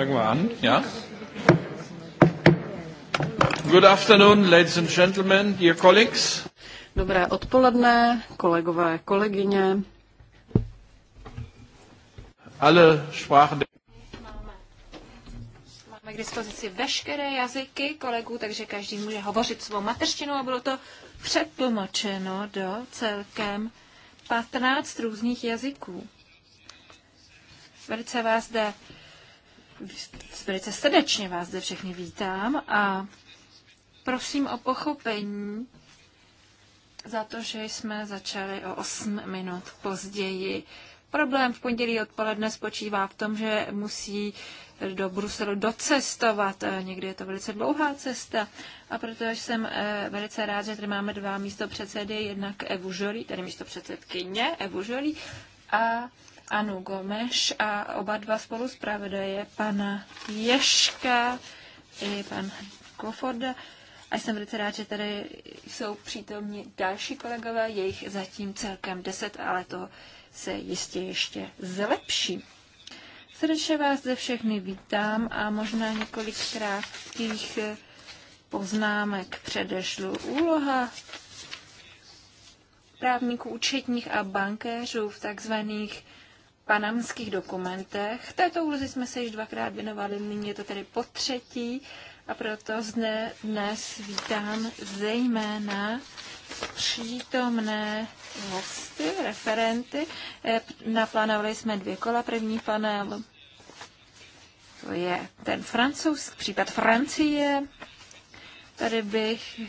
Fangen wir an, ja? Good afternoon, ladies and gentlemen, dear colleagues. Dobré odpoledne, kolegové, kolegyně. Alle Sprachen máme k dispozici veškeré jazyky kolegů, takže každý může hovořit svou mateřštinou a bylo to přetlumočeno do celkem 15 různých jazyků. Velice vás zde velice srdečně vás zde všechny vítám a prosím o pochopení za to, že jsme začali o 8 minut později. Problém v pondělí odpoledne spočívá v tom, že musí do Bruselu docestovat. Někdy je to velice dlouhá cesta. A proto jsem eh, velice rád, že tady máme dva místo předsedy, jednak Evu Žolí, tady místo předsedkyně Evu Žolí a Anu Gomeš a oba dva spolu zpravodaje, pana Ješka i pan Kofod. A jsem velice rád, že tady jsou přítomní další kolegové, jejich zatím celkem deset, ale to se jistě ještě zlepší. Srdečně vás ze všechny vítám a možná několik krátkých poznámek předešlu. Úloha právníků, účetních a bankéřů v takzvaných panamských dokumentech. Této úloze jsme se již dvakrát věnovali, nyní je to tedy po třetí a proto zde dnes vítám zejména přítomné hosty, referenty. Eh, naplánovali jsme dvě kola. První panel to je ten francouzský případ Francie. Tady bych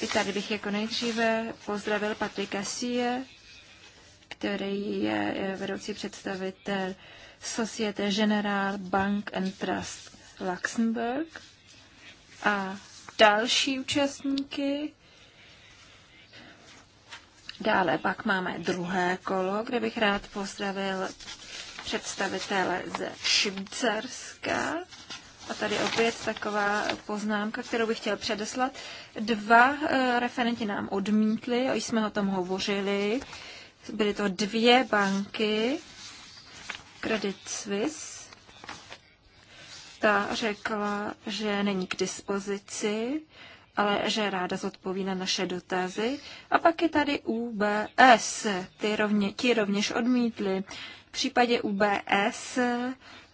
i tady bych jako nejdříve pozdravil Patrika Sie, který je vedoucí představitel Societe General Bank and Trust Luxemburg a další účastníky. Dále pak máme druhé kolo, kde bych rád pozdravil představitele ze Švýcarska. A tady opět taková poznámka, kterou bych chtěl předeslat. Dva eh, referenti nám odmítli, jsme o tom hovořili. Byly to dvě banky, Credit Suisse, ta řekla, že není k dispozici, ale že ráda zodpoví na naše dotazy. A pak je tady UBS, ty rovně, ti rovněž odmítli. V případě UBS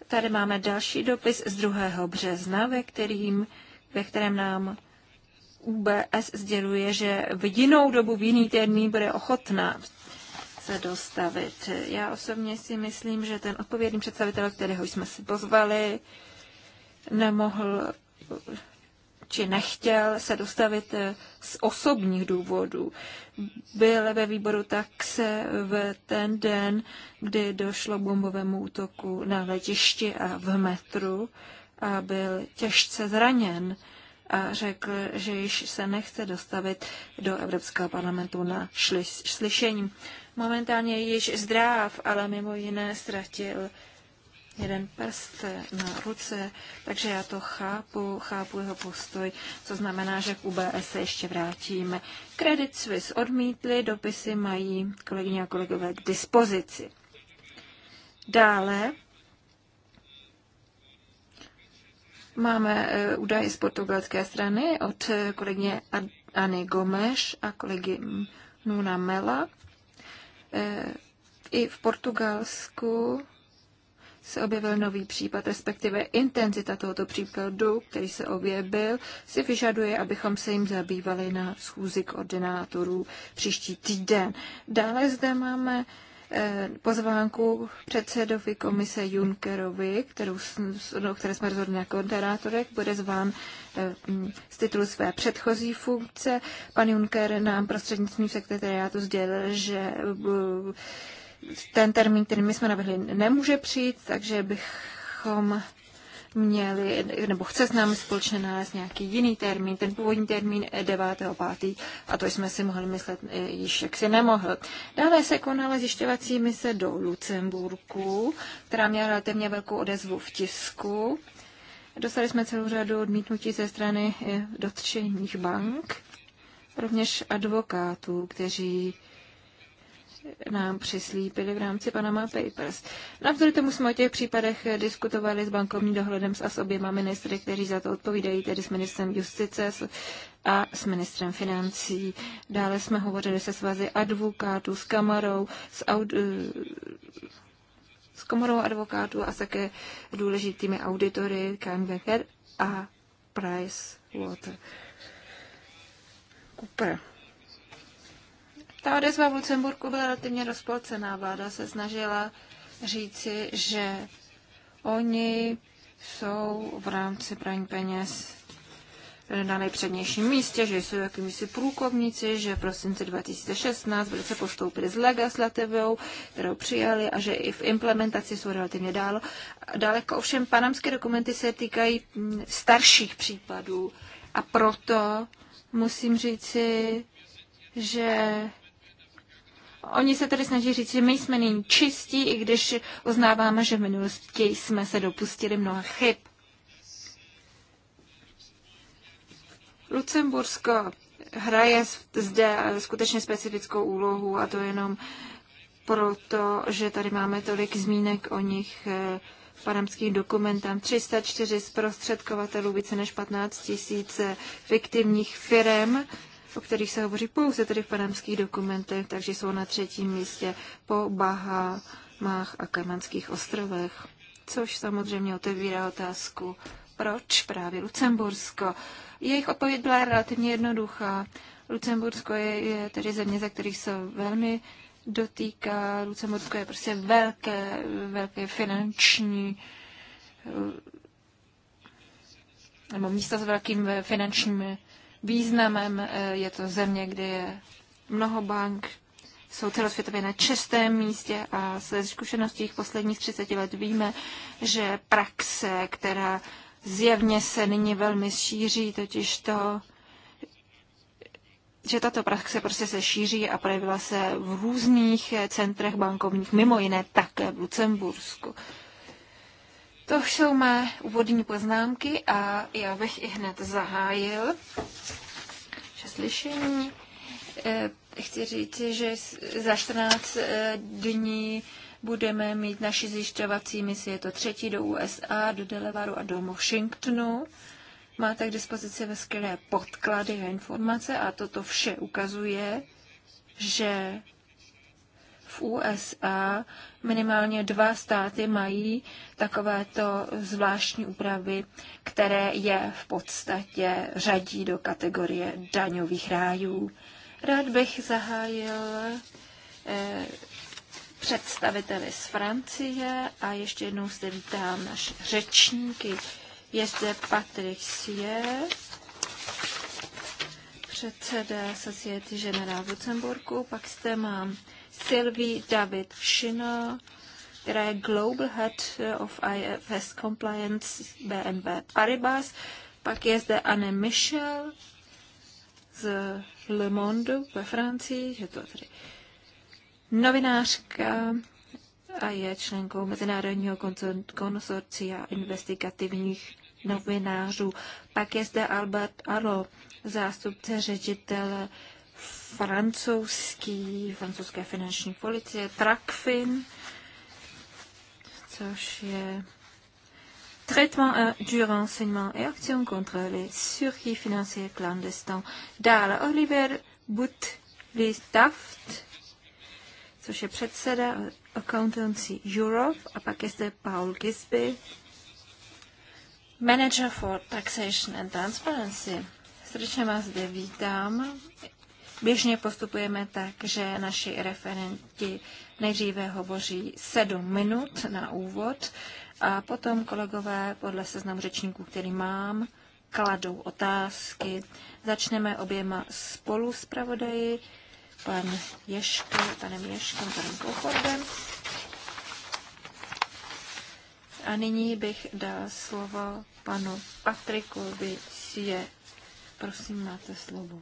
tady máme další dopis z 2. března, ve, kterým, ve kterém nám UBS sděluje, že v jinou dobu, v jiný termín bude ochotná se dostavit. Já osobně si myslím, že ten odpovědný představitel, kterého jsme si pozvali, nemohl či nechtěl se dostavit z osobních důvodů. Byl ve výboru tak, se v ten den, kdy došlo k bombovému útoku na letišti a v metru a byl těžce zraněn a řekl, že již se nechce dostavit do Evropského parlamentu na šli- slyšení momentálně již zdráv, ale mimo jiné ztratil jeden prst na ruce, takže já to chápu, chápu jeho postoj, co znamená, že k UBS se ještě vrátíme. Credit Suisse odmítli, dopisy mají kolegyně a kolegové k dispozici. Dále máme eh, údaje z portugalské strany od eh, kolegyně Anny Gomes a kolegy Nuna Mela Eh, I v Portugalsku se objevil nový případ, respektive intenzita tohoto případu, který se objevil, si vyžaduje, abychom se jim zabývali na schůzi koordinátorů příští týden. Dále zde máme Eh, pozvánku předsedovi komise Junckerovi, kterou, no, které jsme rozhodli jako moderátorek, bude zván eh, mm, z titulu své předchozí funkce. Pan Juncker nám prostřednictvím sekretariátu sdělil, že eh, ten termín, který my jsme navrhli, nemůže přijít, takže bych bychom měli, nebo chce s námi společně nalézt nějaký jiný termín, ten původní termín 9.5. a to jsme si mohli myslet e, již si nemohl. Dále se konala zjišťovací mise do Lucemburku, která měla relativně velkou odezvu v tisku. Dostali jsme celou řadu odmítnutí ze strany e, dotčených bank, rovněž advokátů, kteří nám přislíbili v rámci Panama Papers. Navzdory tomu jsme o těch případech diskutovali s bankovním dohledem a s oběma ministry, kteří za to odpovídají, tedy s ministrem justice a s ministrem financí. Dále jsme hovořili se svazy advokátů, s kamarou, s, aud, eh, s komorou advokátů a také důležitými auditory Becker a Price Water. Cooper. Ta odezva v Lucemburku byla relativně rozpolcená. Vláda se snažila říci, že oni jsou v rámci praní peněz na nejpřednějším místě, že jsou jakýmisi průkovníci, že v prosinci 2016 velice postoupili s legislativou, kterou přijali a že i v implementaci jsou relativně dál. Daleko ovšem panamské dokumenty se týkají mm, starších případů a proto musím říci, že Oni se tady snaží říct, že my jsme nyní čistí, i když uznáváme, že v minulosti jsme se dopustili mnoha chyb. Lucembursko hraje zde skutečně specifickou úlohu a to jenom proto, že tady máme tolik zmínek o nich v eh, panamských dokumentách. 304 zprostředkovatelů, více než 15 tisíc eh, fiktivních firm o kterých se hovoří pouze tedy v panamských dokumentech, takže jsou na třetím místě po Bahamách a Kajmanských ostrovech. Což samozřejmě otevírá otázku, proč právě Lucembursko. Jejich odpověď byla relativně jednoduchá. Lucembursko je, je tedy země, ze kterých se velmi dotýká. Lucembursko je prostě velké, velké finanční eh, nebo místa s velkým eh, finančním významem. Eh, je to země, kde je mnoho bank, jsou celosvětově na čestém místě a se zkušeností posledních 30 let víme, že praxe, která zjevně se nyní velmi šíří, totiž to, že tato praxe prostě se šíří a projevila se v různých eh, centrech bankovních, mimo jiné také v Lucembursku. To jsou mé úvodní poznámky a já bych i hned zahájil slyšení. Eh, chci říct, že za 14 eh, dní budeme mít naši zjišťovací misi, je to třetí do USA, do Delevaru a do Washingtonu. Máte k dispozici veškeré podklady a informace a toto vše ukazuje, že v USA minimálně dva státy mají takovéto zvláštní úpravy, které je v podstatě řadí do kategorie daňových rájů. Rád bych zahájil eh, představiteli z Francie a ještě jednou zde vítám naše řečníky. Je zde Patrick Sier, předseda Society Generál v Lucemburku, pak zde mám Sylvie David Schinner, která je Global Head of IFS Compliance BNB Paribas. Pak je zde Anne Michel z Le Monde ve Francii, je to tedy novinářka a je členkou Mezinárodního konsorcia investigativních novinářů. Pak je zde Albert Arlo, zástupce ředitele francouzský, francouzské finanční policie, TRACFIN, což je Traitement euh, du renseignement et action contre les surky financiers clandestins. Dále Oliver Butlistaft, což je předseda euh, Accountancy Europe, a pak je zde Paul Gisby, Manager for Taxation and Transparency. Srdečně vás zde vítám Běžně postupujeme tak, že naši referenti nejdříve hovoří sedm minut na úvod a potom kolegové podle seznamu řečníků, který mám, kladou otázky. Začneme oběma spolu s pravodaji, pan Ješko, panem Ješkem, panem Pochodem. A nyní bych dal slovo panu Patriku je. Prosím, máte slovo.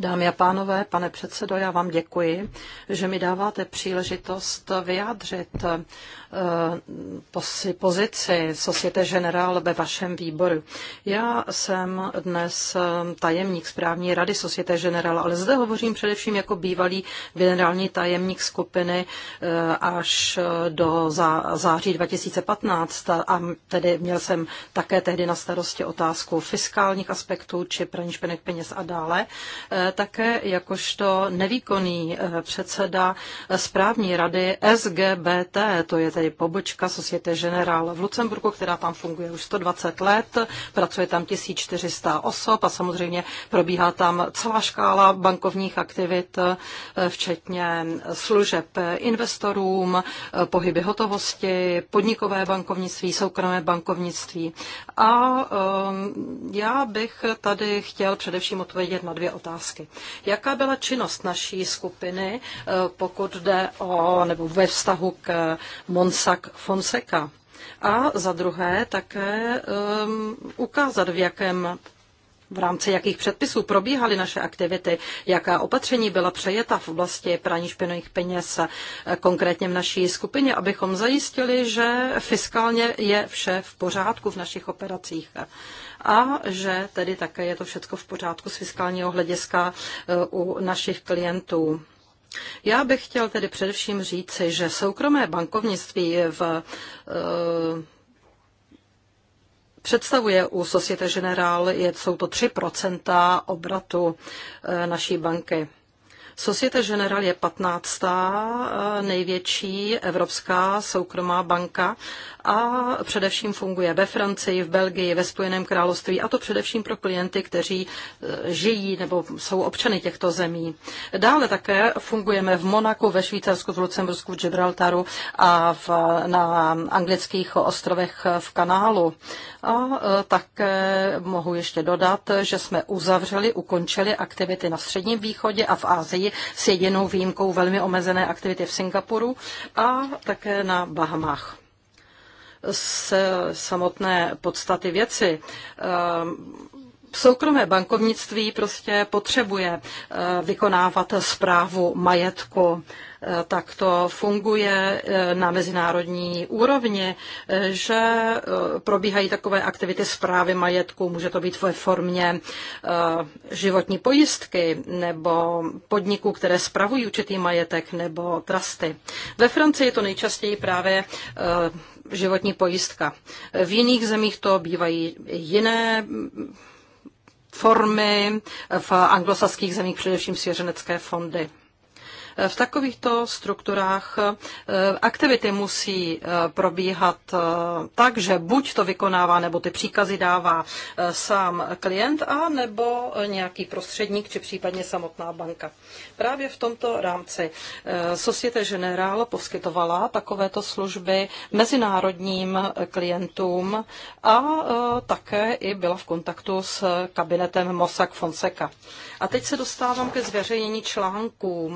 Dámy a pánové, pane předsedo, já vám děkuji, že mi dáváte příležitost vyjádřit eh, pozici Societe Generál ve vašem výboru. Já jsem dnes eh, tajemník správní rady Societe Generál, ale zde hovořím především jako bývalý generální tajemník skupiny eh, až do září 2015 a tedy měl jsem také tehdy na starosti otázku fiskálních aspektů či praní peněz a dále také jakožto nevýkonný eh, předseda správní rady SGBT, to je tedy pobočka Societe Generál v Lucemburku, která tam funguje už 120 let, pracuje tam 1400 osob a samozřejmě probíhá tam celá škála bankovních aktivit, eh, včetně služeb investorům, eh, pohyby hotovosti, podnikové bankovnictví, soukromé bankovnictví. A ehm, já bych tady chtěl především odpovědět na dvě otázky otázky. Jaká byla činnost naší skupiny, eh, pokud jde o, nebo ve vztahu k Monsak Fonseca? A za druhé také um, ukázat, v jakém v rámci jakých předpisů probíhaly naše aktivity, jaká opatření byla přejeta v oblasti praní špinových peněz, eh, konkrétně v naší skupině, abychom zajistili, že fiskálně je vše v pořádku v našich operacích a že tedy také je to všechno v pořádku z fiskálního hlediska e, u našich klientů. Já bych chtěl tedy především říci, že soukromé bankovnictví v e, představuje u Societe Generale, jsou to 3 obratu e, naší banky. Societe General je 15. Eh, největší evropská soukromá banka a především funguje ve Francii, v Belgii, ve Spojeném království a to především pro klienty, kteří eh, žijí nebo jsou občany těchto zemí. Dále také fungujeme v Monaku, ve Švýcarsku, v Lucembursku, v Gibraltaru a v, na anglických ostrovech eh, v kanálu. A také mohu ještě dodat, že jsme uzavřeli, ukončili aktivity na Středním východě a v Ázii s jedinou výjimkou velmi omezené aktivity v Singapuru a také na Bahamách z samotné podstaty věci. Eh, soukromé bankovnictví prostě potřebuje eh, vykonávat zprávu majetku Eh, tak to funguje eh, na mezinárodní úrovni, eh, že probíhají takové aktivity zprávy majetku, může to být ve formě životní pojistky nebo podniků, které spravují určitý majetek nebo trusty. Ve Francii je to nejčastěji právě životní pojistka. V jiných zemích to bývají jiné mm, formy, v anglosaských zemích především svěřenecké fondy. V takovýchto strukturách eh, aktivity musí eh, probíhat eh, tak, že buď to vykonává nebo ty příkazy dává sám klient a nebo nějaký prostředník či případně samotná banka. Právě v tomto rámci Societe Generál poskytovala takovéto služby mezinárodním klientům a také i byla v kontaktu s kabinetem Mossack Fonseca. A teď se dostávám ke zveřejnění článků,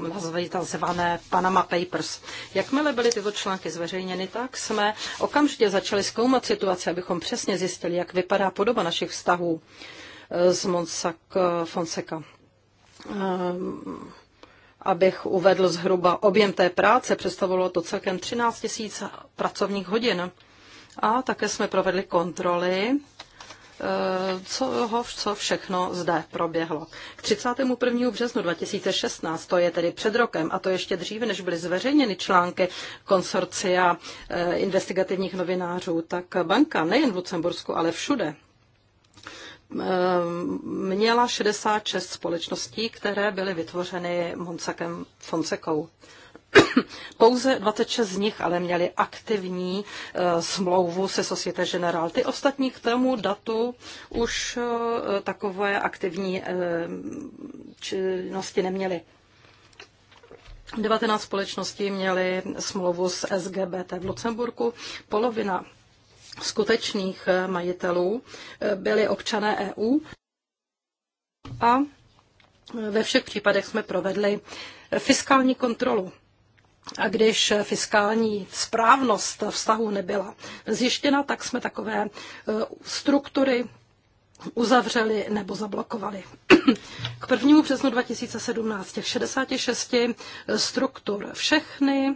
zvané Panama Papers. Jakmile byly tyto články zveřejněny, tak jsme okamžitě začali zkoumat situaci, abychom přesně zjistili, jak vypadá podoba našich vztahů eh, s Monsak eh, Fonseca. Eh, abych uvedl zhruba objem té práce, představovalo to celkem 13 000 pracovních hodin. A také jsme provedli kontroly Eh, co, co všechno zde proběhlo. K 31. březnu 2016, to je tedy před rokem, a to ještě dříve, než byly zveřejněny články konsorcia eh, investigativních novinářů, tak banka nejen v Lucembursku, ale všude eh, měla 66 společností, které byly vytvořeny Monsakem Fonsekou. Pouze 26 z nich ale měli aktivní eh, smlouvu se Societe Generál. Ty ostatní k tomu datu už eh, takové aktivní eh, činnosti neměli. 19 společností měly smlouvu s SGBT v Lucemburku. Polovina skutečných majitelů byli občané EU a ve všech případech jsme provedli fiskální kontrolu a když fiskální správnost vztahu nebyla zjištěna, tak jsme takové e, struktury uzavřeli nebo zablokovali. K 1. březnu 2017 těch 66 struktur všechny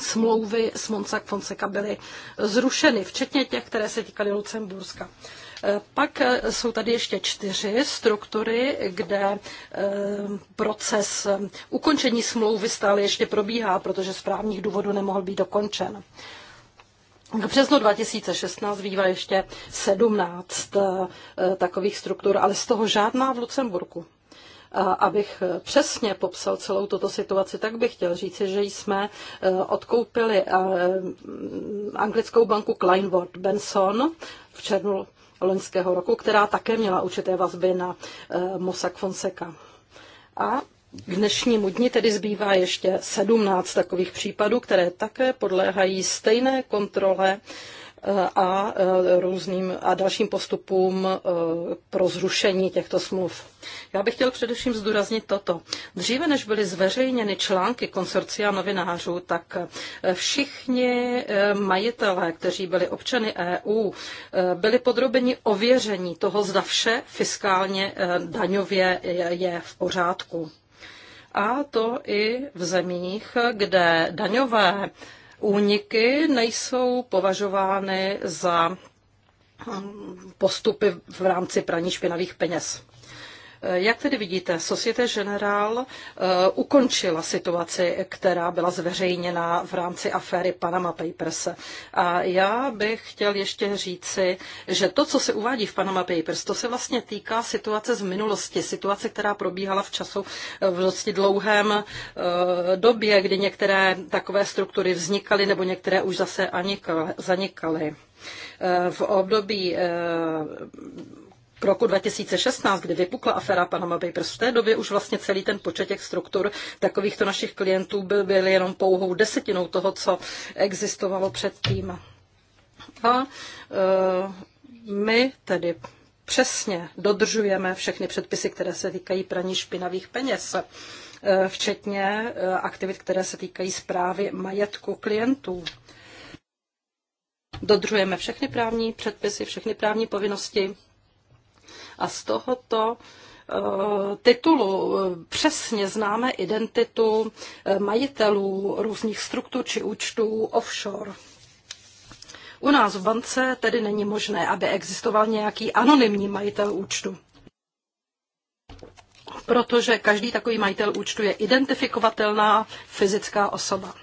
smlouvy s Monsak Fonseca byly zrušeny, včetně těch, které se týkaly Lucemburska. Pak eh, jsou tady ještě čtyři struktury, kde eh, proces eh, ukončení smlouvy stále ještě probíhá, protože z právních důvodů nemohl být dokončen. K březnu 2016 bývá ještě 17 takových struktur, ale z toho žádná v Lucemburku. Abych přesně popsal celou tuto situaci, tak bych chtěl říci, že jsme odkoupili anglickou banku Kleinwort Benson v červnu loňského roku, která také měla určité vazby na eh, Mossack Fonseca. A k dnešnímu dni tedy zbývá ještě 17 takových případů, které také podléhají stejné kontrole a e, různým a dalším postupům e, pro zrušení těchto smluv. Já bych chtěl především zdůraznit toto. Dříve, než byly zveřejněny články konsorcia novinářů, tak e, všichni majitelé, kteří byli občany EU, byli podrobeni ověření toho, zda vše fiskálně daňově je v pořádku. A to i v zemích, kde daňové úniky nejsou považovány za hm, postupy v rámci praní špinavých peněz. Eh, jak tedy vidíte, Societe Generál eh, ukončila situaci, která byla zveřejněna v rámci aféry Panama Papers. A já bych chtěl ještě říci, že to, co se uvádí v Panama Papers, to se vlastně týká situace z minulosti, situace, která probíhala v času eh, v dosti dlouhém době, kdy některé takové struktury vznikaly nebo některé už zase anikaly, zanikaly. V období k roku 2016, kdy vypukla aféra Panama Papers, v té době už vlastně celý ten počet těch struktur takovýchto našich klientů byl, byl jenom pouhou desetinou toho, co existovalo předtím. A e, my tedy přesně dodržujeme všechny předpisy, které se týkají praní špinavých peněz eh, včetně eh, aktivit, které se týkají zprávy majetku klientů. Dodržujeme všechny právní předpisy, všechny právní povinnosti a z tohoto eh, titulu eh, přesně známe identitu eh, majitelů různých struktur či účtů offshore. U nás v bance tedy není možné, aby existoval nějaký anonymní majitel účtu protože každý takový majitel účtu je identifikovatelná fyzická osoba.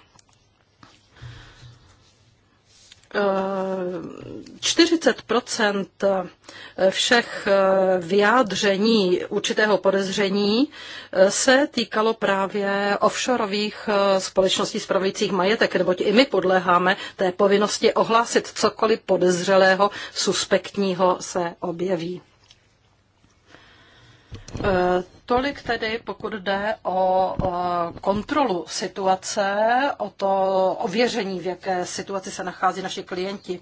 40 eh, všech eh, vyjádření určitého podezření eh, se týkalo právě offshoreových společností spravujících majetek, neboť i my podléháme té povinnosti ohlásit cokoliv podezřelého, suspektního se objeví. Eh, tolik tedy, pokud jde o kontrolu situace, o to ověření, v jaké situaci se nachází naši klienti.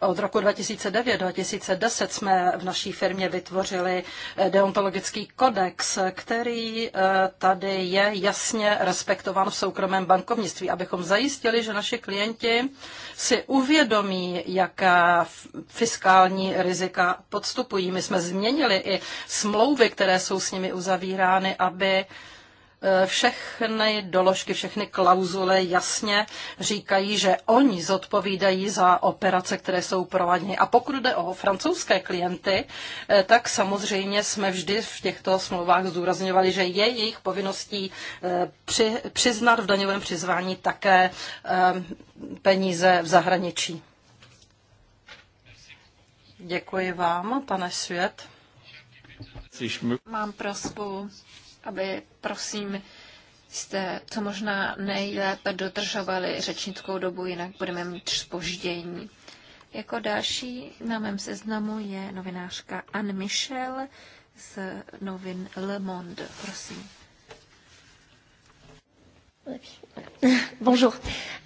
Od roku 2009-2010 jsme v naší firmě vytvořili eh, deontologický kodex, který eh, tady je jasně respektován v soukromém bankovnictví, abychom zajistili, že naši klienti si uvědomí, jaká fiskální rizika podstupují. My jsme změnili i smlouvy, které jsou s nimi uzavírány, aby Eh, všechny doložky, všechny klauzule jasně říkají, že oni zodpovídají za operace, které jsou prováděny. A pokud jde o francouzské klienty, eh, tak samozřejmě jsme vždy v těchto smlouvách zdůrazňovali, že je jejich povinností eh, při, přiznat v daňovém přizvání také peníze v zahraničí. Děkuji vám, pane Svět. Mám prosbu aby prosím jste co možná nejlépe dodržovali řečnickou dobu, jinak budeme mít spoždění. Jako další na mém seznamu je novinářka Anne Michel z novin Le Monde. Prosím. Bonjour.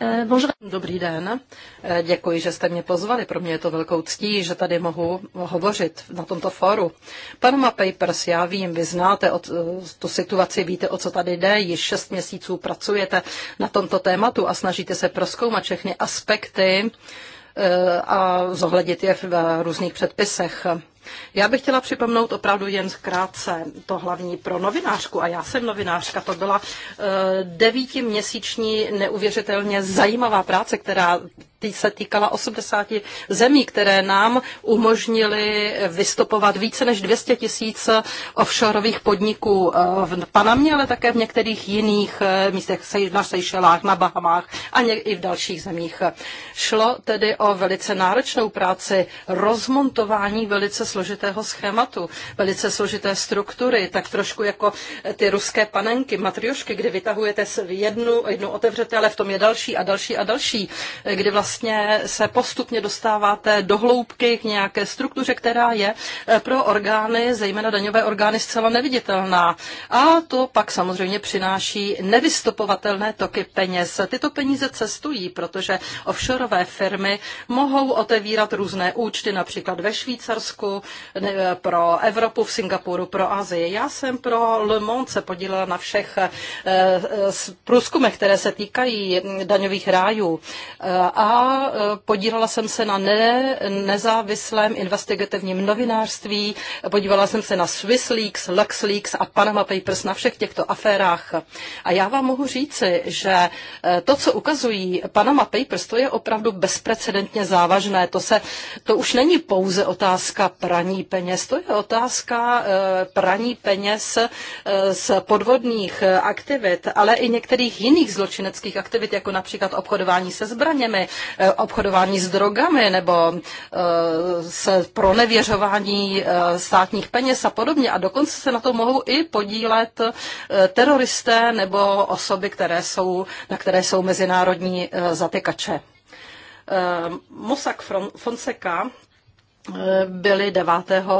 Eh, bonjour. Dobrý den. Eh, děkuji, že jste mě pozvali. Pro mě je to velkou ctí, že tady mohu hovořit na tomto fóru. Panama Papers, já vím, vy znáte od, eh, tu situaci, víte, o co tady jde. Již šest měsíců pracujete na tomto tématu a snažíte se proskoumat všechny aspekty a zohlednit je v různých předpisech. Já bych chtěla připomnout opravdu jen zkrátce to hlavní pro novinářku. A já jsem novinářka, to byla eh, devítiměsíční neuvěřitelně zajímavá práce, která se týkala 80 zemí, které nám umožnili vystupovat více než 200 tisíc offshoreových podniků eh, v Panamě, ale také v některých jiných eh, místech na Seychelách, na Bahamách a i v dalších zemích. Šlo tedy o velice náročnou práci rozmontování velice složitého schématu, velice složité struktury, tak trošku jako eh, ty ruské panenky, matriošky, kdy vytahujete jednu, jednu otevřete, ale v tom je další a další a další, kdy vlastně vlastně se postupně dostáváte do hloubky k nějaké struktuře, která je eh, pro orgány, zejména daňové orgány, zcela neviditelná. A to pak samozřejmě přináší nevystopovatelné toky peněz. Tyto peníze cestují, protože offshoreové firmy mohou otevírat různé účty, například ve Švýcarsku, pro Evropu, v Singapuru, pro Azii. Já jsem pro Le Monde se podílela na všech eh, eh, průzkumech, které se týkají daňových rájů. A E, podílela jsem se na ne, nezávislém investigativním novinářství, podívala jsem se na Swiss Leaks, Lux Leaks a Panama Papers, na všech těchto aférách. A já vám mohu říci, že e, to, co ukazují Panama Papers, to je opravdu bezprecedentně závažné. To, se, to už není pouze otázka praní peněz, to je otázka e, praní peněz z podvodných aktivit, ale i některých jiných zločineckých aktivit, jako například obchodování se zbraněmi, Eh, obchodování s drogami nebo eh, se pronevěřování eh, státních peněz a podobně. A dokonce se na to mohou i podílet teroristé nebo osoby, které jsou, na které jsou mezinárodní zatykače. Mosak Fonseca byli 9.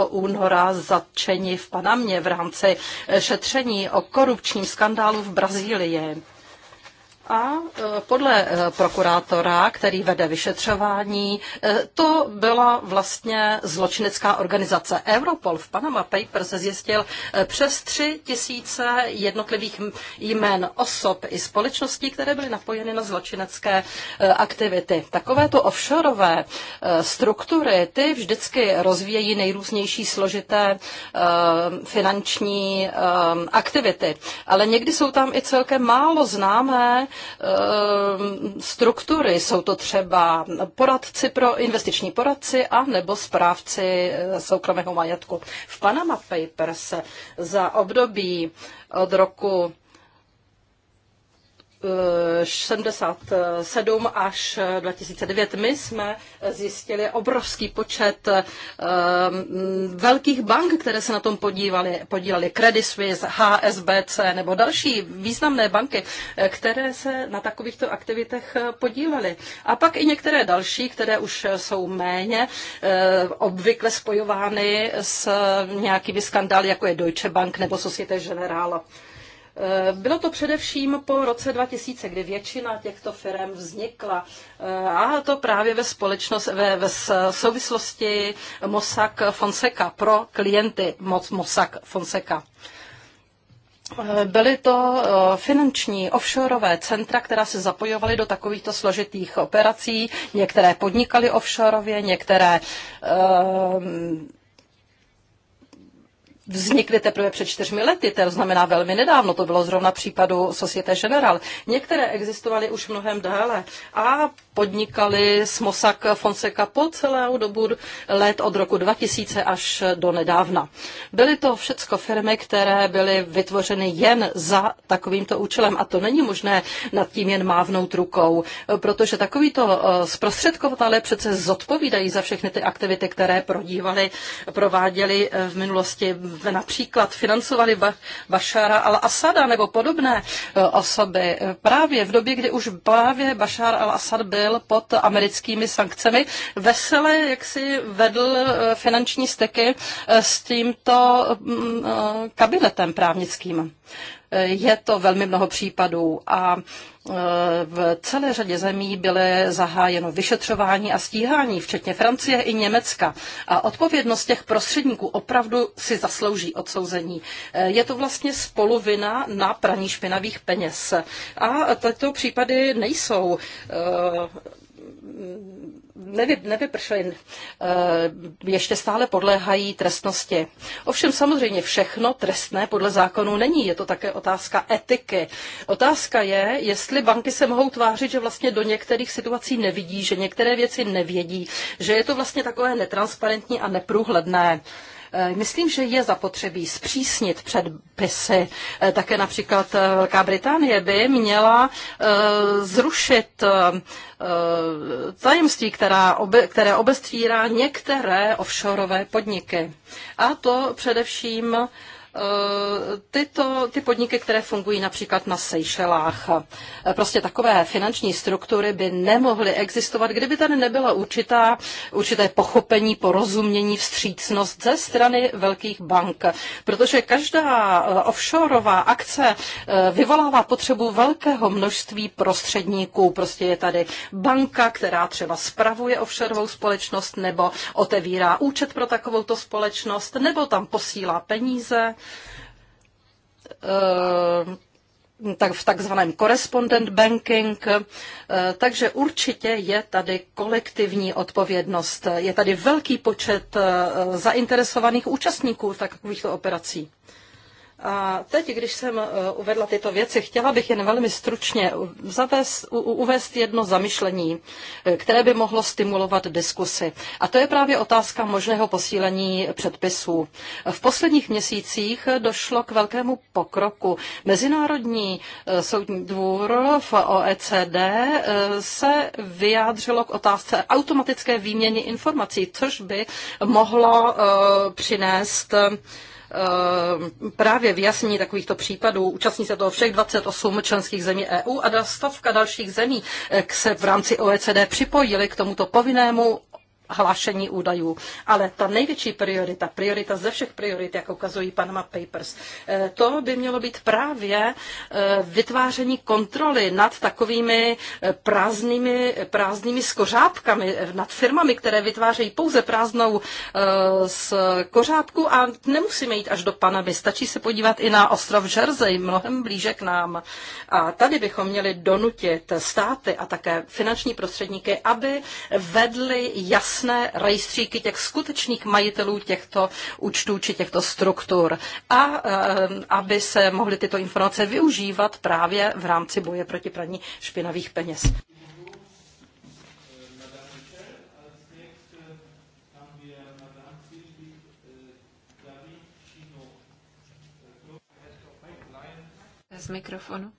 února zatčeni v Panamě v rámci šetření o korupčním skandálu v Brazílii. A e, podle e, prokurátora, který vede vyšetřování, e, to byla vlastně zločinecká organizace Europol. V Panama Papers se zjistil přes tři tisíce jednotlivých jmen osob i společností, které byly napojeny na zločinecké aktivity. Takovéto offshoreové struktury, ty vždycky rozvíjejí nejrůznější složité finanční aktivity. Ale někdy jsou tam i celkem málo známé Ehm, struktury. Jsou to třeba poradci pro investiční poradci a nebo správci eh, soukromého majetku. V Panama Papers za období od roku 77 až 2009 my jsme zjistili obrovský počet eh, velkých bank, které se na tom podívali podílali Credit Suisse, HSBC nebo další významné banky, eh, které se na takovýchto aktivitech eh, podílely. A pak i některé další, které už jsou méně obvykle spojovány s nějakými skandály, jako je Deutsche Bank nebo Societe Generale. Eh, bylo to především po roce 2000, kdy většina těchto firm vznikla eh, a to právě ve, společnost, ve, ve souvislosti Mossack Fonseca pro klienty Mossack Fonseca. Eh, byly to finanční offshoreové centra, která se zapojovaly do takovýchto složitých operací. Některé podnikaly offshoreově, některé ehm, vznikly teprve před čtyřmi lety, to znamená velmi nedávno, to bylo zrovna případu Societe General. Některé existovaly už mnohem déle a podnikali s Mossack Fonseca po celou dobu let od roku 2000 až do nedávna. Byly to všecko firmy, které byly vytvořeny jen za takovýmto účelem a to není možné nad tím jen mávnout rukou, protože takovýto eh, zprostředkovatelé přece zodpovídají za všechny ty aktivity, které prodívali, prováděli eh, v minulosti například financovali ba- Bašára al-Asada nebo podobné e, osoby právě v době, kdy už právě Bašár al-Asad byl pod americkými sankcemi, vesele jak si vedl e, finanční steky e, s tímto mm, kabinetem právnickým. Je to velmi mnoho případů a e, v celé řadě zemí byly zahájeno vyšetřování a stíhání, včetně Francie i Německa. A odpovědnost těch prostředníků opravdu si zaslouží odsouzení. E, je to vlastně spoluvina na praní špinavých peněz. A tyto případy nejsou e, nevy, nevypršly, eh, ještě stále podléhají trestnosti. Ovšem samozřejmě všechno trestné podle zákonů není. Je to také otázka etiky. Otázka je, jestli banky se mohou tvářit, že vlastně do některých situací nevidí, že některé věci nevědí, že je to vlastně takové netransparentní a neprůhledné. Eh, myslím, že je zapotřebí zpřísnit předpisy. Eh, také například eh, Velká Británie by měla zrušit tajemství, která obe, které obestírá některé offshoreové podniky. A to především Eh, tyto, ty podniky, které fungují například na Seychelách. Eh, prostě takové finanční struktury by nemohly existovat, kdyby tady nebyla určitá, určité pochopení, porozumění, vstřícnost ze strany velkých bank. Protože každá eh, offshoreová akce vyvolává potřebu velkého množství prostředníků. Prostě je tady banka, která třeba spravuje offshoreovou společnost nebo otevírá účet pro takovouto společnost, nebo tam posílá peníze Eh, tak v takzvaném correspondent banking, eh, takže určitě je tady kolektivní odpovědnost. Je tady velký počet eh, zainteresovaných účastníků takovýchto operací. A teď, když jsem e, uvedla tyto věci, chtěla bych jen velmi stručně zavést, u, uvést jedno zamyšlení, e, které by mohlo stimulovat diskusy. A to je právě otázka možného posílení předpisů. V posledních měsících došlo k velkému pokroku. Mezinárodní e, soudní dvůr v OECD se vyjádřilo k otázce automatické výměny informací, což by mohlo přinést Eh, právě vyjasnění takovýchto případů. Účastní se toho všech 28 členských zemí EU a stovka dalších zemí eh, se v rámci OECD připojili k tomuto povinnému hlášení údajů. Ale ta největší priorita, priorita ze všech priorit, jak ukazují Panama Papers, eh, to by mělo být právě eh, vytváření kontroly nad takovými eh, prázdnými, prázdnými skořápkami, nad firmami, které vytvářejí pouze prázdnou z kořápku a nemusíme jít až do Panamy. Stačí se podívat i na ostrov Jersey, mnohem blíže k nám. A tady bychom měli donutit státy a také finanční prostředníky, aby vedli jasně jasné rejstříky těch skutečných majitelů těchto účtů či těchto struktur a eh, aby se mohly tyto informace využívat právě v rámci boje proti praní špinavých peněz. z mikrofonu.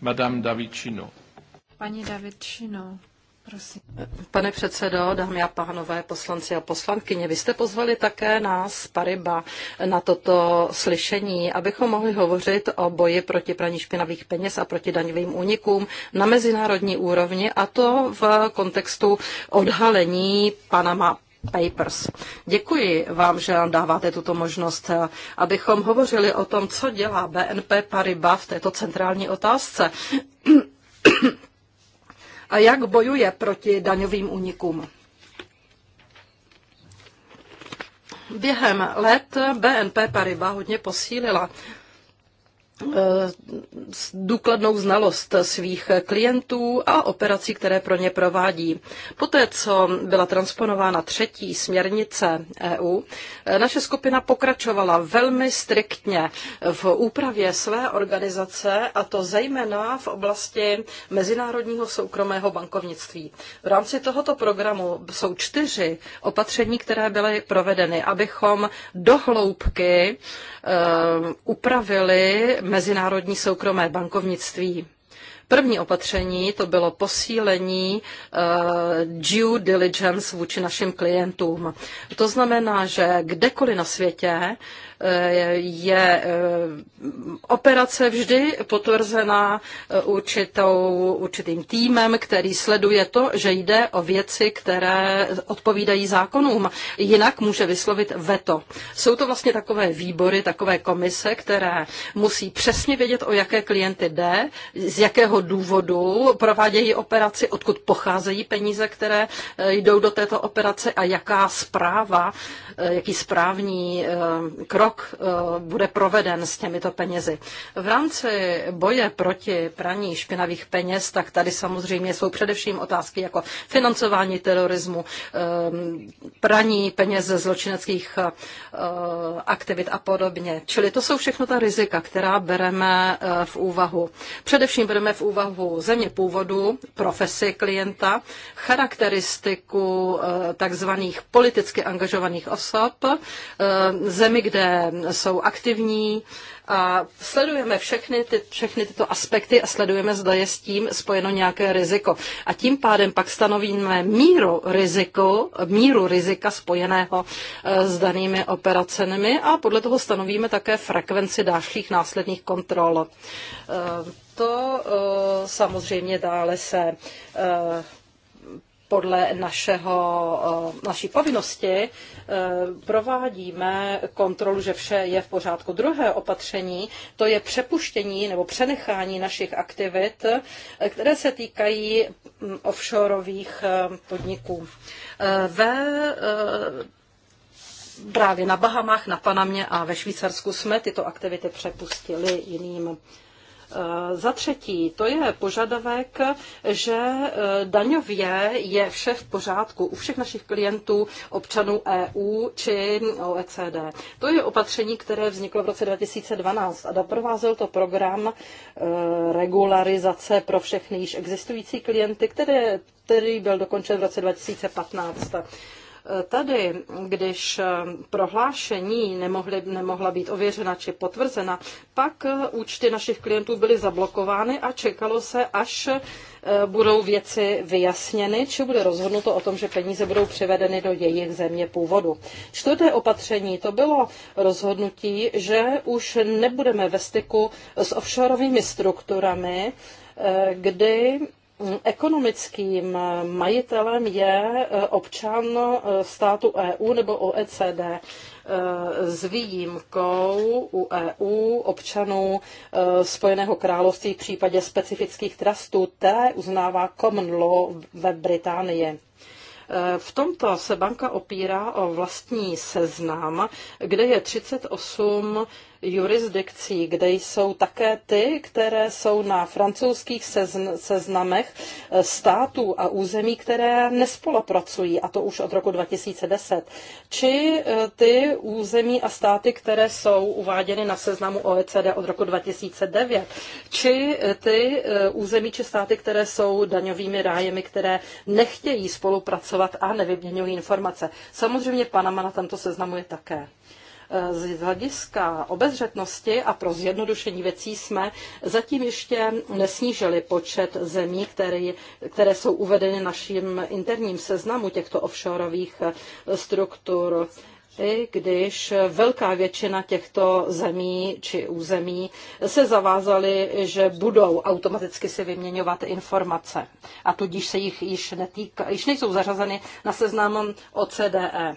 Madame Davicino. Paní Davidšinou, prosím. Pane předsedo, dámy a pánové, poslanci a poslankyně, vy jste pozvali také nás, Pariba, na toto slyšení, abychom mohli hovořit o boji proti praní špinavých peněz a proti daňovým únikům na mezinárodní úrovni, a to v kontextu odhalení Panama Papers. Děkuji vám, že nám dáváte tuto možnost, abychom hovořili o tom, co dělá BNP Paribas v této centrální otázce a jak bojuje proti daňovým únikům. Během let BNP Paribas hodně posílila Eh, důkladnou znalost svých klientů a operací, které pro ně provádí. Poté, co byla transponována třetí směrnice EU, eh, naše skupina pokračovala velmi striktně v úpravě své organizace, a to zejména v oblasti mezinárodního soukromého bankovnictví. V rámci tohoto programu jsou čtyři opatření, které byly provedeny, abychom dohloubky eh, upravili mezinárodní soukromé bankovnictví. První opatření to bylo posílení uh, due diligence vůči našim klientům. To znamená, že kdekoliv na světě uh, je eh, operace vždy potvrzená eh, určitou, určitým týmem, který sleduje to, že jde o věci, které odpovídají zákonům. Jinak může vyslovit veto. Jsou to vlastně takové výbory, takové komise, které musí přesně vědět, o jaké klienty jde, z jakého důvodu provádějí operaci, odkud pocházejí peníze, které eh, jdou do této operace a jaká zpráva, jaký správní krok krok eh, bude proveden s těmito penězi. V rámci boje proti praní špinavých peněz, tak tady samozřejmě jsou především otázky jako financování terorismu, eh, praní peněz ze zločineckých eh, aktivit a podobně. Čili to jsou všechno ta rizika, která bereme v úvahu. Především bereme v úvahu země původu, profesi klienta, charakteristiku takzvaných politicky angažovaných osob, zemi, kde Eh, jsou aktivní a sledujeme všechny, ty, všechny tyto aspekty a sledujeme, zda je s tím spojeno nějaké riziko. A tím pádem pak stanovíme míru, riziko, míru rizika spojeného eh, s danými operacemi a podle toho stanovíme také frekvenci dalších následných kontrol. Eh, to samozřejmě dále se podle našeho, eh, naší povinnosti eh, provádíme kontrolu, že vše je v pořádku. Druhé opatření, to je přepuštění nebo přenechání našich aktivit, eh, které se týkají hm, offshoreových podniků. Ve právě na Bahamách, na Panamě a ve Švýcarsku jsme tyto aktivity přepustili jiným Eh, za třetí, to je požadavek, že eh, daňově je vše v pořádku u všech našich klientů, občanů EU či OECD. To je opatření, které vzniklo v roce 2012 a doprovázel to program eh, regularizace pro všechny již existující klienty, které, který byl dokončen v roce 2015. Tady, když eh, prohlášení nemohly, nemohla být ověřena či potvrzena, pak eh, účty našich klientů byly zablokovány a čekalo se, až eh, budou věci vyjasněny, či bude rozhodnuto o tom, že peníze budou převedeny do jejich země původu. Čtvrté opatření to bylo rozhodnutí, že už nebudeme ve styku s offshoreovými strukturami, kdy Mm, ekonomickým eh, majitelem je eh, občan eh, státu EU nebo OECD s výjimkou u EU občanů Spojeného království v případě specifických trustů, které uznává common law ve Británii. V tomto se banka opírá o vlastní seznam, kde je 38 jurisdikcí, kde jsou také ty, které jsou na francouzských sezn- seznamech eh, států a území, které nespolupracují, a to už od roku 2010, či eh, ty území a státy, které jsou uváděny na seznamu OECD od roku 2009, či eh, ty území či státy, které jsou daňovými rájemi, které nechtějí spolupracovat a nevyměňují informace. Samozřejmě Panama na tomto seznamu je také. Z hlediska obezřetnosti a pro zjednodušení věcí jsme zatím ještě nesnížili počet zemí, které, které jsou uvedeny naším interním seznamu těchto offshoreových eh, struktur i když velká většina těchto zemí či území se zavázaly, že budou automaticky si vyměňovat informace a tudíž se jich již, netýka, již nejsou zařazeny na seznam OCDE.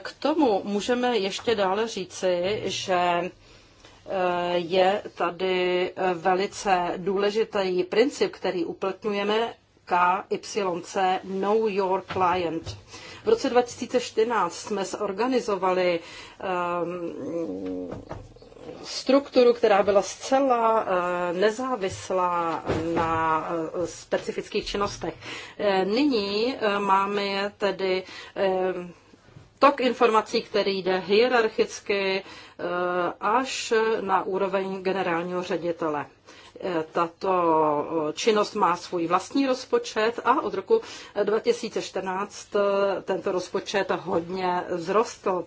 K tomu můžeme ještě dále říci, že eh, je tady eh, velice důležitý princip, který uplatňujeme KYC Know Your Client. V roce 2014 jsme zorganizovali um, strukturu, která byla zcela eh, nezávislá na specifických činnostech. Nyní máme je tedy ehm, tok informací, který jde hierarchicky eh, až na úroveň generálního ředitele. Eh, tato eh, činnost má svůj vlastní rozpočet a od roku 2014 tento rozpočet hodně vzrostl.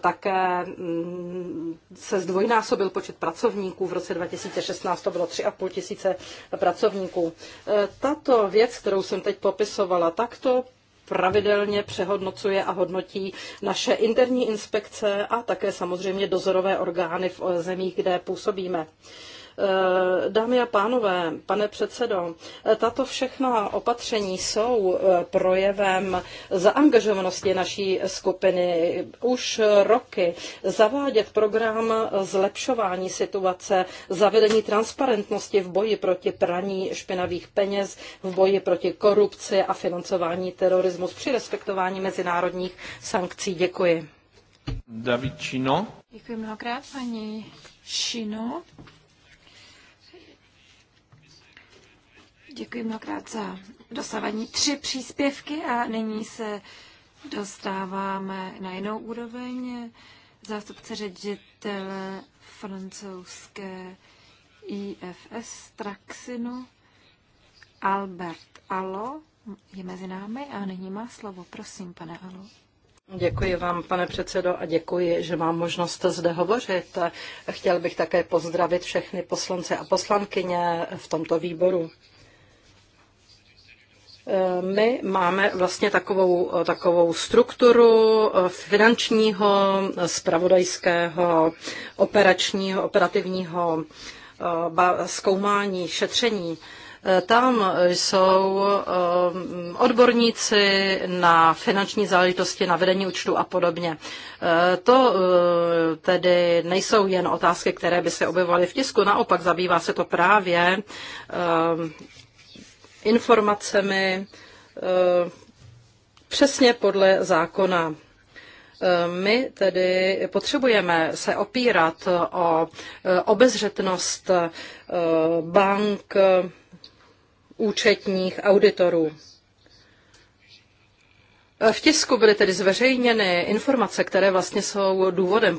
Také mm, se zdvojnásobil počet pracovníků. V roce 2016 to bylo 3,5 tisíce pracovníků. Tato věc, kterou jsem teď popisovala, takto pravidelně přehodnocuje a hodnotí naše interní inspekce a také samozřejmě dozorové orgány v zemích, kde působíme. Eh, dámy a pánové, pane předsedo, eh, tato všechna opatření jsou eh, projevem zaangažovanosti naší skupiny už roky. Zavádět program zlepšování situace, zavedení transparentnosti v boji proti praní špinavých peněz, v boji proti korupci a financování terorismu při respektování mezinárodních sankcí. Děkuji. David Čino. Děkuji mnohokrát, paní Šino. Děkuji mnohokrát za dosavadní tři příspěvky a nyní se dostáváme na jinou úroveň. Zástupce ředitele francouzské IFS Traxinu Albert Alo je mezi námi a nyní má slovo. Prosím, pane Alo. Děkuji vám, pane předsedo, a děkuji, že mám možnost zde hovořit. Chtěl bych také pozdravit všechny poslance a poslankyně v tomto výboru. Eh, my máme vlastně takovou, takovou strukturu eh, finančního, eh, spravodajského, operačního, operativního zkoumání, šetření. Tam jsou odborníci na finanční záležitosti, na vedení účtu a podobně. To tedy nejsou jen otázky, které by se objevovaly v tisku, naopak zabývá se to právě informacemi eh, přesně podle zákona. Eh, my tedy potřebujeme se opírat o eh, obezřetnost bank, účetních auditorů. V tisku byly tedy zveřejněny informace, které vlastně jsou důvodem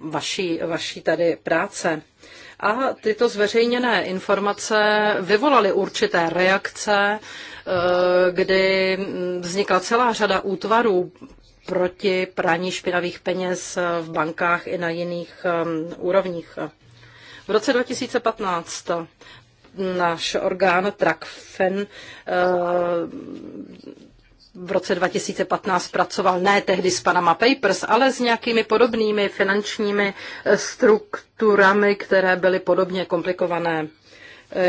vaší, vaší tady práce. A tyto zveřejněné informace vyvolaly určité reakce, eh, kdy vznikla celá řada útvarů proti praní špinavých peněz v bankách i na jiných ehm, úrovních. V roce 2015 náš orgán Trakfen eh, v roce 2015 pracoval ne tehdy s Panama Papers, ale s nějakými podobnými finančními eh, strukturami, které byly podobně komplikované.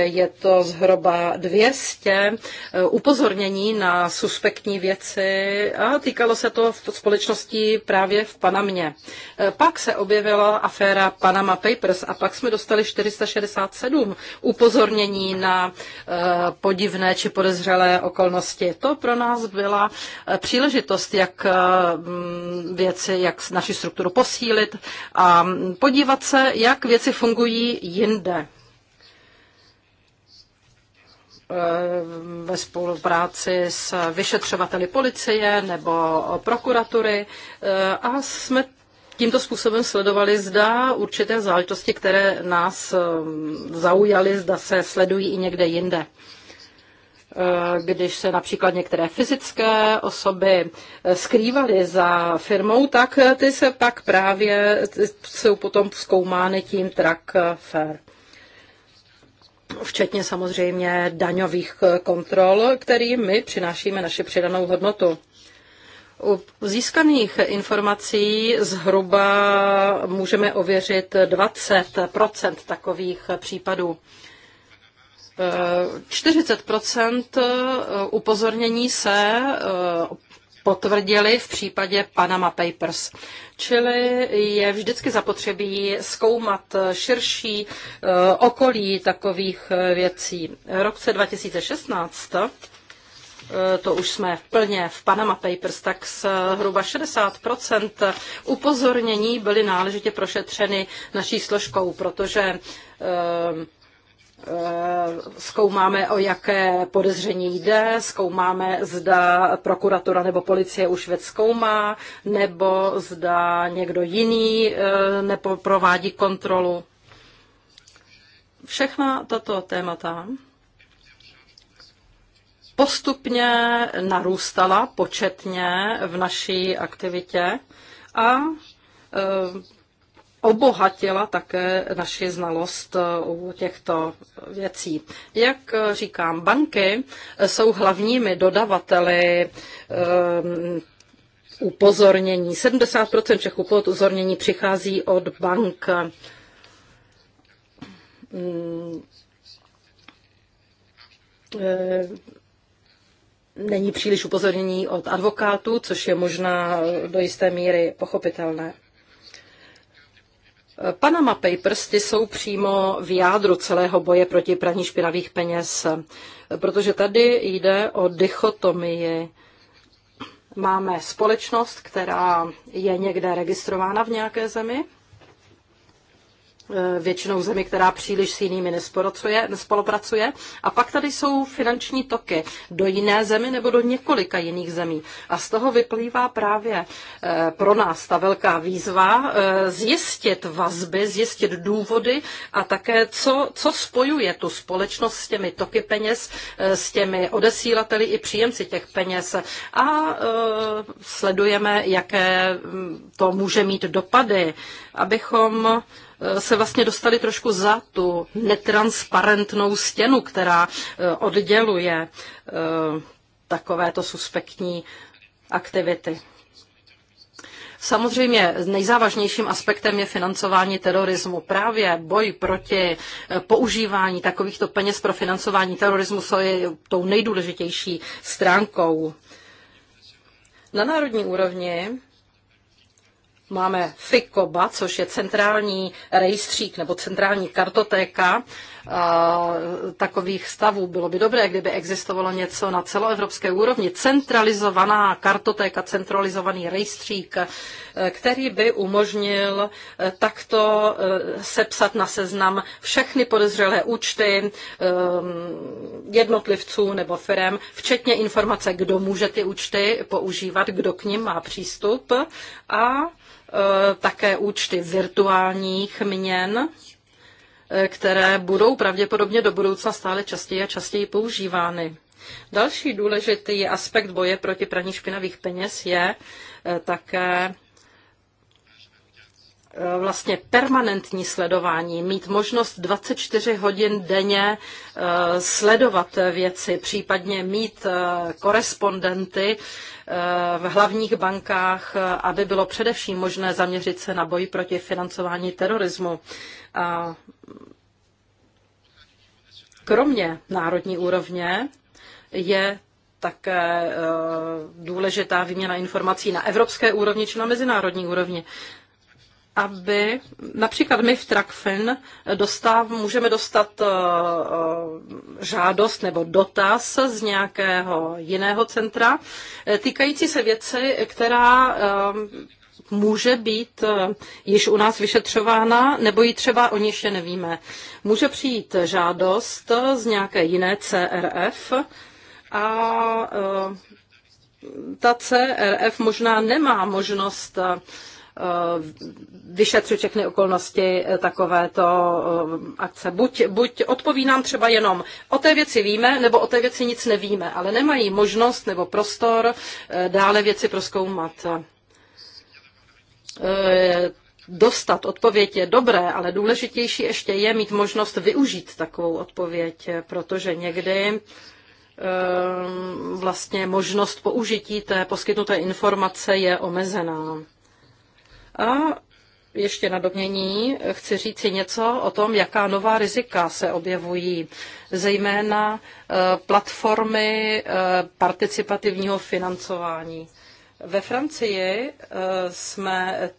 Je to zhruba 200 eh, upozornění na suspektní věci a týkalo se to v společnosti právě v Panamě. Eh, pak se objevila aféra Panama Papers a pak jsme dostali 467 upozornění na eh, podivné či podezřelé okolnosti. To pro nás byla příležitost, jak mm, věci, jak naši strukturu posílit a mm, podívat se, jak věci fungují jinde. Eh, ve spolupráci s vyšetřovateli policie nebo prokuratury eh, a jsme tímto způsobem sledovali, zda určité záležitosti, které nás eh, zaujaly, zda se sledují i někde jinde když se například některé fyzické osoby skrývaly za firmou, tak ty se pak právě ty jsou potom zkoumány tím trak fair včetně samozřejmě daňových eh, kontrol, kterými my přinášíme naši přidanou hodnotu. U získaných informací zhruba můžeme ověřit 20 takových eh, případů. 40 eh, upozornění se potvrdili v případě Panama Papers. Čili je vždycky zapotřebí zkoumat širší eh, okolí takových eh, věcí. V roce 2016 to už jsme plně v Panama Papers, tak zhruba eh, 60 upozornění byly náležitě prošetřeny naší složkou, protože Eh, zkoumáme, o jaké podezření jde, zkoumáme, zda prokuratura nebo policie už věc zkoumá, nebo zda někdo jiný eh, neprovádí kontrolu. Všechna tato témata postupně narůstala početně v naší aktivitě a eh, obohatila také naši znalost eh, u těchto věcí. Jak eh, říkám, banky eh, jsou hlavními dodavateli upozornění. 70% všech upozornění přichází od bank. Mm. Není příliš upozornění od advokátů, což je možná do jisté míry pochopitelné. Panama Papers ty jsou přímo v jádru celého boje proti praní špinavých peněz, protože tady jde o dichotomii. Máme společnost, která je někde registrována v nějaké zemi Eh, většinou zemi, která příliš s jinými nespolupracuje, A pak tady jsou finanční toky do jiné zemi nebo do několika jiných zemí. A z toho vyplývá právě eh, pro nás ta velká výzva eh, zjistit vazby, zjistit důvody a také, co, co spojuje tu společnost s těmi toky peněz, s těmi odesílateli i příjemci těch peněz. A sledujeme, jaké mm, to může mít dopady, abychom Eh, se vlastně dostali trošku za tu netransparentnou stěnu, která eh, odděluje eh, takovéto suspektní aktivity. Samozřejmě nejzávažnějším aspektem je financování terorismu. Právě boj proti používání takovýchto peněz pro financování terorismu je tou nejdůležitější stránkou. Na národní úrovni máme FICOBA, což je centrální rejstřík nebo centrální kartotéka takových stavů. Bylo by dobré, kdyby existovalo něco na celoevropské úrovni, centralizovaná kartotéka, centralizovaný rejstřík, e, který by umožnil e, takto e, sepsat na seznam všechny podezřelé účty jednotlivců nebo firm, včetně informace, kdo může ty účty používat, kdo k ním má přístup a Eh, také účty virtuálních měn, eh, které budou pravděpodobně do budoucna stále častěji a častěji používány. Další důležitý aspekt boje proti praní špinavých peněz je eh, také Eh, vlastně permanentní sledování, mít možnost 24 hodin denně eh, sledovat věci, případně mít eh, korespondenty v hlavních bankách, aby bylo především možné zaměřit se na boj proti financování terorismu. kromě národní úrovně je také důležitá výměna informací na evropské úrovni či na mezinárodní úrovni aby například my v Trakfin dostáv, můžeme dostat eh, eh, žádost nebo dotaz z nějakého jiného centra eh, týkající se věci, která může být již u nás vyšetřována, nebo ji třeba o ní ještě nevíme. Může přijít žádost z nějaké jiné CRF a ta CRF možná nemá možnost Eh, vyšetřit všechny okolnosti eh, takovéto eh, akce. Buď, buď odpovídám třeba jenom o té věci víme, nebo o té věci nic nevíme, ale nemají možnost nebo prostor dále věci proskoumat. Dostat odpověď je dobré, ale důležitější ještě je mít možnost využít takovou odpověď, protože někdy vlastně možnost použití té poskytnuté informace je omezená. A ještě na domění chci říci něco o tom, jaká nová rizika se objevují, zejména e, platformy e, participativního financování. Ve Francii e, jsme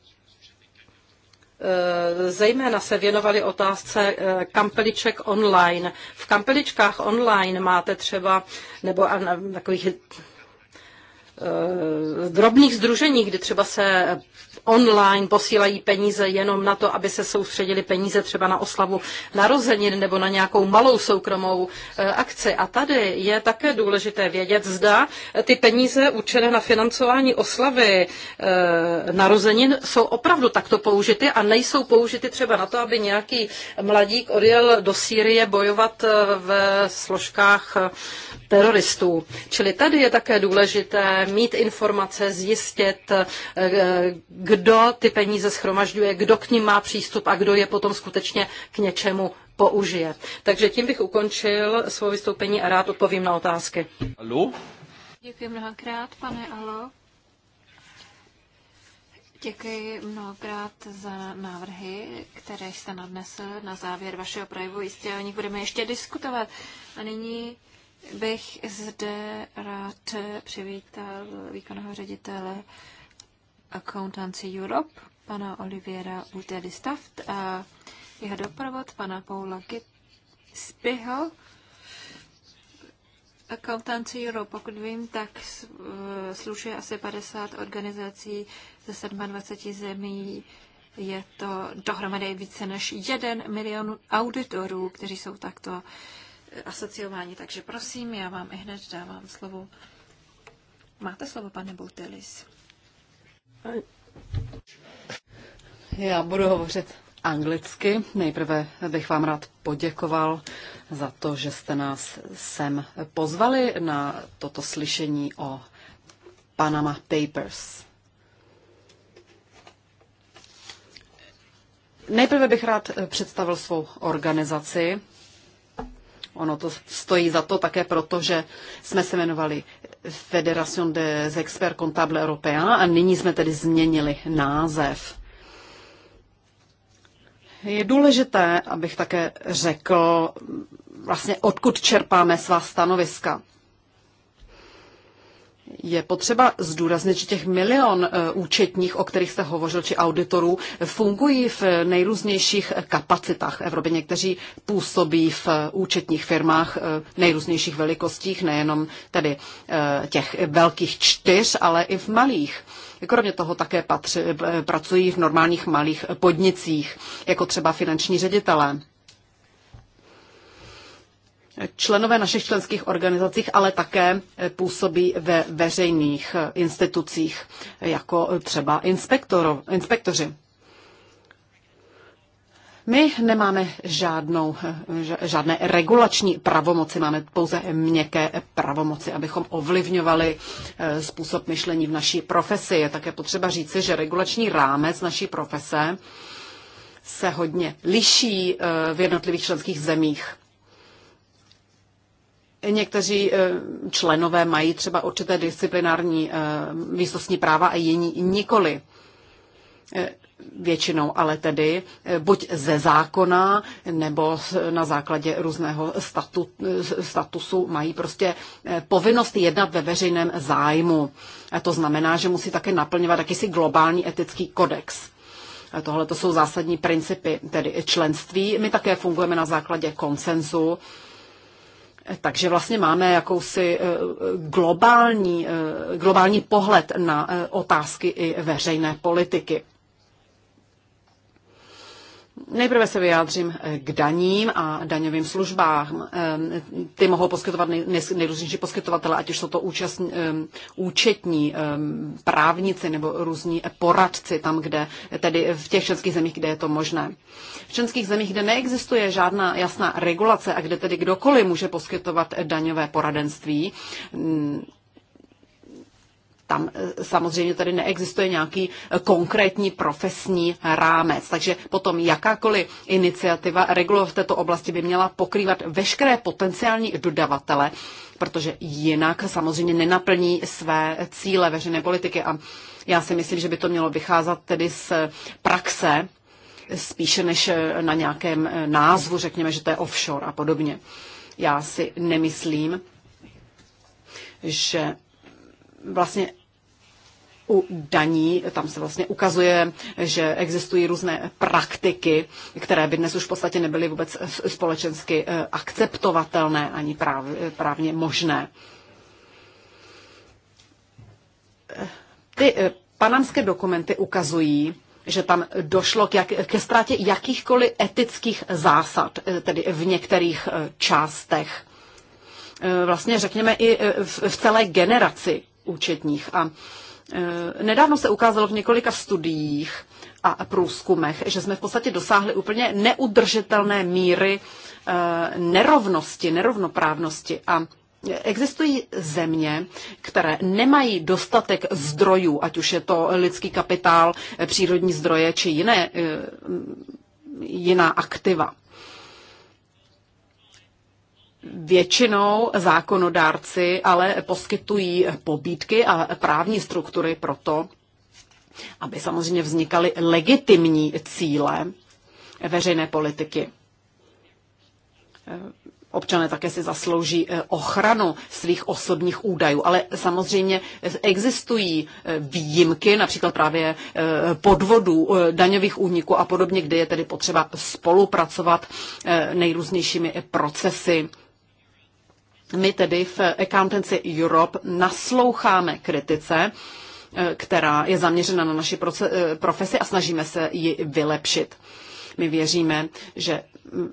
zejména se věnovali otázce kampeliček online. V kampeličkách online máte třeba, nebo takových drobných združení, kdy třeba se online posílají peníze jenom na to, aby se soustředili peníze třeba na oslavu narozenin nebo na nějakou malou soukromou eh, akci. A tady je také důležité vědět, zda ty peníze určené na financování oslavy eh, narozenin jsou opravdu takto použity a nejsou použity třeba na to, aby nějaký mladík odjel do Sýrie bojovat eh, v složkách teroristů. Čili tady je také důležité mít informace, zjistit, eh, kdo ty peníze schromažďuje, kdo k ním má přístup a kdo je potom skutečně k něčemu použije. Takže tím bych ukončil svou vystoupení a rád odpovím na otázky. Halo? Děkuji mnohokrát, pane Alo. Děkuji mnohokrát za návrhy, které jste nadnesl na závěr vašeho projevu. Jistě o nich budeme ještě diskutovat. A nyní bych zde rád přivítal výkonného ředitele Accountancy Europe, pana Oliviera Utedy Staft a jeho doprovod pana Paula Spyho. Accountancy Europe, pokud vím, tak eh, slušuje asi 50 organizací ze 27 zemí. Je to dohromady více než 1 milion auditorů, kteří jsou takto uh, asociování. Takže prosím, já vám i hned dávám slovo. Máte slovo, pane Boutelis. Já budu hovořit anglicky. Nejprve bych vám rád poděkoval za to, že jste nás sem pozvali na toto slyšení o Panama Papers. Nejprve bych rád představil svou organizaci. Ono to stojí za to také proto, že jsme se jmenovali Federation des Experts Comptables Européens a nyní jsme tedy změnili název. Je důležité, abych také řekl, vlastně odkud čerpáme svá stanoviska je potřeba zdůraznit, že těch milion e, účetních, o kterých jste hovořil, či auditorů, fungují v nejrůznějších kapacitách v Evropě. Někteří působí v e, účetních firmách e, nejrůznějších velikostích, nejenom tedy těch velkých čtyř, ale i v malých. Kromě toho také patři, pracují v normálních malých podnicích, jako třeba finanční ředitelé členové našich členských organizacích, ale také eh, působí ve veřejných eh, institucích, eh, jako třeba inspektoro, inspektoři. My nemáme žádnou, žádné regulační pravomoci, máme pouze měkké pravomoci, abychom ovlivňovali způsob myšlení v naší profesi. Je také potřeba říci, že regulační rámec naší profese se hodně liší v jednotlivých členských zemích. Někteří eh, členové mají třeba určité disciplinární výsostní eh, práva a jiní nikoli. Eh, většinou ale tedy buď ze zákona nebo na základě různého statu, statusu mají prostě povinnost jednat ve veřejném zájmu. A to znamená, že musí také naplňovat jakýsi globální etický kodex. Tohle to jsou zásadní principy, tedy členství. My také fungujeme na základě konsenzu takže vlastně máme jakousi eh, globální, eh, globální pohled na eh, otázky i veřejné politiky. Nejprve se vyjádřím k daním a daňovým službám. Ehm, ty mohou poskytovat nejrůznější poskytovatele, ať už jsou to účast, ehm, účetní, ehm, právníci nebo různí poradci, tam, kde tedy v těch členských zemích, kde je to možné. V členských zemích, kde neexistuje žádná jasná regulace a kde tedy kdokoliv může poskytovat daňové poradenství, tam e, samozřejmě tady neexistuje nějaký e, konkrétní profesní rámec. Takže potom jakákoliv iniciativa regulovat v této oblasti by měla pokrývat veškeré potenciální dodavatele, protože jinak samozřejmě nenaplní své cíle veřejné politiky a já si myslím, že by to mělo vycházet tedy z praxe spíše než e, na nějakém názvu, řekněme, že to je offshore a podobně. Já si nemyslím, že vlastně u daní, tam se vlastně ukazuje, že existují různé praktiky, které by dnes už v podstatě nebyly vůbec společensky eh, akceptovatelné ani práv, právně možné. Ty eh, panamské dokumenty ukazují, že tam došlo k jak, ke ztrátě jakýchkoliv etických zásad, eh, tedy v některých částech. Vlastně řekněme i v, v celé generaci účetních. A e, nedávno se ukázalo v několika studiích a průzkumech, že jsme v podstatě dosáhli úplně neudržitelné míry e, nerovnosti, nerovnoprávnosti. A Existují země, které nemají dostatek zdrojů, ať už je to lidský kapitál, přírodní zdroje či jiné, e, jiná aktiva. Většinou zákonodárci ale poskytují pobídky a právní struktury pro to, aby samozřejmě vznikaly legitimní cíle veřejné politiky. Občané také si zaslouží eh, ochranu svých osobních údajů, ale samozřejmě existují eh, výjimky, například právě eh, podvodů, daňových úniků a podobně, kde je tedy potřeba spolupracovat nejrůznějšími procesy my tedy v Accountancy Europe nasloucháme kritice, eh, která je zaměřena na naši eh, profesi a snažíme se ji vylepšit. My věříme, že mm,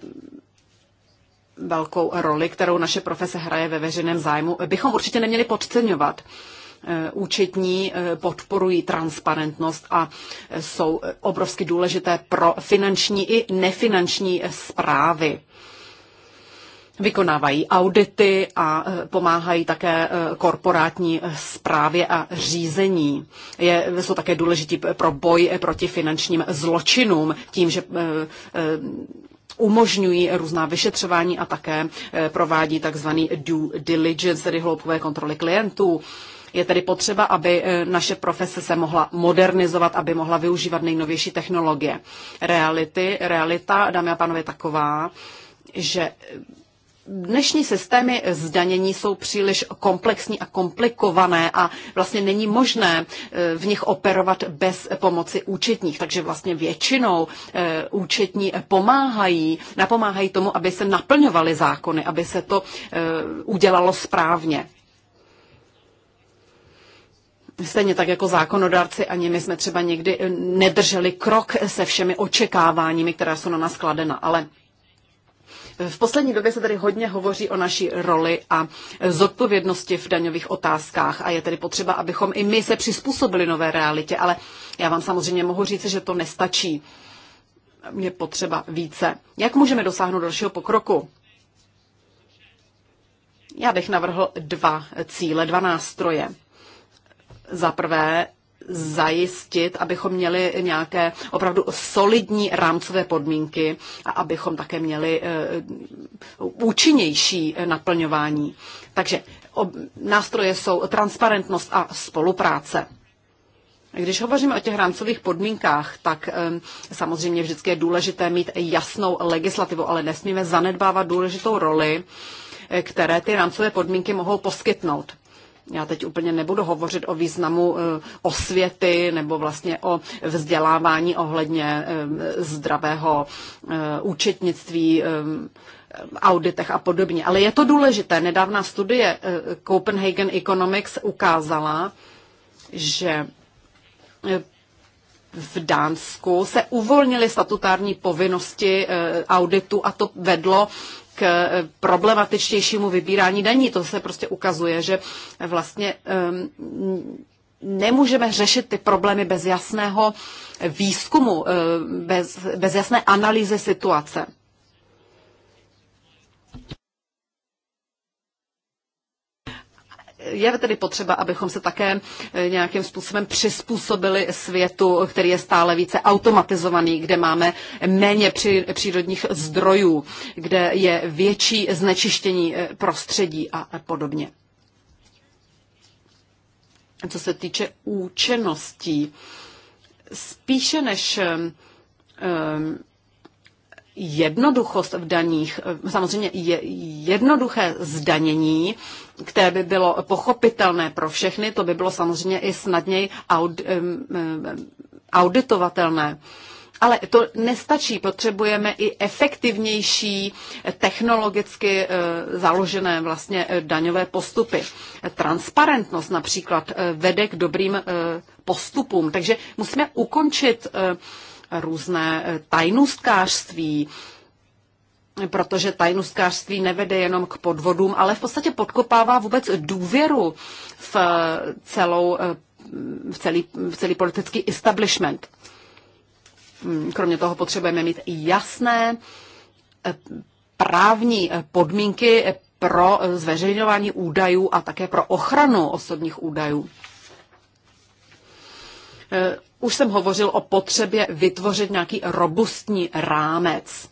velkou roli, kterou naše profese hraje ve veřejném zájmu, bychom určitě neměli podceňovat. Eh, účetní podporují transparentnost a jsou obrovsky důležité pro finanční i nefinanční zprávy vykonávají audity a e, pomáhají také e, korporátní e, správě a řízení. Je, jsou také důležití pro boj proti finančním zločinům tím, že umožňují různá vyšetřování a také provádí takzvaný due diligence, tedy hloubkové kontroly klientů. Je tedy potřeba, aby naše profese se mohla modernizovat, aby mohla využívat nejnovější technologie. Reality, realita, dámy a pánové, taková, že dnešní systémy zdanění jsou příliš komplexní a komplikované a vlastně není možné e, v nich operovat bez pomoci účetních. Takže vlastně většinou e, účetní pomáhají, napomáhají tomu, aby se naplňovaly zákony, aby se to e, udělalo správně. Stejně tak jako zákonodárci, ani my jsme třeba někdy nedrželi krok se všemi očekáváními, která jsou na nás kladena, ale v poslední době se tady hodně hovoří o naší roli a zodpovědnosti v daňových otázkách a je tedy potřeba, abychom i my se přizpůsobili nové realitě, ale já vám samozřejmě mohu říct, že to nestačí. Je potřeba více. Jak můžeme dosáhnout dalšího pokroku? Já bych navrhl dva cíle, dva nástroje. Za prvé zajistit, abychom měli nějaké opravdu solidní rámcové podmínky a abychom také měli eh, účinnější eh, naplňování. Takže nástroje jsou transparentnost a spolupráce. Když hovoříme o těch rámcových podmínkách, tak ehm, samozřejmě vždycky je důležité mít jasnou legislativu, ale nesmíme zanedbávat důležitou roli, eh, které ty rámcové podmínky mohou poskytnout. Já teď úplně nebudu hovořit o významu eh, osvěty nebo vlastně o vzdělávání ohledně eh, zdravého eh, účetnictví, auditech a podobně. Ale je to důležité. Nedávná studie Copenhagen Economics ukázala, že v Dánsku se uvolnily statutární povinnosti auditu a to vedlo k eh, problematičtějšímu vybírání daní. To se prostě ukazuje, že vlastně ehm, nemůžeme řešit ty problémy bez jasného výzkumu, eh, bez, bez jasné analýzy situace. je tedy potřeba, abychom se také eh, nějakým způsobem přizpůsobili světu, který je stále více automatizovaný, kde máme méně při, přírodních zdrojů, kde je větší znečištění eh, prostředí a podobně. Co se týče účinností, spíše než um, jednoduchost v daních, eh, samozřejmě jednoduché zdanění, které by bylo pochopitelné pro všechny, to by bylo samozřejmě i snadněji aud, auditovatelné. Ale to nestačí, potřebujeme i efektivnější eh, technologicky eh, založené vlastně daňové postupy. Transparentnost například vede k dobrým postupům, takže musíme ukončit různé eh, tajnostkářství, protože tajnostkářství nevede jenom k podvodům, ale v podstatě podkopává vůbec důvěru v, eh, celou, eh, v, celý, v celý politický establishment. Hmm, kromě toho potřebujeme mít jasné právní podmínky pro zveřejňování údajů a také pro ochranu osobních údajů. Už jsem hovořil o potřebě vytvořit nějaký robustní rámec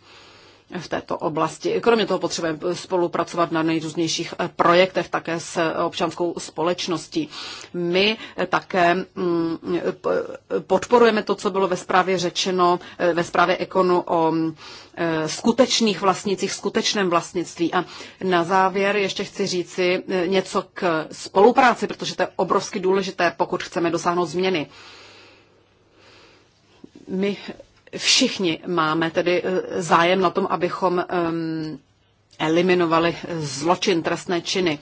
v této oblasti. Kromě toho potřebujeme spolupracovat na nejrůznějších eh, projektech také s eh, občanskou společností. My eh, také mm, podporujeme to, co bylo ve zprávě řečeno, ve zprávě Ekonu o skutečných vlastnicích, skutečném vlastnictví. A na závěr ještě chci říci něco k spolupráci, protože to je obrovsky důležité, pokud chceme dosáhnout změny. My všichni máme tedy eh, zájem na tom, abychom ehm, eliminovali zločin, trestné činy.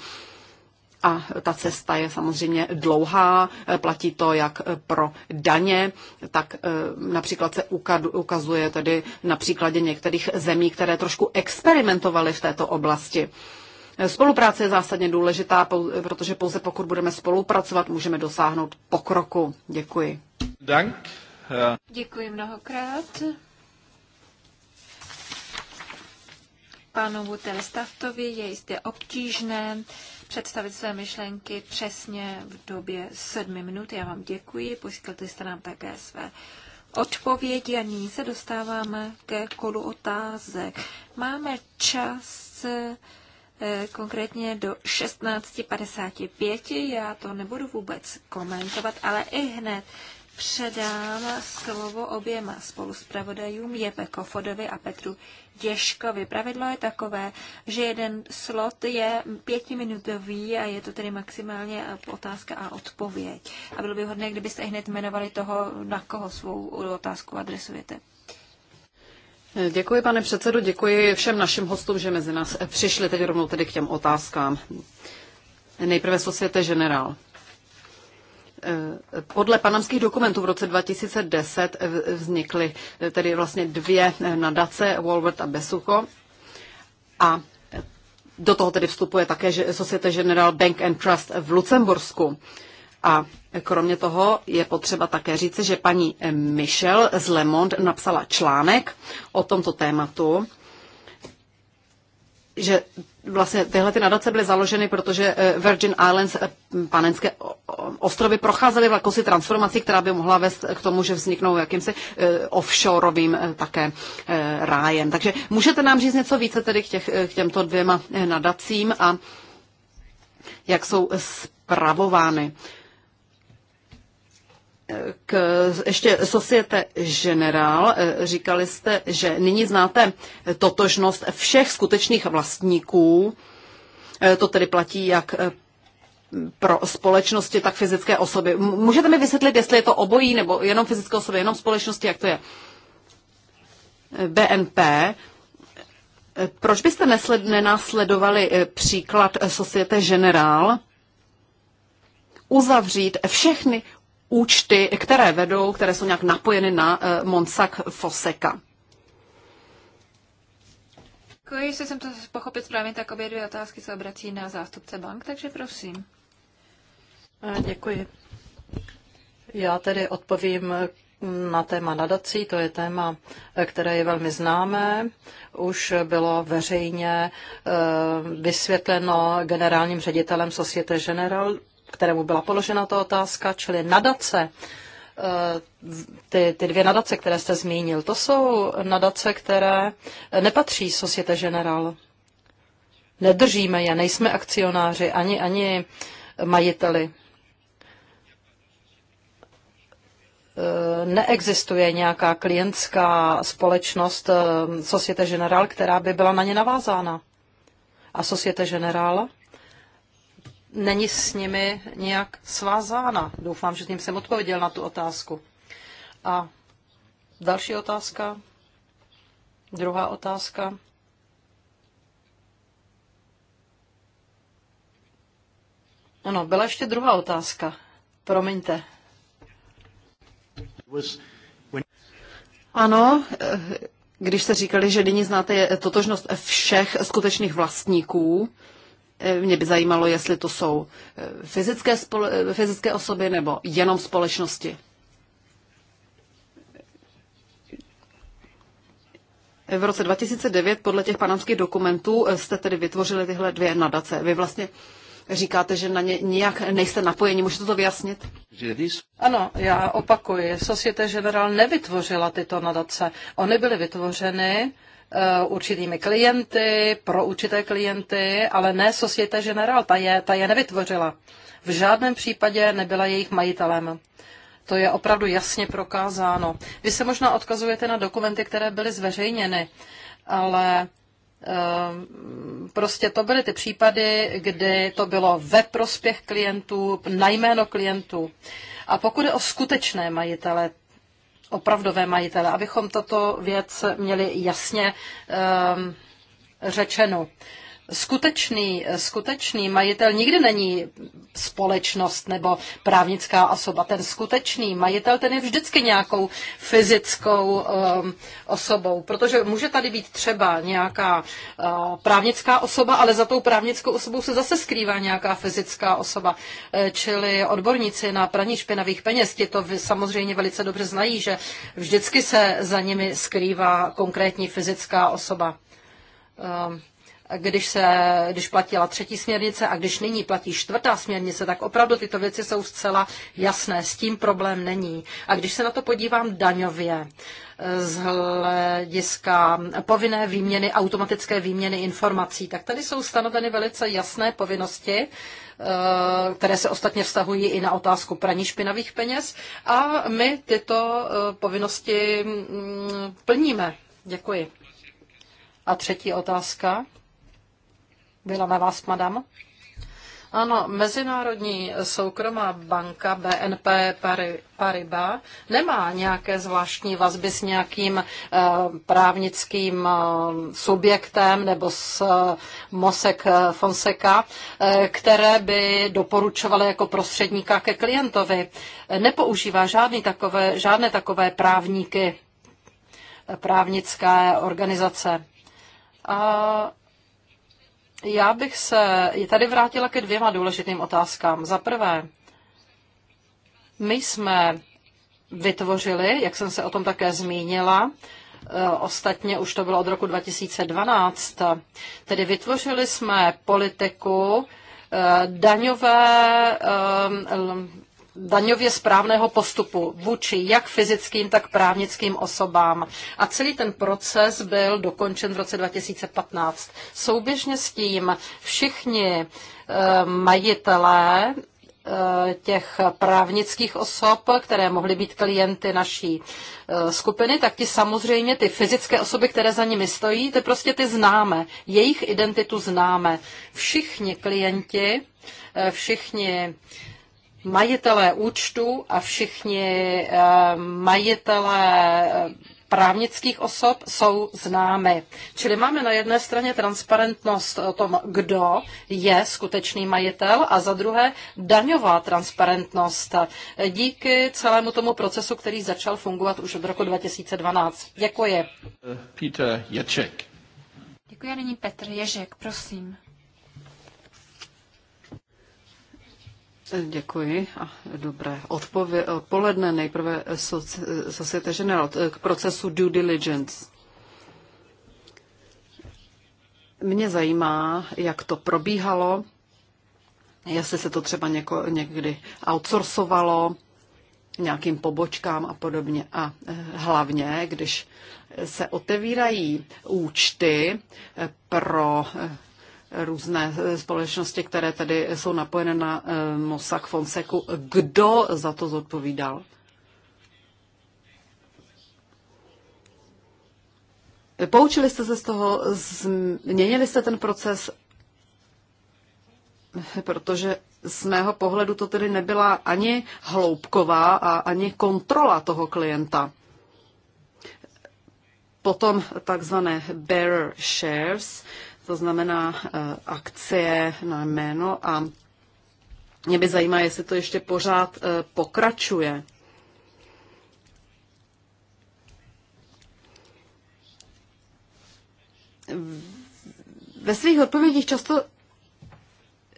A ta cesta je samozřejmě dlouhá, eh, platí to jak eh, pro daně, tak například se ukazuje tedy na příkladě některých zemí, které trošku experimentovaly v této oblasti. Spolupráce je zásadně důležitá, protože pouze pokud budeme spolupracovat, můžeme dosáhnout pokroku. Děkuji. Dank. Děkuji mnohokrát. Panu Wutelstaftovi je jistě obtížné představit své myšlenky přesně v době sedmi minut. Já vám děkuji, poskytli jste nám také své odpovědi a nyní se dostáváme ke kolu otázek. Máme čas eh, konkrétně do 16.55. Já to nebudu vůbec komentovat, ale i hned předám slovo oběma spoluspravodajům Jepe Kofodovi a Petru Děškovi. Pravidlo je takové, že jeden slot je pětiminutový a je to tedy maximálně otázka a odpověď. A bylo by hodné, kdybyste hned jmenovali toho, na koho svou otázku adresujete. Děkuji, pane předsedo, děkuji všem našim hostům, že mezi nás přišli. Teď rovnou tedy k těm otázkám. Nejprve Societe Generál. Eh, podle panamských dokumentů v roce 2010 eh, vznikly eh, tedy vlastně dvě nadace, Walworth a Besucho. A do toho tedy vstupuje také Societe General Bank and Trust v Lucembursku. A kromě toho je potřeba také říci, že paní Michel z Le Monde napsala článek o tomto tématu, že vlastně tyhle ty nadace byly založeny, protože eh, Virgin Islands, eh, panenské ostrovy, procházely v jakousi transformaci, která by mohla vést k tomu, že vzniknou jakýmsi eh, offshoreovým také rájem. Takže můžete nám říct něco více tedy k, těch, k těmto dvěma nadacím a jak jsou spravovány k ještě Societe Generál. Eh, říkali jste, že nyní znáte totožnost všech skutečných vlastníků. Eh, to tedy platí jak eh, pro společnosti, tak fyzické osoby. Můžete mi vysvětlit, jestli je to obojí, nebo jenom fyzické osoby, jenom společnosti, jak to je? BNP. Proč byste nesled, nenásledovali příklad Societe Generál? uzavřít všechny účty, které vedou, které jsou nějak napojeny na eh, Monsak Foseka. Děkuji, jestli jsem to pochopit správně, tak obě dvě otázky se obrací na zástupce bank, takže prosím. Děkuji. Já tedy odpovím mm, na téma nadací, to je téma, eh, které je velmi známé, už bylo veřejně eh, vysvětleno generálním ředitelem Societe General kterému byla položena ta otázka, čili nadace, e, ty, ty dvě nadace, které jste zmínil, to jsou nadace, které nepatří Societe General. Nedržíme je, nejsme akcionáři ani, ani majiteli. E, neexistuje nějaká klientská společnost e, Societe General, která by byla na ně navázána. A Societe General není s nimi nějak svázána. Doufám, že tím jsem odpověděl na tu otázku. A další otázka, druhá otázka. Ano, byla ještě druhá otázka. Promiňte. Ano, eh, když jste říkali, že nyní znáte totožnost všech skutečných vlastníků, Eh, mě by zajímalo, jestli to jsou eh, fyzické, spole- eh, fyzické osoby nebo jenom společnosti. V roce 2009 podle těch panamských dokumentů jste tedy vytvořili tyhle dvě nadace. Vy vlastně říkáte, že na ně nijak nejste napojeni. Můžete to vyjasnit? Ano, já opakuji. Societe General nevytvořila tyto nadace. Ony byly vytvořeny Eh, určitými klienty, pro určité klienty, ale ne Societe General, ta je, ta je nevytvořila. V žádném případě nebyla jejich majitelem. To je opravdu jasně prokázáno. Vy se možná odkazujete na dokumenty, které byly zveřejněny, ale eh, prostě to byly ty případy, kdy to bylo ve prospěch klientů, na jméno klientů. A pokud je o skutečné majitele, opravdové majitele, abychom tato věc měli jasně um, řečeno. Uh, skutečný, skutečný majitel nikdy není společnost nebo právnická osoba. Ten skutečný majitel, ten je vždycky nějakou fyzickou um, osobou, protože může tady být třeba nějaká uh, právnická osoba, ale za tou právnickou osobou se zase skrývá nějaká fyzická osoba. Eh, čili odborníci na praní špinavých peněz, ti to samozřejmě velice dobře znají, že vždycky se za nimi skrývá konkrétní fyzická osoba. Um, když, se, když platila třetí směrnice a když nyní platí čtvrtá směrnice, tak opravdu tyto věci jsou zcela jasné, s tím problém není. A když se na to podívám daňově, z hlediska povinné výměny, automatické výměny informací, tak tady jsou stanoveny velice jasné povinnosti, eh, které se ostatně vztahují i na otázku praní špinavých peněz a my tyto eh, povinnosti mm, plníme. Děkuji. A třetí otázka byla na vás, madam. Ano, Mezinárodní soukromá banka BNP Paribas nemá nějaké zvláštní vazby s nějakým eh, právnickým eh, subjektem nebo s eh, Mosek Fonseca, které by doporučovaly jako prostředníka ke klientovi. Nepoužívá žádný takové, žádné takové právníky, právnické organizace. A já bych se tady vrátila ke dvěma důležitým otázkám. Za prvé, my jsme vytvořili, jak jsem se o tom také zmínila, eh, ostatně už to bylo od roku 2012, tedy vytvořili jsme politiku eh, daňové eh, daňově správného postupu vůči jak fyzickým, tak právnickým osobám. A celý ten proces byl dokončen v roce 2015. Souběžně s tím všichni eh, majitelé eh, těch právnických osob, které mohly být klienty naší eh, skupiny, tak ti samozřejmě ty fyzické osoby, které za nimi stojí, ty prostě ty známe. Jejich identitu známe. Všichni klienti, všichni majitelé účtů a všichni eh, majitelé eh, právnických osob jsou známy. Čili máme na jedné straně transparentnost o tom, kdo je skutečný majitel a za druhé daňová transparentnost díky celému tomu procesu, který začal fungovat už od roku 2012. Děkuji. Eh, Peter Ječek. Děkuji a nyní Petr Ježek, prosím. Děkuji a dobré odpově- poledne nejprve Societe General k procesu due diligence. Mě zajímá, jak to probíhalo, jestli se to třeba něko, někdy outsourcovalo nějakým pobočkám a podobně. A eh, hlavně, když se otevírají účty eh, pro eh, různé eh, společnosti, které tady jsou napojené na eh, Mossack Fonseku. Kdo za to zodpovídal? Poučili jste se z toho, změnili jste ten proces, protože z mého pohledu to tedy nebyla ani hloubková a ani kontrola toho klienta. Potom takzvané bearer shares, to znamená eh, akcie na jméno a mě by zajímá, jestli to ještě pořád eh, pokračuje. Ve svých odpovědích často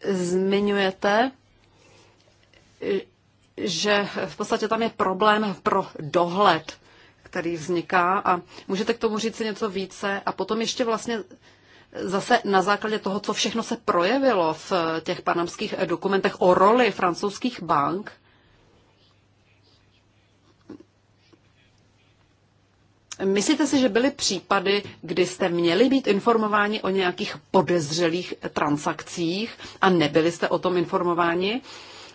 zmiňujete, že v podstatě tam je problém pro dohled, který vzniká a můžete k tomu říct si něco více a potom ještě vlastně zase na základě toho, co všechno se projevilo v těch panamských dokumentech o roli francouzských bank, Myslíte si, že byly případy, kdy jste měli být informováni o nějakých podezřelých transakcích a nebyli jste o tom informováni?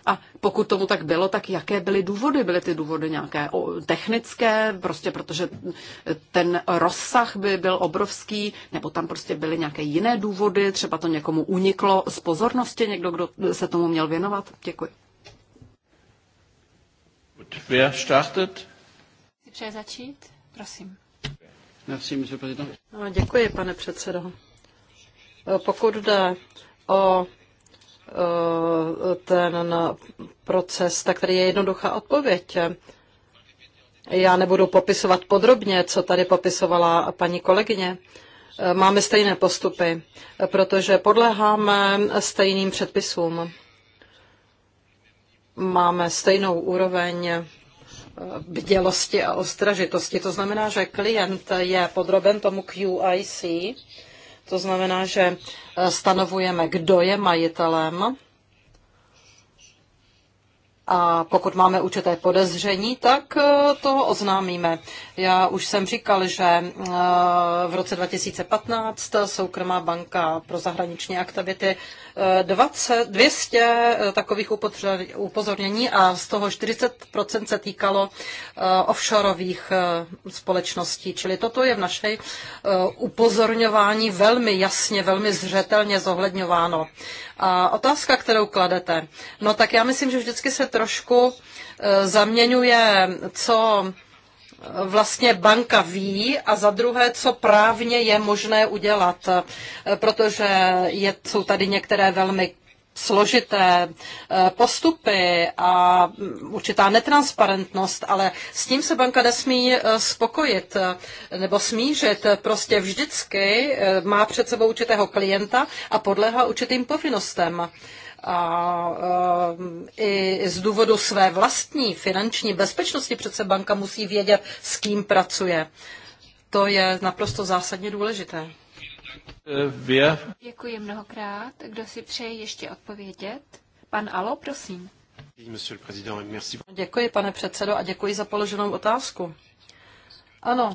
A pokud tomu tak bylo, tak jaké byly důvody? Byly ty důvody nějaké technické, prostě protože eh, ten rozsah by byl obrovský, nebo tam prostě byly nějaké jiné důvody, třeba to někomu uniklo z pozornosti, někdo, kdo se tomu měl věnovat? Děkuji. Wer startet? Přeje začít? Prosím. No, děkuji, pane předsedo. Eh, pokud jde o Eh, ten proces, tak tady je jednoduchá odpověď. Já nebudu popisovat podrobně, co tady popisovala paní kolegyně. Eh, máme stejné postupy, protože podléháme stejným předpisům. Máme stejnou úroveň eh, bdělosti a ostražitosti. To znamená, že klient je podroben tomu QIC, to znamená, že eh, stanovujeme, kdo je majitelem a pokud máme určité podezření, tak eh, to oznámíme. Já už jsem říkal, že eh, v roce 2015 Soukromá banka pro zahraniční aktivity 20, 200 eh, takových upozornění a z toho 40% se týkalo eh, offshoreových eh, společností. Čili toto je v našej upozorňování velmi jasně, velmi zřetelně zohledňováno. A otázka, kterou kladete, no tak já myslím, že vždycky se trošku zaměňuje, co vlastně banka ví a za druhé, co právně je možné udělat, protože je, jsou tady některé velmi složité eh, postupy a mm, určitá netransparentnost, ale s tím se banka nesmí eh, spokojit eh, nebo smířit. Prostě vždycky má před sebou určitého klienta a podléhá určitým povinnostem. A eh, i z důvodu své vlastní finanční bezpečnosti přece banka musí vědět, s kým pracuje. To je naprosto zásadně důležité. Vě. Děkuji mnohokrát. Kdo si přeje ještě odpovědět? Pan Alo, prosím. Děkuji, pane předsedo, a děkuji za položenou otázku. Ano,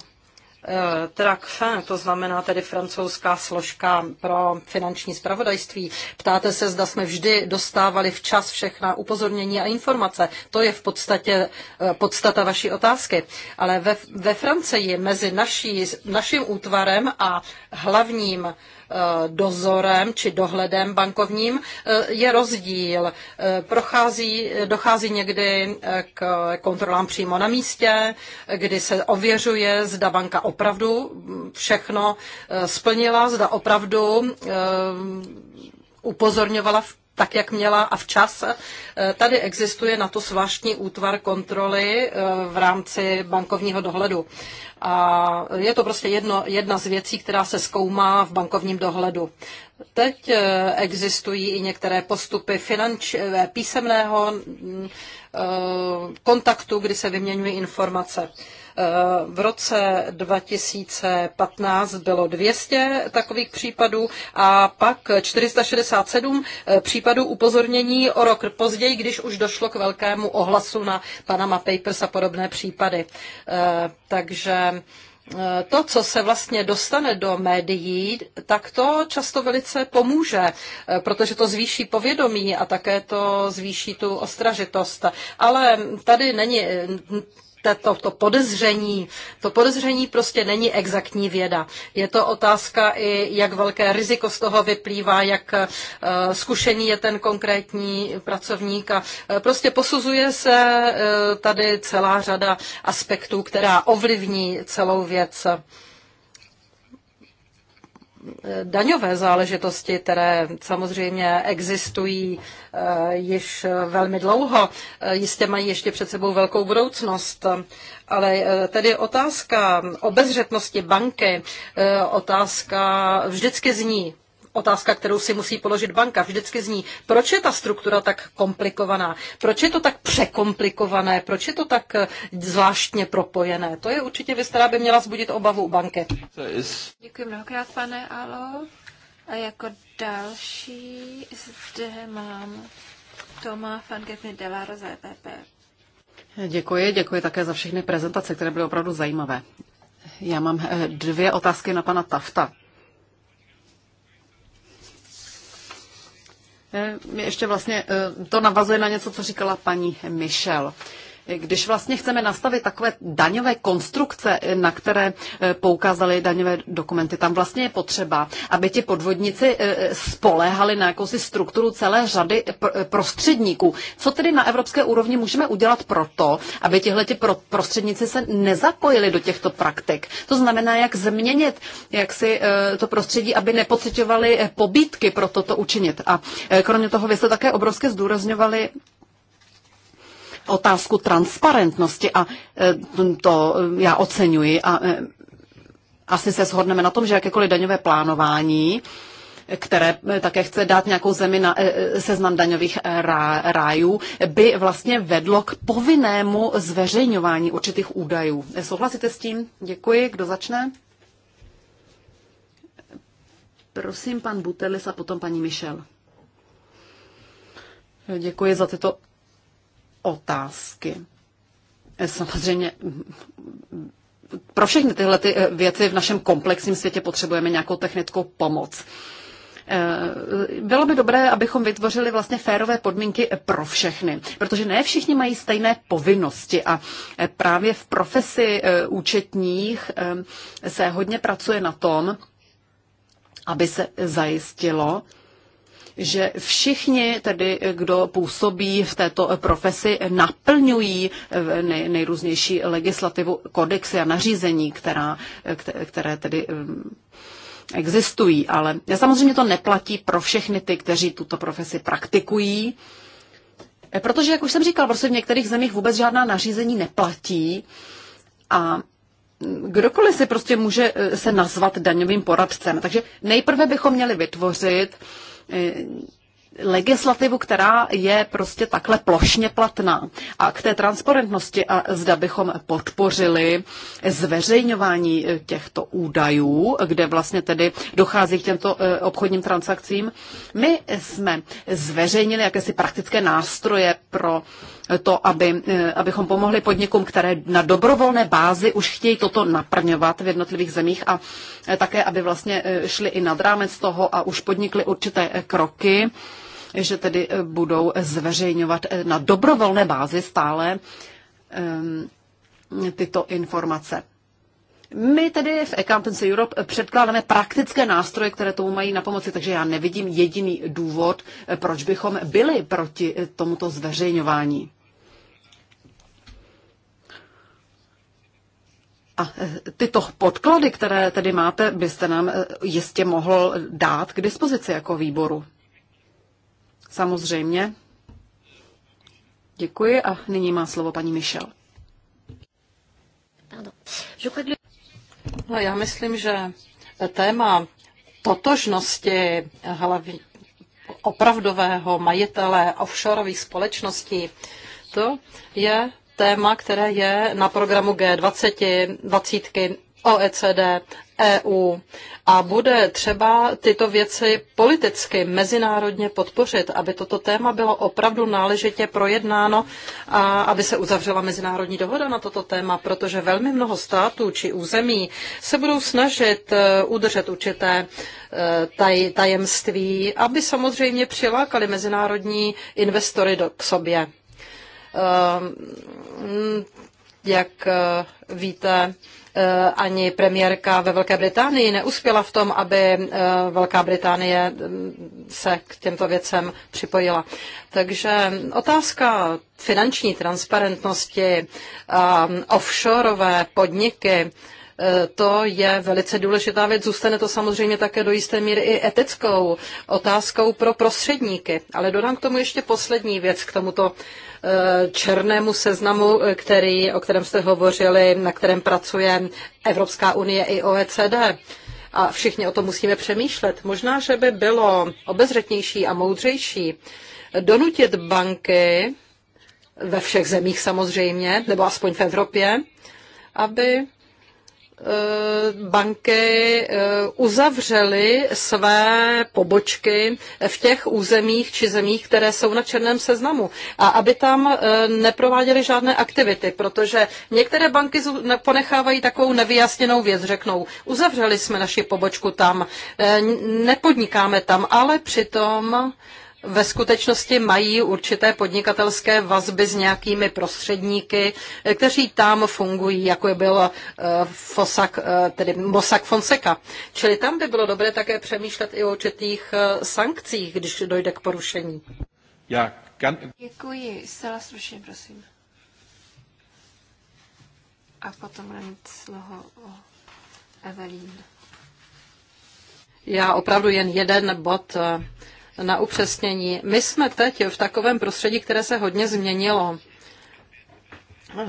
Eh, TRACFIN, to znamená tedy francouzská složka pro finanční spravodajství. Ptáte se, zda jsme vždy dostávali včas všechna upozornění a informace. To je v podstatě eh, podstata vaší otázky. Ale ve, ve Francii mezi naší, naším útvarem a hlavním uh, Eh, dozorem či dohledem bankovním eh, je rozdíl. Eh, prochází, dochází někdy k kontrolám přímo na místě, kdy se ověřuje, zda banka opravdu všechno splnila, zda opravdu upozorňovala v tak, jak měla a včas. Eh, tady existuje na to zvláštní útvar kontroly eh, v rámci bankovního dohledu. A je to prostě jedno, jedna z věcí, která se zkoumá v bankovním dohledu. Teď eh, existují i některé postupy finanč, písemného mm, kontaktu, kdy se vyměňují informace. V roce 2015 bylo 200 takových případů a pak 467 eh, případů upozornění o rok později, když už došlo k velkému ohlasu na Panama Papers a podobné případy. Eh, takže eh, to, co se vlastně dostane do médií, tak to často velice pomůže, protože to zvýší povědomí a také to zvýší tu ostražitost. Ale tady není to, to podezření, to podezření prostě není exaktní věda. Je to otázka i, jak velké riziko z toho vyplývá, jak eh, zkušený je ten konkrétní pracovník a eh, prostě posuzuje se eh, tady celá řada aspektů, která ovlivní celou věc daňové záležitosti, které samozřejmě existují eh, již velmi dlouho, eh, jistě mají ještě před sebou velkou budoucnost. Ale eh, tedy otázka obezřetnosti banky, otázka vždycky zní, otázka, kterou si musí položit banka. Vždycky zní, proč je ta struktura tak komplikovaná, proč je to tak překomplikované, proč je to tak eh, zvláštně propojené. To je určitě věc, která by měla zbudit obavu u banky. Děkuji mnohokrát, pane Alo. A jako další zde mám Toma van Gepny EPP. Děkuji, děkuji také za všechny prezentace, které byly opravdu zajímavé. Já mám eh, dvě otázky na pana Tafta. Ještě vlastně eh, to navazuje na něco, co říkala paní Michel. Když vlastně chceme nastavit takové daňové konstrukce, na které eh, poukázaly daňové dokumenty, tam vlastně je potřeba, aby ti podvodníci eh, spolehali na jakousi strukturu celé řady prostředníků. Co tedy na evropské úrovni můžeme udělat proto, aby tihle prostředníci se nezapojili do těchto praktik? To znamená, jak změnit jak si eh, to prostředí, aby nepocitovali pobítky pro toto učinit. A kromě toho vy jste také obrovské zdůrazňovali otázku transparentnosti a e, to já oceňuji a e, asi se shodneme na tom, že jakékoliv daňové plánování které e, také chce dát nějakou zemi na seznam daňových rájů, by vlastně vedlo k povinnému zveřejňování určitých údajů. Souhlasíte s tím? Děkuji. Kdo začne? Prosím, pan Butelis a potom paní Michel. Děkuji za tyto otázky. Eh, samozřejmě pro všechny tyhle ty eh, věci v našem komplexním světě potřebujeme nějakou technickou pomoc. Eh, bylo by dobré, abychom vytvořili vlastně férové podmínky pro všechny, protože ne všichni mají stejné povinnosti a právě v profesi účetních se hodně pracuje na tom, aby se zajistilo, že všichni, tedy kdo působí v této profesi, naplňují eh, nej, nejrůznější legislativu, kodexy a nařízení, která, eh, které tedy eh, existují. Ale samozřejmě to neplatí pro všechny ty, kteří tuto profesi praktikují. Protože, jak už jsem říkal, prostě v některých zemích vůbec žádná nařízení neplatí a kdokoliv si prostě může se nazvat daňovým poradcem. Takže nejprve bychom měli vytvořit uh, eh, legislativu, která je prostě takhle plošně platná. A k té transparentnosti a zda bychom podpořili zveřejňování eh, těchto údajů, kde vlastně tedy dochází k těmto eh, obchodním transakcím. My jsme zveřejnili jakési praktické nástroje pro to, aby, eh, abychom pomohli podnikům, které na dobrovolné bázi už chtějí toto naplňovat v jednotlivých zemích a také, aby vlastně šli i nad rámec toho a už podnikli určité kroky že tedy eh, budou zveřejňovat eh, na dobrovolné bázi stále ehm, tyto informace. My tedy v Accountancy Europe eh, předkládáme praktické nástroje, které tomu mají na pomoci, takže já nevidím jediný důvod, proč bychom byli proti tomuto zveřejňování. A tyto podklady, které tedy máte, byste nám jistě mohl dát k dispozici jako výboru. Samozřejmě. Děkuji a nyní má slovo paní Michel. No, já myslím, že téma totožnosti hlavy opravdového majitele offshoreových společností, to je téma, které je na programu G20 20 OECD, EU. A bude třeba tyto věci politicky, mezinárodně podpořit, aby toto téma bylo opravdu náležitě projednáno a aby se uzavřela mezinárodní dohoda na toto téma, protože velmi mnoho států či území se budou snažit e, udržet určité e, tajemství, aby samozřejmě přilákali mezinárodní investory do, k sobě. E, jak víte, Eh, ani premiérka ve Velké Británii neuspěla v tom, aby eh, Velká Británie hm, se k těmto věcem připojila. Takže otázka finanční transparentnosti, eh, offshoreové podniky, to je velice důležitá věc. Zůstane to samozřejmě také do jisté míry i etickou otázkou pro prostředníky. Ale dodám k tomu ještě poslední věc, k tomuto Eh, černému seznamu, eh, který, o kterém jste hovořili, na kterém pracuje Evropská unie i OECD. A všichni o tom musíme přemýšlet. Možná, že by bylo obezřetnější a moudřejší donutit banky ve všech zemích samozřejmě, nebo aspoň v Evropě, aby Eh, banky eh, uzavřely své pobočky v těch územích či zemích, které jsou na černém seznamu a aby tam eh, neprováděly žádné aktivity, protože některé banky ponechávají takovou nevyjasněnou věc, řeknou, uzavřeli jsme naši pobočku tam, nepodnikáme tam, ale přitom ve skutečnosti mají určité podnikatelské vazby s nějakými prostředníky, kteří tam fungují, jako je byl eh, Fosak, eh, tedy Mosak Fonseca. Čili tam by bylo dobré také přemýšlet i o určitých eh, sankcích, když dojde k porušení. Já kan... Děkuji, zcela stručně, prosím. A potom mám mít slovo o Evelyn. Já opravdu jen jeden bod na upřesnění. My jsme teď v takovém prostředí, které se hodně změnilo.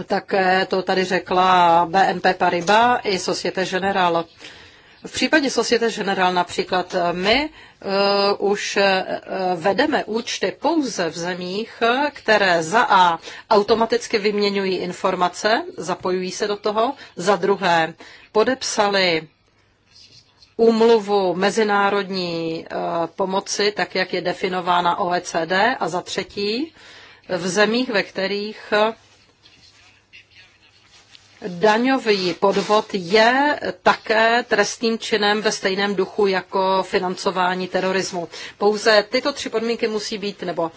Také eh, to tady řekla BNP Paribas i Societe Generale. V případě Societe General například eh, my uh, už uh, vedeme účty pouze v zemích, které za A automaticky vyměňují informace, zapojují se do toho, za druhé podepsali úmluvu mezinárodní eh, pomoci, tak jak je definována OECD, a za třetí v zemích, ve kterých daňový podvod je také trestným činem ve stejném duchu jako financování terorismu. Pouze tyto tři podmínky musí být, nebo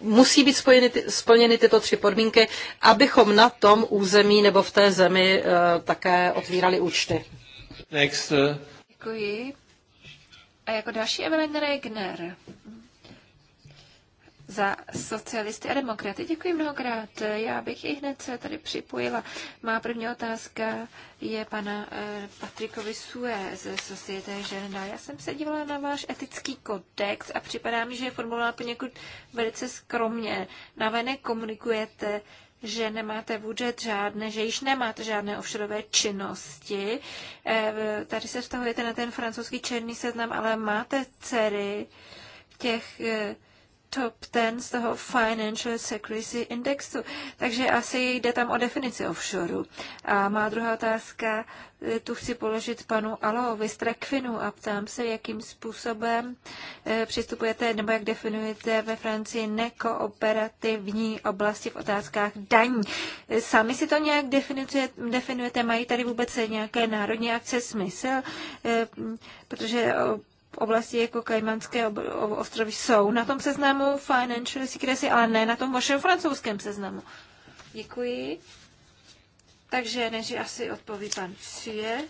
musí být spojeny, splněny tyto tři podmínky, abychom na tom území nebo v té zemi eh, také otvírali účty. Next. Uh... Děkuji. A jako další Evelyn Regner za socialisty a demokraty. Děkuji mnohokrát. Já bych i hned se tady připojila. Má první otázka je pana eh, Patrikovi Sue ze Societe Žena. Já jsem se dívala na váš etický kodex a připadá mi, že je formulována poněkud velice skromně. Navenek komunikujete že nemáte budžet žádné, že již nemáte žádné offshore činnosti. Eh, tady se vztahujete na ten francouzský černý seznam, ale máte dcery těch eh, top 10 z toho Financial Secrecy Indexu. Takže asi jde tam o definici offshoreu. A má druhá otázka, e, tu chci položit panu Alo z a ptám se, jakým způsobem e, přistupujete nebo jak definujete ve Francii nekooperativní oblasti v otázkách daní. E, sami si to nějak definujete? Mají tady vůbec nějaké národní akce smysl? Protože v oblasti jako Kajmanské ostrovy jsou na tom seznamu Financial Secrecy, ale ne na tom vašem francouzském seznamu. Děkuji. Takže než asi odpoví pan Cie.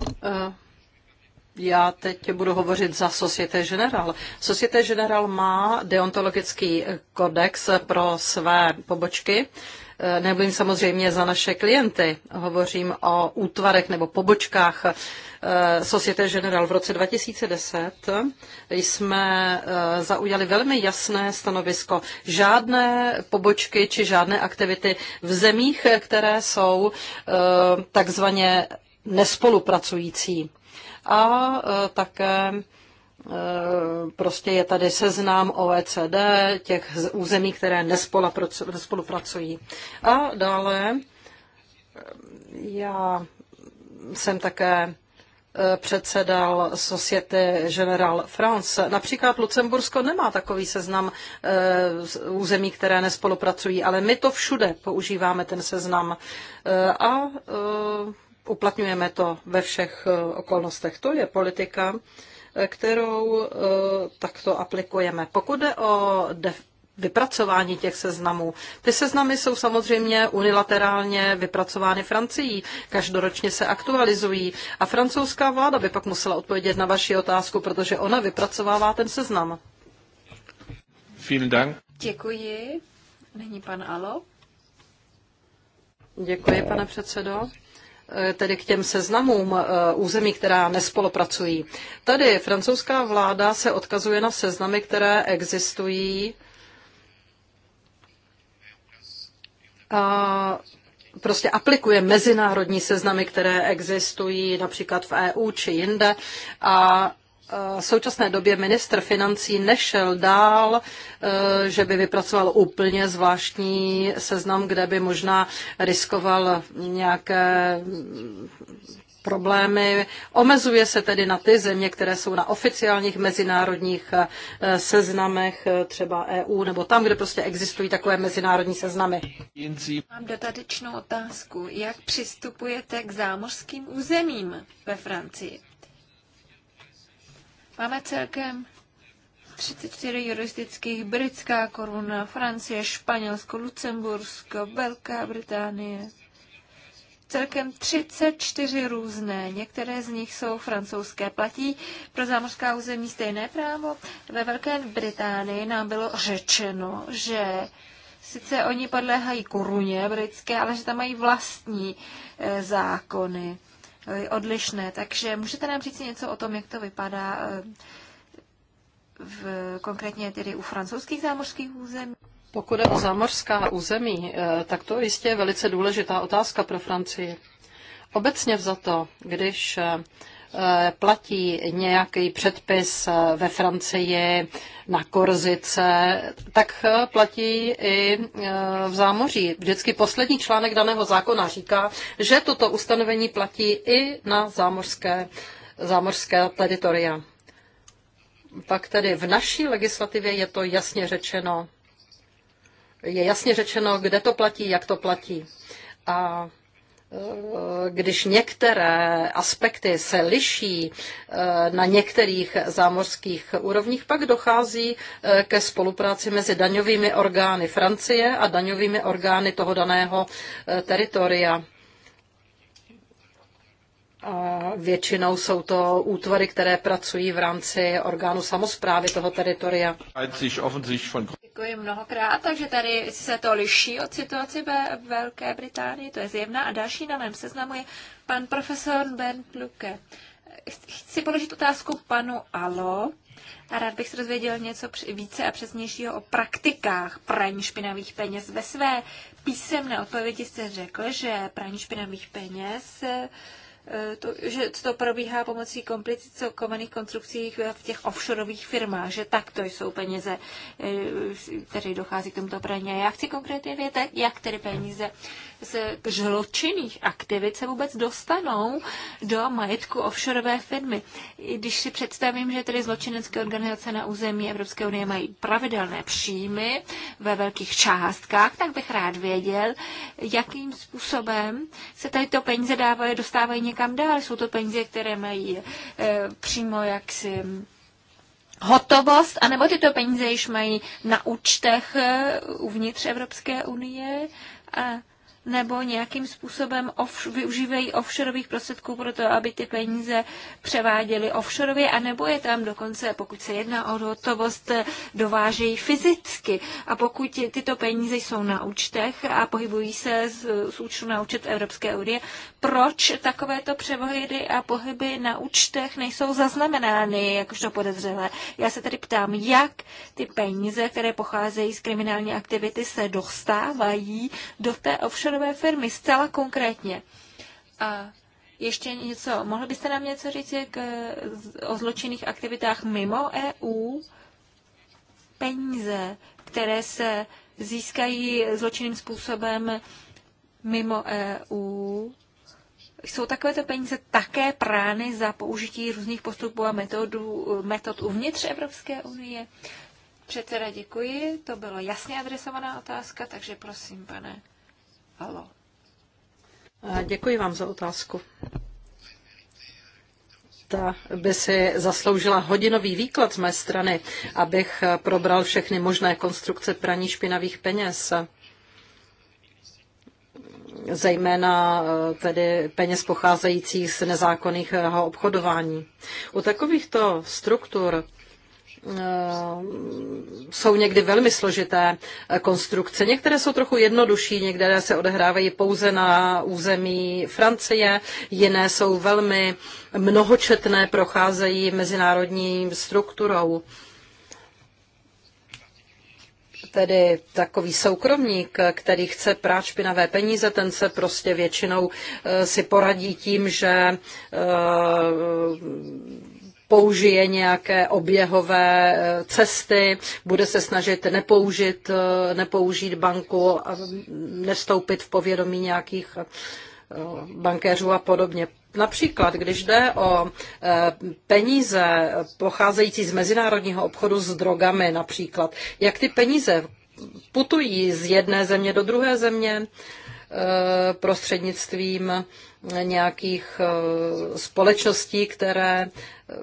Uh. Eh, já teď budu hovořit za Societe General. Societe General má deontologický kodex pro své pobočky Eh, nemluvím samozřejmě za naše klienty, hovořím o útvarech nebo pobočkách eh, Societe General. V roce 2010 jsme eh, zaujali velmi jasné stanovisko. Žádné pobočky či žádné aktivity v zemích, které jsou takzvaně nespolupracující. A také Eh, prostě je tady seznam OECD, těch území, které nespolupracují. A dále eh, já jsem také eh, předsedal Société General France. Například Lucembursko nemá takový seznam území, které nespolupracují, ale my to všude používáme, ten seznam. A uplatňujeme to ve všech okolnostech. To je politika, kterou eh, takto aplikujeme. Pokud jde o vypracování těch seznamů. Ty seznamy jsou samozřejmě unilaterálně vypracovány Francií, každoročně se aktualizují a francouzská vláda by pak musela odpovědět na vaši otázku, protože ona vypracovává ten seznam. Vielen Děkuji. Není pan Alo. Děkuji, pane předsedo. Eh, tedy k těm seznamům eh, území, která nespolupracují. Tady francouzská vláda se odkazuje na seznamy, které existují. A prostě aplikuje mezinárodní seznamy, které existují například v EU či jinde a v současné době ministr financí nešel dál, eh, že by vypracoval úplně zvláštní seznam, kde by možná riskoval nějaké problémy. Omezuje se tedy na ty země, které jsou na oficiálních mezinárodních eh, seznamech, eh, třeba EU, nebo tam, kde prostě existují takové mezinárodní seznamy. Mám dodatečnou otázku. Jak přistupujete k zámořským územím ve Francii? Máme celkem 34 juristických, britská koruna, Francie, Španělsko, Lucembursko, Velká Británie. Celkem 34 různé, některé z nich jsou francouzské. Platí pro zámořská území stejné právo? Ve Velké Británii nám bylo řečeno, že sice oni podléhají koruně britské, ale že tam mají vlastní e, zákony. Eh, odlišné. Takže můžete nám říct něco o tom, jak to vypadá eh, v, konkrétně tedy u francouzských zámořských území? Pokud je o zámořská území, eh, tak to jistě je velice důležitá otázka pro Francii. Obecně vzato, když Eh, platí nějaký předpis eh, ve Francii na Korzice, tak eh, platí i v zámoří. Vždycky poslední článek daného zákona říká, že toto ustanovení platí i na zámořské, zámořské teritoria. Pak tedy v naší legislativě je to jasně řečeno. Je jasně řečeno, kde to platí, jak to platí. A když některé aspekty se liší eh, na některých zámořských úrovních, pak dochází eh, ke spolupráci mezi daňovými orgány Francie a daňovými orgány toho daného eh, teritoria. Většinou jsou to útvary, které pracují v rámci orgánu samozprávy toho teritoria. Děkuji mnohokrát, takže tady se to liší od situace ve Velké Británii, to je zjevná. A další na mém seznamu je pan profesor Ben Luke. Chci položit otázku panu Alo a rád bych se dozvěděl něco více a přesnějšího o praktikách praní špinavých peněz. Ve své písemné odpovědi jste řekl, že praní špinavých peněz Eh, to, že to probíhá pomocí komplikovaných konstrukcí v těch offshoreových firmách, že takto jsou peníze, eh, které dochází k tomuto praní. Já chci konkrétně vědět, jak tedy peníze z žločinných aktivit se vůbec dostanou do majetku offshoreové firmy. Když si představím, že tedy zločinecké organizace na území Evropské unie mají pravidelné příjmy ve velkých částkách, tak bych rád věděl, jakým způsobem se tady to peníze dávají, dostávají někam dál. Jsou to peníze, které mají e, přímo jaksi hotovost, anebo tyto peníze již mají na účtech eh, uvnitř Evropské unie. A nebo nějakým způsobem off, využívají offshoreových prostředků pro to, aby ty peníze převáděly offshoreově, nebo je tam dokonce, pokud se jedná o hotovost, dovážejí fyzicky. A pokud tyto peníze jsou na účtech a pohybují se z, z účtu na účet Evropské unie, proč takovéto převody a pohyby na účtech nejsou zaznamenány, jakožto podezřelé? Já se tedy ptám, jak ty peníze, které pocházejí z kriminální aktivity, se dostávají do té offshore členové firmy, zcela konkrétně. A ještě něco, mohl byste nám něco říct k, eh, o zločinných aktivitách mimo EU? Peníze, které se získají zločinným způsobem mimo EU, jsou takovéto peníze také prány za použití různých postupů a metodů, metod uvnitř Evropské unie? Předseda, děkuji. To bylo jasně adresovaná otázka, takže prosím, pane Halo. Děkuji vám za otázku. Ta by si zasloužila hodinový výklad z mé strany, abych probral všechny možné konstrukce praní špinavých peněz zejména e, tedy peněz pocházejících z nezákonných obchodování. U takovýchto struktur Eh, jsou někdy velmi složité eh, konstrukce. Některé jsou trochu jednodušší, některé se odehrávají pouze na území Francie, jiné jsou velmi mnohočetné, procházejí mezinárodní strukturou. Tedy takový soukromník, který chce prát špinavé peníze, ten se prostě většinou eh, si poradí tím, že použije nějaké oběhové eh, cesty, bude se snažit nepoužít, eh, nepoužít banku a v povědomí nějakých eh, bankéřů a podobně. Například, když jde o peníze pocházející z mezinárodního obchodu s drogami, například, jak ty peníze putují z jedné země do druhé země prostřednictvím nějakých eh, společností, které eh,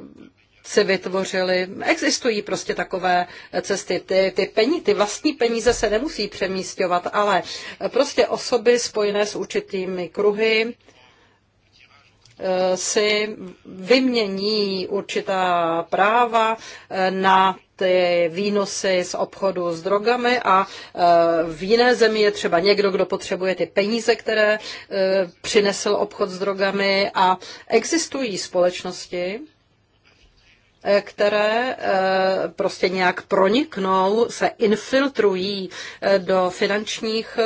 si vytvořili. Existují prostě takové cesty. Ty, ty, peníze, ty vlastní peníze se nemusí přemístěvat, ale prostě osoby spojené s určitými kruhy Eh, si vymění určitá práva eh, na ty výnosy z obchodu s drogami a eh, v jiné zemi je třeba někdo, kdo potřebuje ty peníze, které přinesl obchod s drogami a existují společnosti, které prostě nějak proniknou, se infiltrují do finančních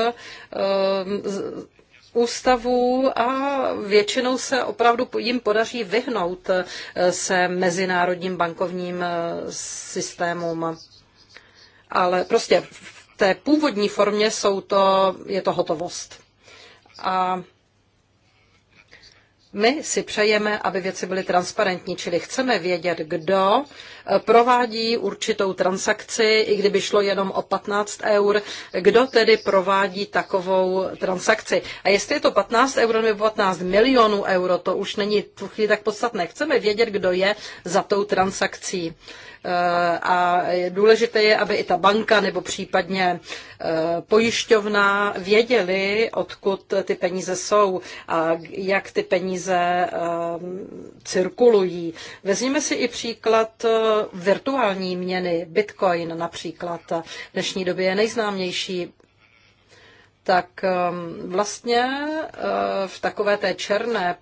ústavů a většinou se opravdu jim podaří vyhnout eh, se mezinárodním bankovním eh, systémům. Ale prostě v té původní formě jsou to, je to hotovost. A my si přejeme, aby věci byly transparentní, čili chceme vědět, kdo eh, provádí určitou transakci, i kdyby šlo jenom o 15 eur, kdo tedy provádí takovou transakci. A jestli je to 15 euro nebo 15 milionů euro, to už není tu chvíli tak podstatné. Chceme vědět, kdo je za tou transakcí. Eh, a důležité je, aby i ta banka nebo případně eh, pojišťovna věděli, odkud ty peníze jsou a jak ty peníze eh, cirkulují. Vezměme si i příklad virtuální měny, Bitcoin například. V dnešní době je nejznámější tak vlastně v takové té černé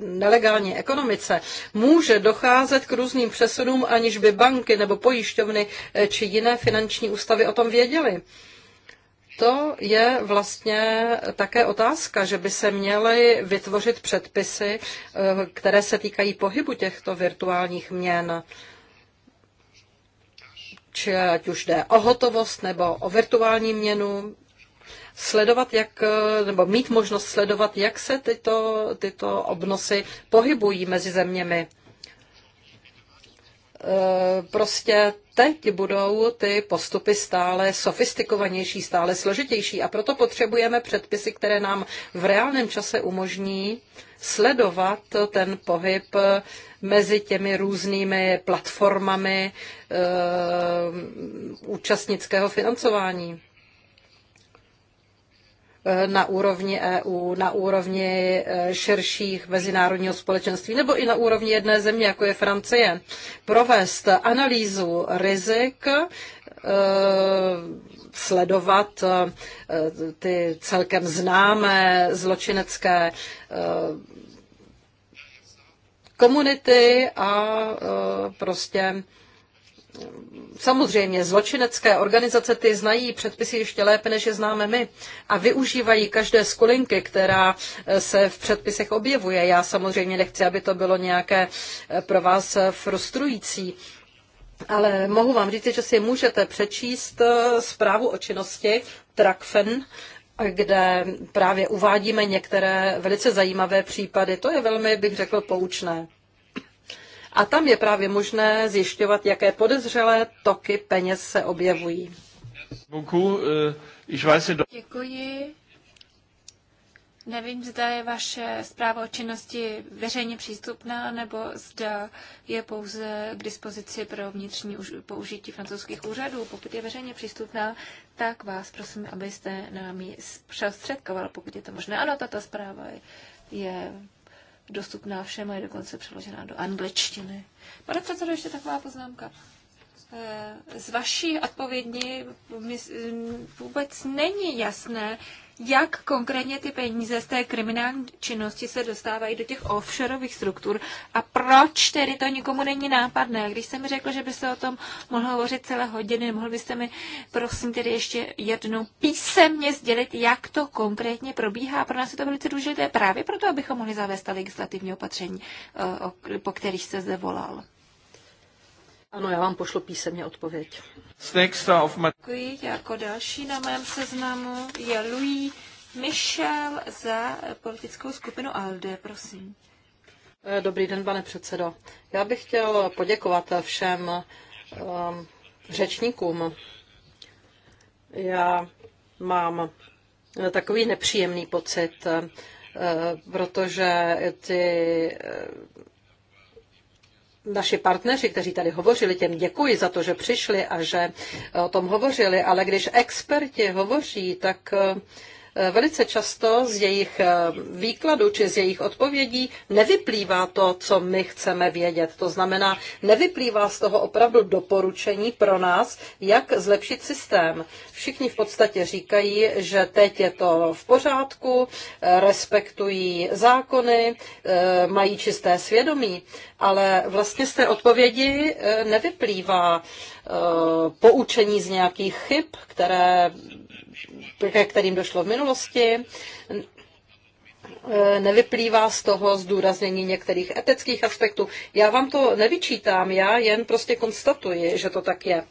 nelegální ekonomice může docházet k různým přesunům, aniž by banky nebo pojišťovny eh, či jiné finanční ústavy o tom věděly. To je vlastně také otázka, že by se měly vytvořit předpisy, eh, které se týkají pohybu těchto virtuálních měn či ať už jde o hotovost nebo o virtuální měnu, sledovat, jak, eh, nebo mít možnost sledovat, jak se tyto, tyto obnosy pohybují mezi zeměmi. Eh, prostě teď budou ty postupy stále sofistikovanější, stále složitější a proto potřebujeme předpisy, které nám v reálném čase umožní sledovat ten pohyb eh, mezi těmi různými platformami e, účastnického financování. Eh, na úrovni EU, na úrovni eh, širších mezinárodního společenství nebo i na úrovni jedné země, jako je Francie, provést analýzu rizik, eh, sledovat ty celkem známé zločinecké komunity a prostě Samozřejmě zločinecké organizace ty znají předpisy ještě lépe, než je známe my a využívají každé skulinky, která eh, se v předpisech objevuje. Já samozřejmě nechci, aby to bylo nějaké eh, pro vás eh, frustrující, ale mohu vám říct, že si můžete přečíst zprávu o činnosti Trakfen, kde právě uvádíme některé velice zajímavé případy. To je velmi, bych řekl, poučné. A tam je právě možné zjišťovat, jaké podezřelé toky peněz se objevují. Eh, Děkuji. Nevím, zda je vaše zpráva o činnosti veřejně přístupná, nebo zda je pouze k dispozici pro vnitřní použití francouzských úřadů. Pokud je veřejně přístupná, tak vás prosím, abyste nám ji pokud je to možné. Ano, tato zpráva je dostupná všem a je dokonce přeložená do angličtiny. Pane předsedo, ještě taková poznámka. Eh, z vaší odpovědi vůbec není jasné, jak konkrétně ty peníze z té kriminální činnosti se dostávají do těch offshoreových struktur a proč tedy to nikomu není nápadné. Když jsem mi řekl, že by se o tom mohl hovořit celé hodiny, mohl byste mi prosím tedy ještě jednou písemně sdělit, jak to konkrétně probíhá. Pro nás je to velice důležité právě proto, abychom mohli zavést legislativní opatření, eh, po kterých se zde volal. Ano, já vám pošlu písemně odpověď. Děkuji. Jako další na mém seznamu je Louis Michel za politickou skupinu ALDE, prosím. Eh, dobrý den, pane předsedo. Já bych chtěl poděkovat všem um, řečníkům. Já mám takový nepříjemný pocit, eh, protože ty eh, naši partneři, kteří tady hovořili, těm děkuji za to, že přišli a že o tom hovořili, ale když experti hovoří, tak eh, Eh, velice často z jejich eh, výkladu či z jejich odpovědí nevyplývá to, co my chceme vědět. To znamená, nevyplývá z toho opravdu doporučení pro nás, jak zlepšit systém. Všichni v podstatě říkají, že teď je to v pořádku, eh, respektují zákony, mají čisté svědomí, ale vlastně z té odpovědi nevyplývá poučení z nějakých chyb, které ke kterým došlo v minulosti, e, nevyplývá z toho zdůraznění některých etických aspektů. Já vám to nevyčítám, já jen prostě konstatuji, že to tak je.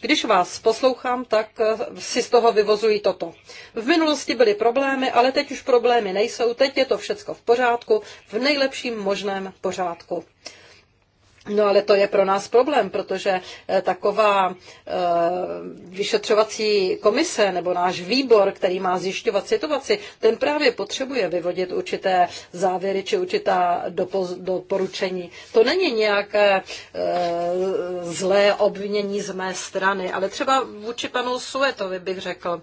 Když vás poslouchám, tak e, si z toho vyvozují toto. V minulosti byly problémy, ale teď už problémy nejsou, teď je to všecko v pořádku, v nejlepším možném pořádku. No ale to je pro nás problém, protože eh, taková eh, vyšetřovací komise nebo náš výbor, který má zjišťovat situaci, ten právě potřebuje vyvodit určité závěry či určitá doporučení. To není nějaké eh, zlé obvinění z mé strany, ale třeba vůči panu Suetovi bych řekl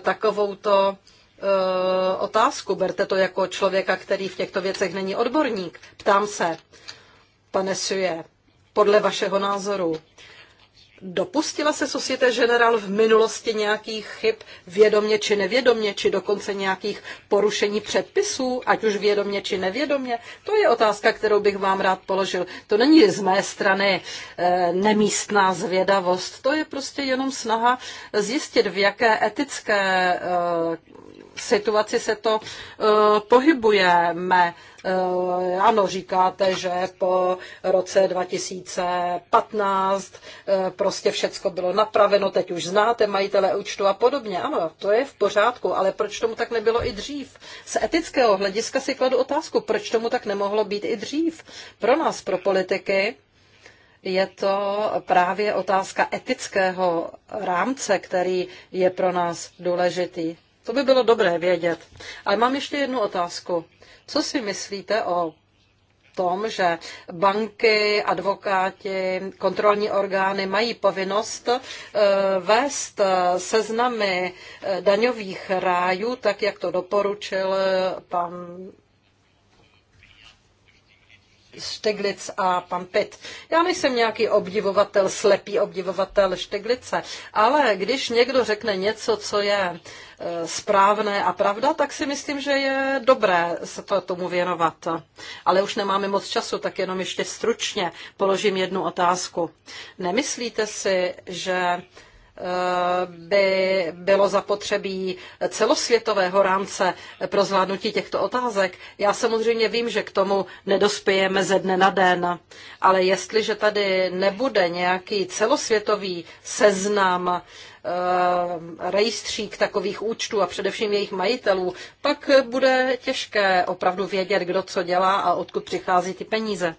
takovou to otázku. Berte to jako člověka, který v těchto věcech není odborník. Ptám se, pane Suje, podle vašeho názoru, dopustila se Societe General v minulosti nějakých chyb vědomě či nevědomě, či dokonce nějakých porušení předpisů, ať už vědomě či nevědomě? To je otázka, kterou bych vám rád položil. To není z mé strany e, nemístná zvědavost, to je prostě jenom snaha zjistit, v jaké etické e, situaci se to e, pohybujeme. Eh, ano, říkáte, že po roce 2015 eh, prostě všecko bylo napraveno, teď už znáte majitele účtu a podobně. Ano, to je v pořádku, ale proč tomu tak nebylo i dřív? Z etického hlediska si kladu otázku, proč tomu tak nemohlo být i dřív? Pro nás, pro politiky, je to právě otázka etického rámce, který je pro nás důležitý. To by bylo dobré vědět. Ale mám ještě jednu otázku. Co si myslíte o tom, že banky, advokáti, kontrolní orgány mají povinnost eh, vést eh, seznamy eh, daňových rájů, tak jak to doporučil pan Šteglic a Pampit. Já nejsem nějaký obdivovatel, slepý obdivovatel Šteglice, ale když někdo řekne něco, co je e, správné a pravda, tak si myslím, že je dobré se to, tomu věnovat. Ale už nemáme moc času, tak jenom ještě stručně položím jednu otázku. Nemyslíte si, že by bylo zapotřebí celosvětového rámce pro zvládnutí těchto otázek. Já samozřejmě vím, že k tomu nedospějeme ze dne na den, ale jestliže tady nebude nějaký celosvětový seznam eh, rejstřík takových účtů a především jejich majitelů, pak bude těžké opravdu vědět, kdo co dělá a odkud přichází ty peníze.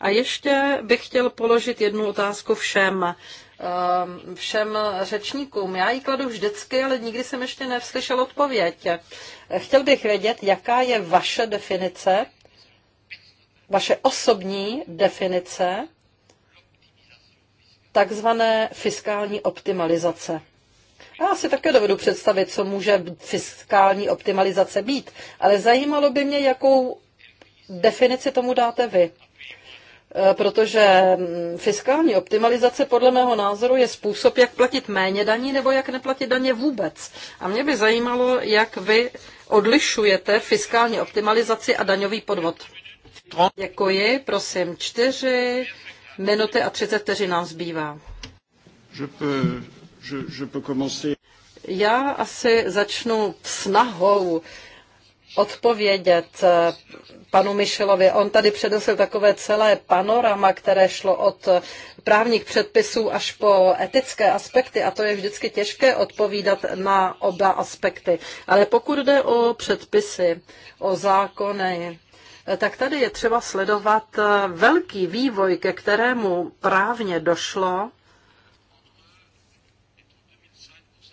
A ještě bych chtěl položit jednu otázku všem. Um, všem řečníkům. Já ji kladu vždycky, ale nikdy jsem ještě nevslyšel odpověď. Chtěl bych vědět, jaká je vaše definice, vaše osobní definice takzvané fiskální optimalizace. Já si také dovedu představit, co může fiskální optimalizace být, ale zajímalo by mě, jakou definici tomu dáte vy. Eh, protože mm, fiskální optimalizace podle mého názoru je způsob, jak platit méně daní nebo jak neplatit daně vůbec. A mě by zajímalo, jak vy odlišujete fiskální optimalizaci a daňový podvod. Děkuji, prosím, čtyři minuty a třicet vteřin nám zbývá. Je peux, je, je peux Já asi začnu snahou odpovědět eh, panu Mišelovi. On tady přednesl takové celé panorama, které šlo od právních předpisů až po etické aspekty a to je vždycky těžké odpovídat na oba aspekty. Ale pokud jde o předpisy, o zákony, eh, tak tady je třeba sledovat eh, velký vývoj, ke kterému právně došlo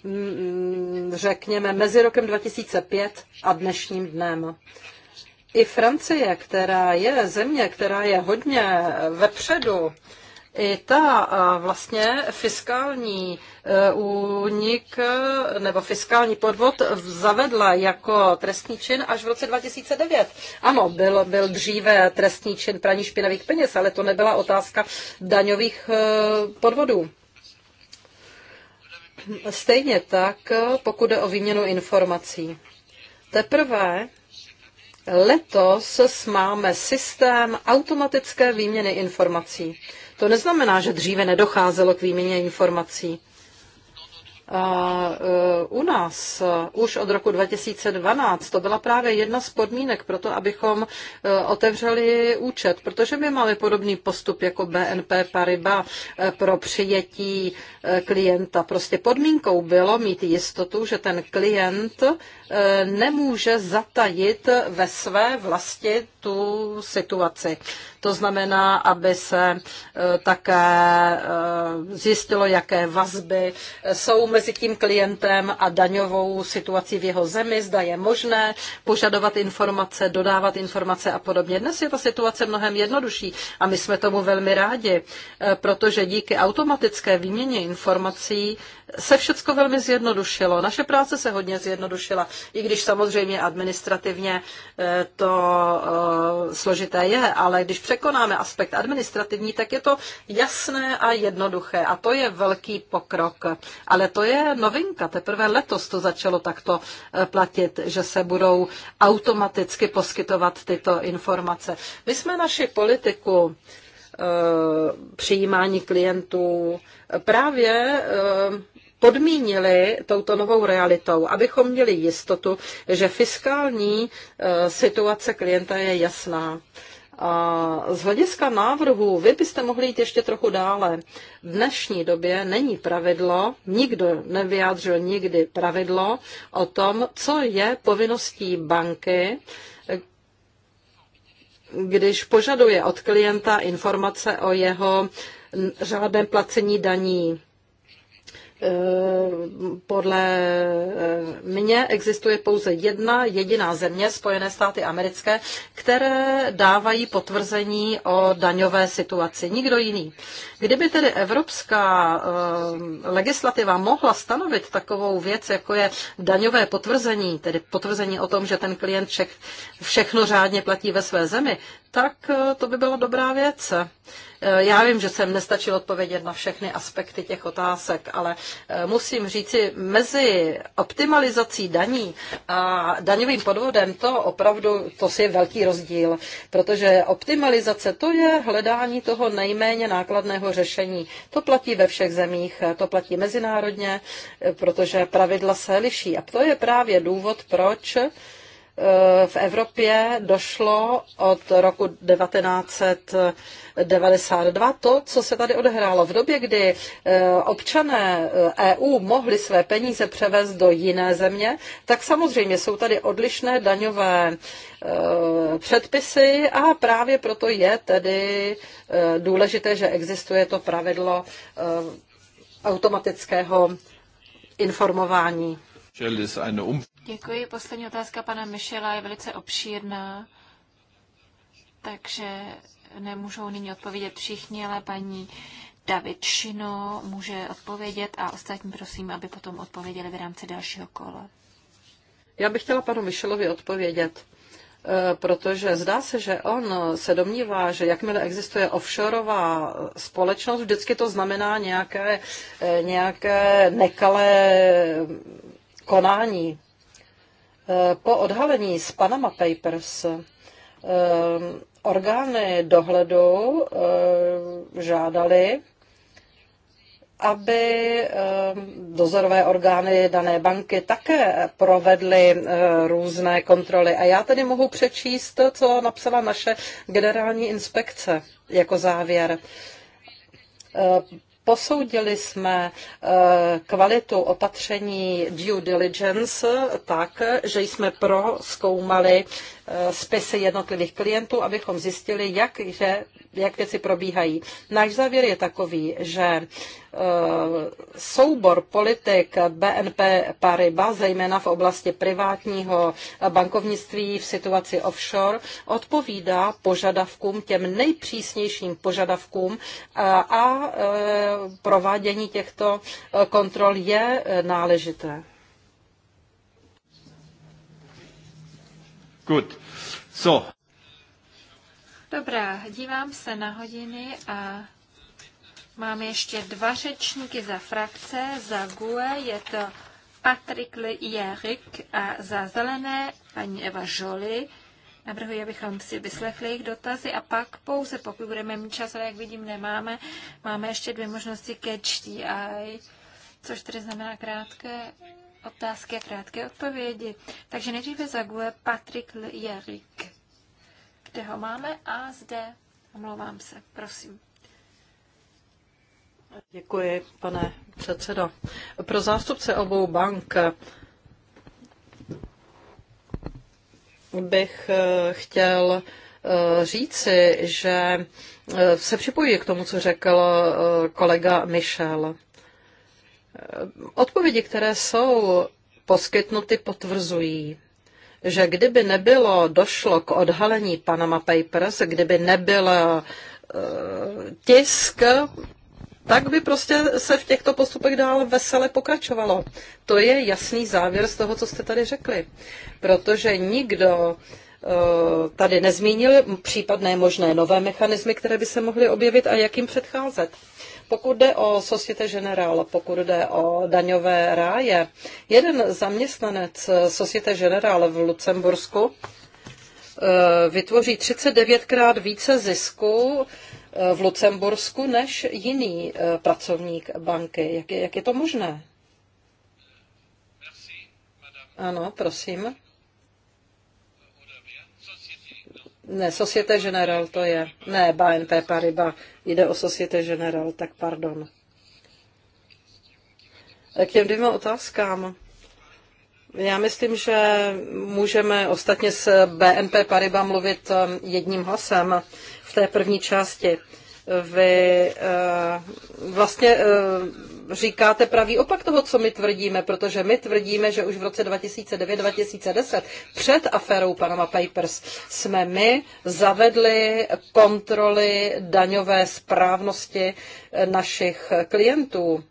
Mm, řekněme, mezi rokem 2005 a dnešním dnem. I Francie, která je země, která je hodně vepředu, i ta vlastně fiskální e, únik nebo fiskální podvod zavedla jako trestní čin až v roce 2009. Ano, byl, byl dříve trestní čin praní špinavých peněz, ale to nebyla otázka daňových e, podvodů. Stejně tak, pokud jde o výměnu informací. Teprve letos máme systém automatické výměny informací. To neznamená, že dříve nedocházelo k výměně informací. E, u nás e, už od roku 2012 to byla právě jedna z podmínek pro to, abychom e, otevřeli účet, protože my máme podobný postup jako BNP Paribas pro přijetí klienta. Prostě podmínkou bylo mít jistotu, že ten klient nemůže zatajit ve své vlasti tu situaci. To znamená, aby se také zjistilo, jaké vazby jsou mezi tím klientem a daňovou situací v jeho zemi, zda je možné požadovat informace, dodávat informace a podobně. Dnes je ta situace mnohem jednodušší a my jsme tomu velmi rádi, eh, protože díky automatické výměně informací se všechno velmi zjednodušilo. Naše práce se hodně zjednodušila, i když samozřejmě administrativně eh, to eh, složité je, ale když překonáme aspekt administrativní, tak je to jasné a jednoduché a to je velký pokrok. Ale to je novinka. Teprve letos to začalo takto eh, platit, že se budou automaticky poskytovat tyto informace. My jsme naši politiku eh, přijímání klientů právě eh, podmínili touto novou realitou, abychom měli jistotu, že fiskální situace klienta je jasná. A z hlediska návrhu, vy byste mohli jít ještě trochu dále. V dnešní době není pravidlo, nikdo nevyjádřil nikdy pravidlo o tom, co je povinností banky, když požaduje od klienta informace o jeho řádném placení daní. Eh, podle eh, mě existuje pouze jedna jediná země, Spojené státy americké, které dávají potvrzení o daňové situaci. Nikdo jiný. Kdyby tedy evropská eh, legislativa mohla stanovit takovou věc, jako je daňové potvrzení, tedy potvrzení o tom, že ten klient všechno řádně platí ve své zemi, tak to by byla dobrá věc. Eh, já vím, že jsem nestačil odpovědět na všechny aspekty těch otázek, ale eh, musím říci, mezi optimalizací daní a daňovým podvodem to opravdu, to si je velký rozdíl, protože optimalizace to je hledání toho nejméně nákladného řešení. To platí ve všech zemích, eh, to platí mezinárodně, protože pravidla se liší. A to je právě důvod, proč v Evropě došlo od roku 1992 to, co se tady odehrálo. V době, kdy eh, občané EU eh, e mohli své peníze převést do jiné země, tak samozřejmě jsou tady odlišné daňové eh, předpisy a právě proto je tedy důležité, že existuje to pravidlo automatického informování. Děkuji. Poslední otázka pana Michela je velice obšírná, takže nemůžou nyní odpovědět všichni, ale paní David Šino může odpovědět a ostatní prosím, aby potom odpověděli v rámci dalšího kola. Já bych chtěla panu Michelovi odpovědět eh, protože zdá se, že on se domnívá, že jakmile existuje offshoreová společnost, vždycky to znamená nějaké, eh, nějaké nekalé konání. Po odhalení z Panama Papers eh, orgány dohledu eh, žádali, aby eh, dozorové orgány dané banky také provedly různé kontroly. A já tedy mohu přečíst, co napsala naše generální inspekce jako závěr Posoudili jsme eh, kvalitu opatření due diligence tak, že jsme proskoumali spisy jednotlivých klientů, abychom zjistili, jak, že, jak věci probíhají. Náš závěr je takový, že eh, soubor politik BNP Paribas, zejména v oblasti privátního bankovnictví v situaci offshore, odpovídá požadavkům, těm nejpřísnějším požadavkům eh, a eh, provádění těchto kontrol je náležité. Good. So. Dobrá, dívám se na hodiny a mám ještě dva řečníky za frakce. Za GUE je to Patrik Jarik a za zelené paní Eva Žoli. Navrhuji, abychom si vyslechli jejich dotazy a pak pouze, pokud budeme mít čas, ale jak vidím, nemáme, máme ještě dvě možnosti catch the eye, což tedy znamená krátké otázky a krátké odpovědi. Takže nejdříve zaguje Patrik Jarik. Kde ho máme? A zde, omlouvám se, prosím. Děkuji, pane předsedo. Pro zástupce obou bank bych eh, chtěl eh, říci, že eh, se připojuji k tomu, co řekl kolega Michel. Odpovědi, které jsou poskytnuty, potvrzují, že kdyby nebylo došlo k odhalení Panama Papers, kdyby nebyl eh, tisk, tak by prostě se v těchto postupech dál vesele pokračovalo. To je jasný závěr z toho, co jste tady řekli. Protože nikdo eh, tady nezmínil případné možné nové mechanismy, které by se mohly objevit a jak jim předcházet. Pokud jde o Societe Generale, pokud jde o daňové ráje, jeden zaměstnanec Societe Generale v Lucembursku eh, vytvoří 39 krát více zisku eh, v Lucembursku než jiný eh, pracovník banky. Jak je, jak je to možné? Ano, prosím. Ne, Societe General to je. Ne, BNP Paribas. Jde o Societe General, tak pardon. K těm dvěma otázkám. Já myslím, že můžeme ostatně s BNP Paribas mluvit um, jedním hlasem v té první části. Vy uh, vlastně uh, říkáte pravý opak toho, co my tvrdíme, protože my tvrdíme, že už v roce 2009-2010 před aférou Panama Papers jsme my zavedli kontroly daňové správnosti našich klientů.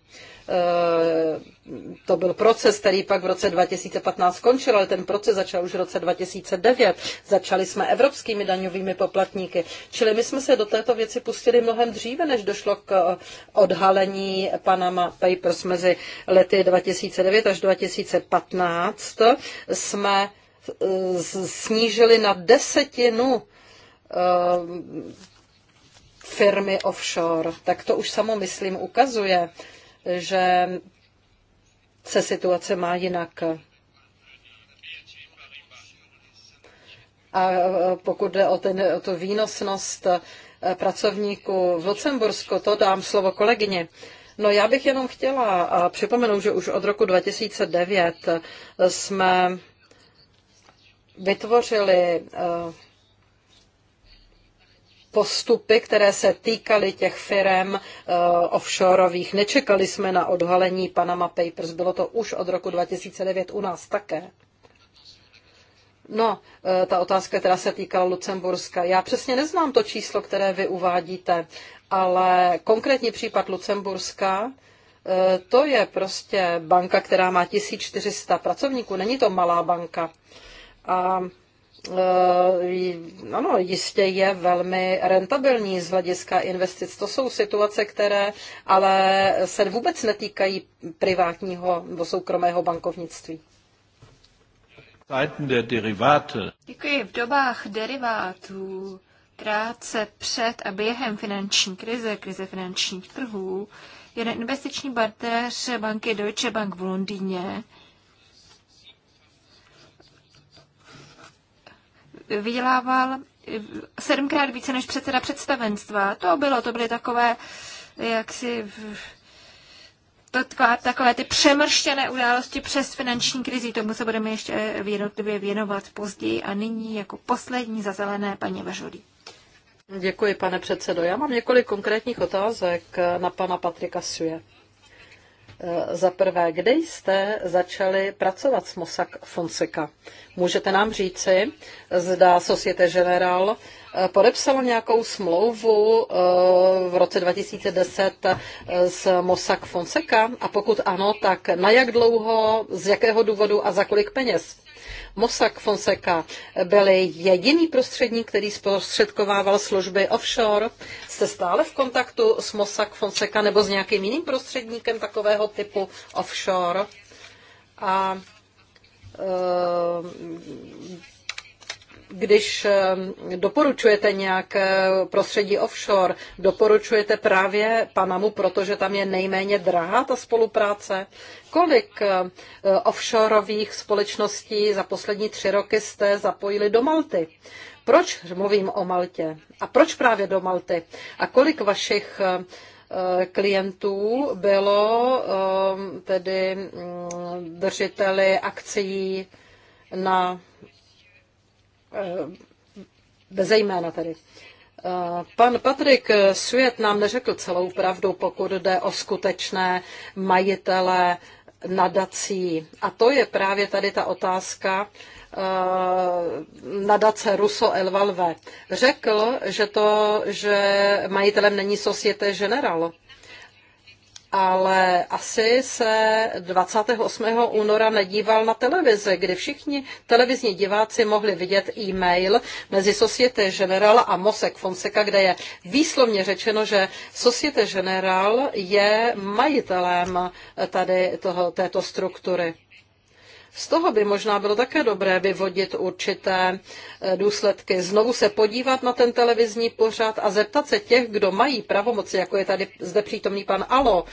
Eh, to byl proces, který pak v roce 2015 skončil, ale ten proces začal už v roce 2009. Začali jsme evropskými daňovými poplatníky. Čili my jsme se do této věci pustili mnohem dříve, než došlo k odhalení Panama Papers mezi lety 2009 až 2015. Jsme eh, snížili na desetinu eh, firmy offshore. Tak to už samo, myslím, ukazuje, že se situace má jinak. A pokud jde o, ten, o tu výnosnost eh, pracovníků v Lucembursku, to dám slovo kolegyně. No já bych jenom chtěla eh, připomenout, že už od roku 2009 eh, jsme vytvořili postupy, které se týkaly těch firm uh, eh, offshoreových. Nečekali jsme na odhalení Panama Papers, bylo to už od roku 2009 u nás také. No, eh, ta otázka, která se týkala Lucemburska. Já přesně neznám to číslo, které vy uvádíte, ale konkrétní případ Lucemburska, eh, to je prostě banka, která má 1400 pracovníků, není to malá banka. A uh, ano, jistě je velmi rentabilní z hlediska investic. To jsou situace, které ale se vůbec netýkají privátního nebo soukromého bankovnictví. Děkuji. V dobách derivátů, krátce před a během finanční krize, krize finančních trhů, jeden investiční partner banky Deutsche Bank v Londýně vydělával sedmkrát více než předseda představenstva. To bylo, to byly takové, jak si to taková, takové ty přemrštěné události přes finanční krizi, tomu se budeme ještě jednotlivě věnovat později a nyní jako poslední za zelené paní Vežolí. Děkuji, pane předsedo. Já mám několik konkrétních otázek na pana Patrika Suje. Eh, za prvé, kde jste začali pracovat s Mossack Fonseca? Můžete nám říci, zda Societe General eh, podepsala nějakou smlouvu eh, v roce 2010 s Mossack Fonseca? A pokud ano, tak na jak dlouho, z jakého důvodu a za kolik peněz? Mossack Fonseca byli jediný prostředník, který zprostředkovával služby offshore. Jste stále v kontaktu s Mossack Fonseca nebo s nějakým jiným prostředníkem takového typu offshore? A když eh, doporučujete nějaké prostředí offshore, doporučujete právě Panamu, protože tam je nejméně drahá ta spolupráce? Kolik eh, eh, offshoreových společností za poslední tři roky jste zapojili do Malty? Proč mluvím o Maltě? A proč právě do Malty? A kolik vašich klientů bylo tedy mm, držiteli akcií na Eh, bezejména tedy. Eh, pan Patrik Svět nám neřekl celou pravdu, pokud jde o skutečné majitele nadací. A to je právě tady ta otázka eh, nadace Russo Elvalve. Řekl, že to, že majitelem není Societe General ale asi se 28. února nedíval na televizi, kdy všichni televizní diváci mohli vidět e-mail mezi Societe General a Mosek Fonseca, kde je výslovně řečeno, že Societe General je majitelem tady toho, této struktury. Z toho by možná bylo také dobré vyvodit určité eh, důsledky. Znovu se podívat na ten televizní pořad a zeptat se těch, kdo mají pravomoci, jako je tady zde přítomný pan Alo,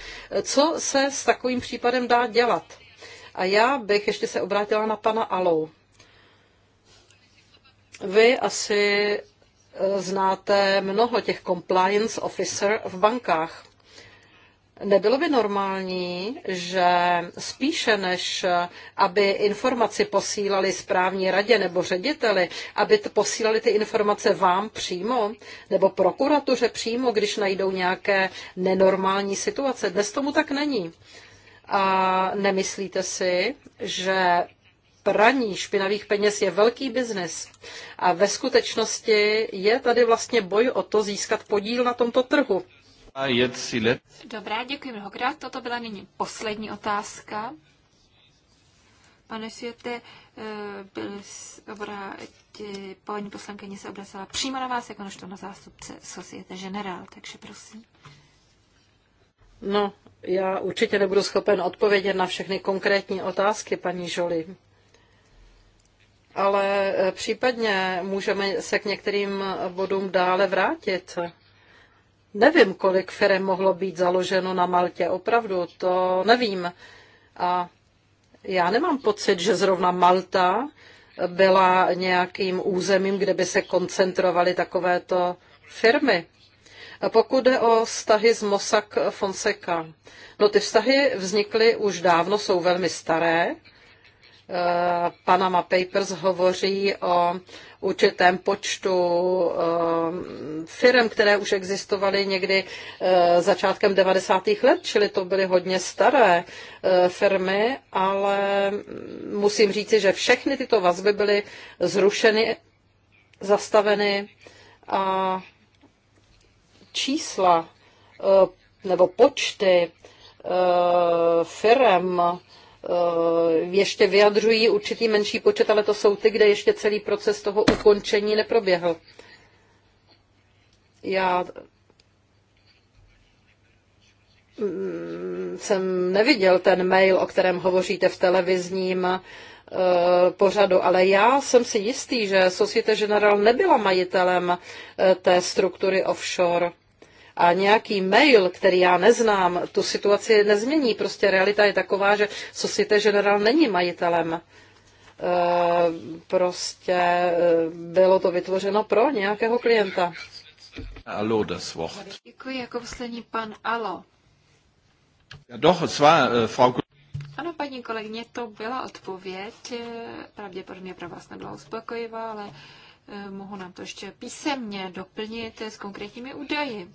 co se s takovým případem dá dělat. A já bych ještě se obrátila na pana Alou. Vy asi eh, znáte mnoho těch compliance officer v bankách. Nebylo by normální, že spíše než aby informaci posílali správní radě nebo řediteli, aby to posílali ty informace vám přímo nebo prokuratuře přímo, když najdou nějaké nenormální situace. Dnes tomu tak není. A nemyslíte si, že praní špinavých peněz je velký biznis a ve skutečnosti je tady vlastně boj o to získat podíl na tomto trhu. Dobrá, děkuji mnohokrát. Toto byla nyní poslední otázka. Pane Světe, eh, byl obráti, paní poslankyně se obracela přímo na vás, jako to na zástupce Societe Generál, takže prosím. No, já určitě nebudu schopen odpovědět na všechny konkrétní otázky, paní Žoli. Ale eh, případně můžeme se k některým bodům dále vrátit. Nevím, kolik firm mohlo být založeno na Maltě, opravdu to nevím. A já nemám pocit, že zrovna Malta byla nějakým územím, kde by se koncentrovaly takovéto firmy. A pokud jde o vztahy z Mossack Fonseca, no ty vztahy vznikly už dávno, jsou velmi staré Eh, Panama Papers hovoří o určitém počtu eh, firm, které už existovaly někdy eh, začátkem 90. let, čili to byly hodně staré firmy, ale musím říci, že všechny tyto vazby byly zrušeny, zastaveny a čísla nebo počty firm, Eh, ještě vyjadřují určitý menší počet, ale to jsou ty, kde ještě celý proces toho ukončení neproběhl. Já mm, jsem neviděl ten mail, o kterém hovoříte v televizním eh, pořadu, ale já jsem si jistý, že Societe General nebyla majitelem eh, té struktury offshore a nějaký mail, který já neznám, tu situaci nezmění. Prostě realita je taková, že Societe General není majitelem. Eh, prostě eh, bylo to vytvořeno pro nějakého klienta. Alo, das Wort. Děkuji, jako poslední pan Alo. Ja, doch, es war, äh, Frau... Ano, paní kolegyně, to byla odpověď. Eh, pravděpodobně pro vás nebyla uspokojivá, ale mohu nám to ještě písemně doplnit s konkrétními údaji.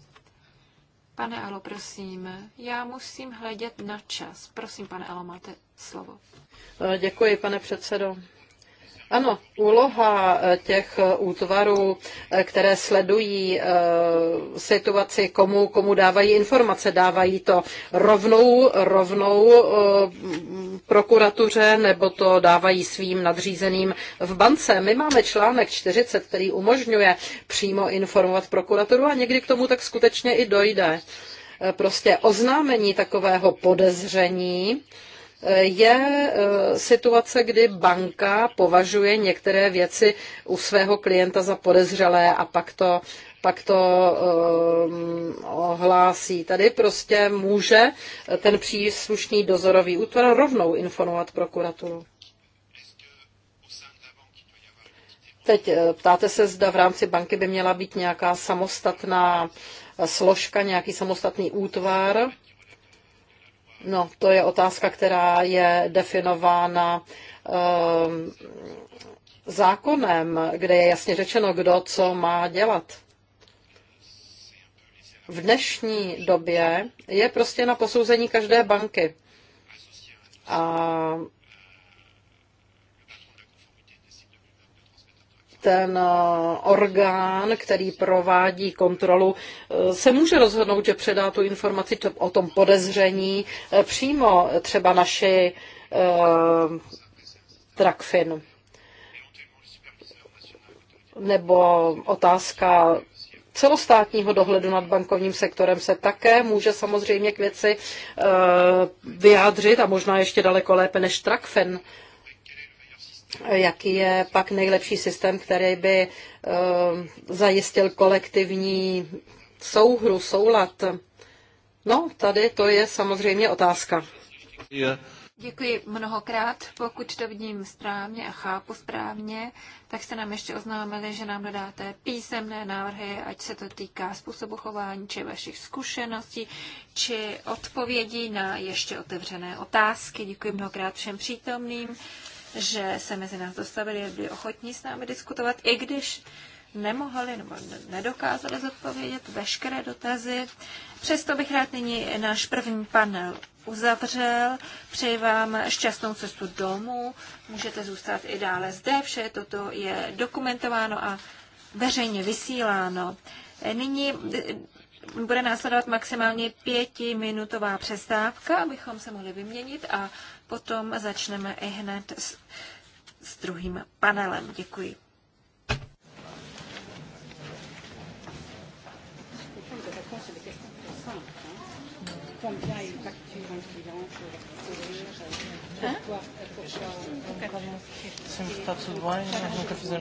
Pane Alo, prosím, já musím hledět na čas. Prosím, pane Alo, máte slovo. Eh, děkuji, pane předsedo. Ano, úloha eh, těch eh, útvarů, eh, které sledují situaci, komu, komu dávají informace, dávají to rovnou, rovnou prokuratuře nebo to dávají svým nadřízeným v bance. My máme článek 40, který umožňuje přímo informovat prokuraturu a někdy k tomu tak skutečně i dojde. Prostě oznámení takového podezření, je e, situace, kdy banka považuje některé věci u svého klienta za podezřelé a pak to, pak to um, ohlásí. Tady prostě může ten příslušný dozorový útvar rovnou informovat prokuraturu. Teď e, ptáte se, zda v rámci banky by měla být nějaká samostatná složka, nějaký samostatný útvar No, to je otázka, která je definována um, zákonem, kde je jasně řečeno, kdo co má dělat. V dnešní době je prostě na posouzení každé banky. A ten eh, orgán, který provádí kontrolu, eh, se může rozhodnout, že předá tu informaci o tom podezření eh, přímo třeba naši eh, trakfin. Nebo otázka celostátního dohledu nad bankovním sektorem se také může samozřejmě k věci uh, vyjádřit a možná ještě daleko lépe než trakfen. Uh, jaký je pak nejlepší systém, který by eh, zajistil kolektivní souhru, soulad. No, tady to je samozřejmě otázka. Je. Děkuji mnohokrát. Pokud to vidím správně a chápu správně, tak jste nám ještě oznámili, že nám dodáte písemné návrhy, ať se to týká způsobu chování, či vašich zkušeností, či odpovědí na ještě otevřené otázky. Děkuji mnohokrát všem přítomným že se mezi nás dostavili, byli ochotní s námi diskutovat, i když nemohli nebo nedokázali zodpovědět veškeré dotazy. Přesto bych rád nyní náš první panel uzavřel. Přeji vám šťastnou cestu domů. Můžete zůstat i dále zde. Vše toto je dokumentováno a veřejně vysíláno. Nyní eh, bude následovat maximálně pětiminutová přestávka, abychom se mohli vyměnit a Potom začneme i hned s, s druhým panelem. Děkuji. combien ils facturent un client pour courir, pourquoi, pourquoi on commence.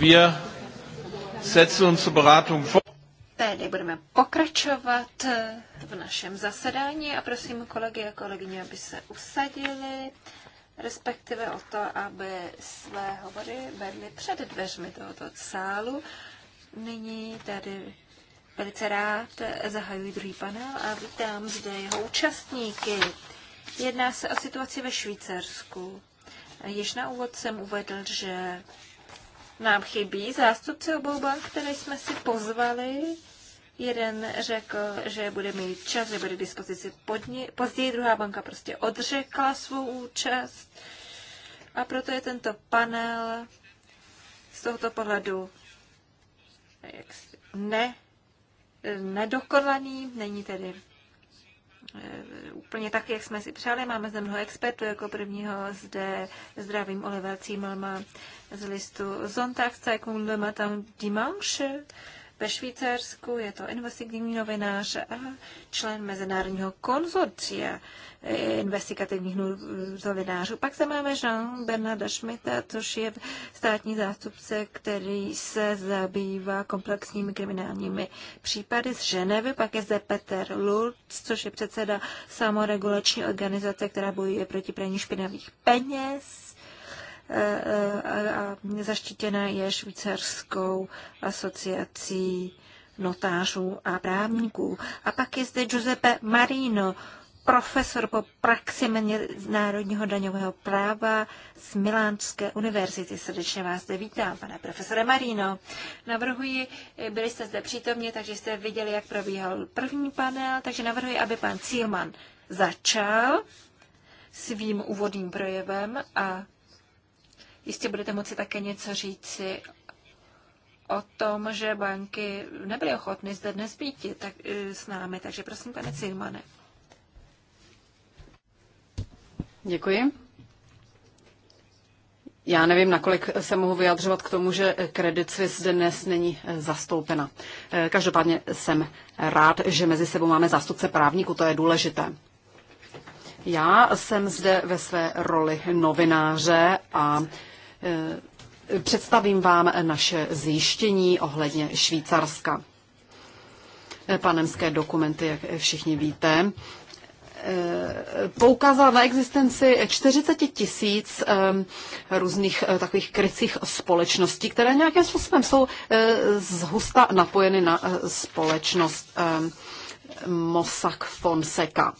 Wir setzen Beratung Tedy budeme pokračovat eh, v našem zasedání a prosím kolegy a kolegyně, aby se usadili, respektive o to, aby své hovory vedly před dveřmi tohoto sálu. Nyní tady velice rád zahajuji druhý panel a vítám zde jeho účastníky. Jedná se o situaci ve Švýcarsku. Již na úvod jsem uvedl, že nám chybí zástupce obou bank, které jsme si pozvali. Jeden řekl, že bude mít čas, že bude k dispozici podni- později, druhá banka prostě odřekla svou účast. A proto je tento panel z tohoto pohledu eh, ne, eh, nedokonaný, není tedy Eh, úplně tak, jak jsme si přáli. Máme zde mnoho expertů, jako prvního zde zdravím Oliver Címalma z listu Zontax, Zeitungen Le Matin Dimanche ve Švýcarsku, je to investigativní novinář a člen Mezinárodního konzorcia eh, investigativních novinářů. Pak se máme Jean Bernarda Schmidta, což je státní zástupce, který se zabývá komplexními kriminálními případy z Ženevy. Pak je zde Peter Lutz, což je předseda samoregulační organizace, která bojuje proti praní špinavých peněz. Eh, eh, a zaštítěné je švýcarskou asociací notářů a právníků. A pak je zde Giuseppe Marino, profesor po praxi národního daňového práva z Milánské univerzity. Srdečně vás zde vítám, pane profesore Marino. Navrhuji, byli jste zde přítomni, takže jste viděli, jak probíhal první panel, takže navrhuji, aby pan Cílman začal svým úvodním projevem a Jistě budete moci také něco říci o tom, že banky nebyly ochotny zde dnes být tak, e, s námi. Takže prosím, pane Cilmane. Děkuji. Já nevím, nakolik se mohu vyjadřovat k tomu, že Credit Suisse dnes není e, zastoupena. E, každopádně jsem rád, že mezi sebou máme zástupce právníků, to je důležité. Já jsem zde ve své roli novináře a Eh, představím vám naše zjištění ohledně Švýcarska. Eh, panemské dokumenty, jak všichni víte, eh, poukázal na existenci 40 tisíc různých takových krycích společností, které nějakým způsobem jsou zhusta napojeny na společnost Mossack Fonseca.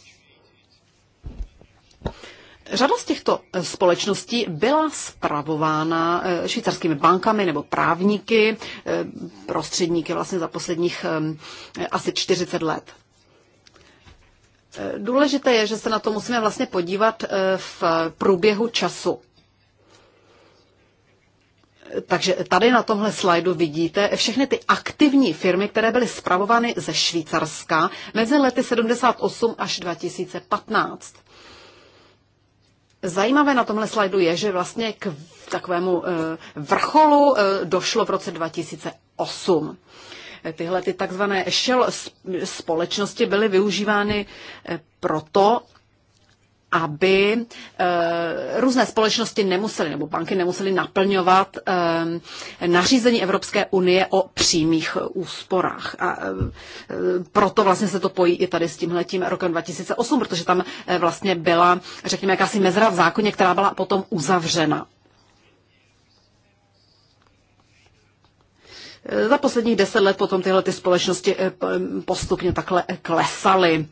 Řada z těchto eh, společností byla spravována eh, švýcarskými bankami nebo právníky, eh, prostředníky vlastně za posledních asi 40 let. Důležité je, že se na to musíme vlastně podívat v průběhu času. Takže tady na tomhle slajdu vidíte všechny ty aktivní firmy, které byly spravovány ze Švýcarska mezi lety 78 až 2015. Zajímavé na tomhle slajdu je, že vlastně k takovému eh, vrcholu eh, došlo v roce 2008. Eh, tyhle ty takzvané shell společnosti byly využívány proto, aby eh, různé společnosti nemusely nebo banky nemusely naplňovat eh, nařízení Evropské unie o přímých úsporách. A eh, proto vlastně se to pojí i tady s tímhletím rokem 2008, protože tam vlastně byla, řekněme, jakási mezera v zákoně, která byla potom uzavřena. Za posledních deset let potom tyhle ty společnosti postupně takhle klesaly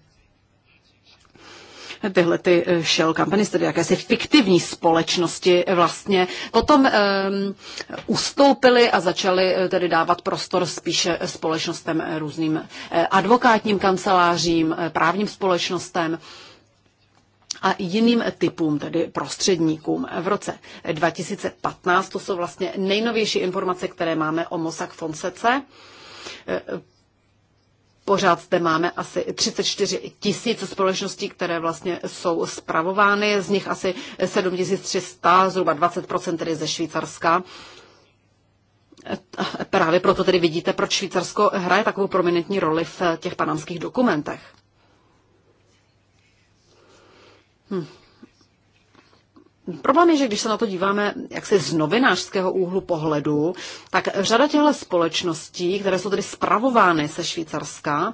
tyhle ty eh, shell companies, tedy jakési fiktivní společnosti eh, vlastně, potom um, eh, ustoupily a začaly tedy dávat prostor spíše společnostem různým advokátním kancelářím, právním společnostem a jiným typům, tedy prostředníkům. V roce 2015, to jsou vlastně nejnovější informace, které máme o Mossack Fonsece Pořád zde máme asi 34 tisíc společností, které vlastně jsou zpravovány, z nich asi 7300, zhruba 20% tedy ze Švýcarska. Právě proto tedy vidíte, proč Švýcarsko hraje takovou prominentní roli v těch panamských dokumentech. Hm. Problém je, že když se na to díváme jaksi z novinářského úhlu pohledu, tak řada těchto společností, které jsou tedy spravovány se Švýcarska,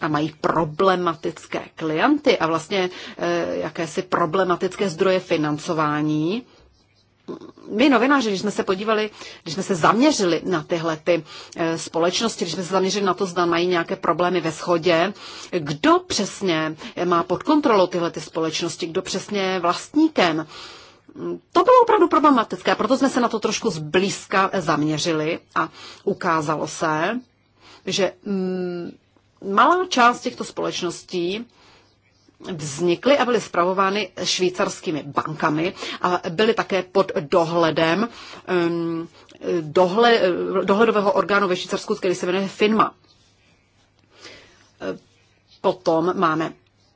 a mají problematické klienty a vlastně e, jakési problematické zdroje financování, my novináři, když jsme se podívali, když jsme se zaměřili na tyhle ty eh, společnosti, když jsme se zaměřili na to, zda mají nějaké problémy ve schodě, kdo přesně má pod kontrolou tyhle ty společnosti, kdo přesně je vlastníkem, to bylo opravdu problematické, proto jsme se na to trošku zblízka zaměřili a ukázalo se, že mm, malá část těchto společností vznikly a byly spravovány švýcarskými bankami a byly také pod dohledem um, dohle, dohledového orgánu ve Švýcarsku, který se jmenuje FINMA. Potom máme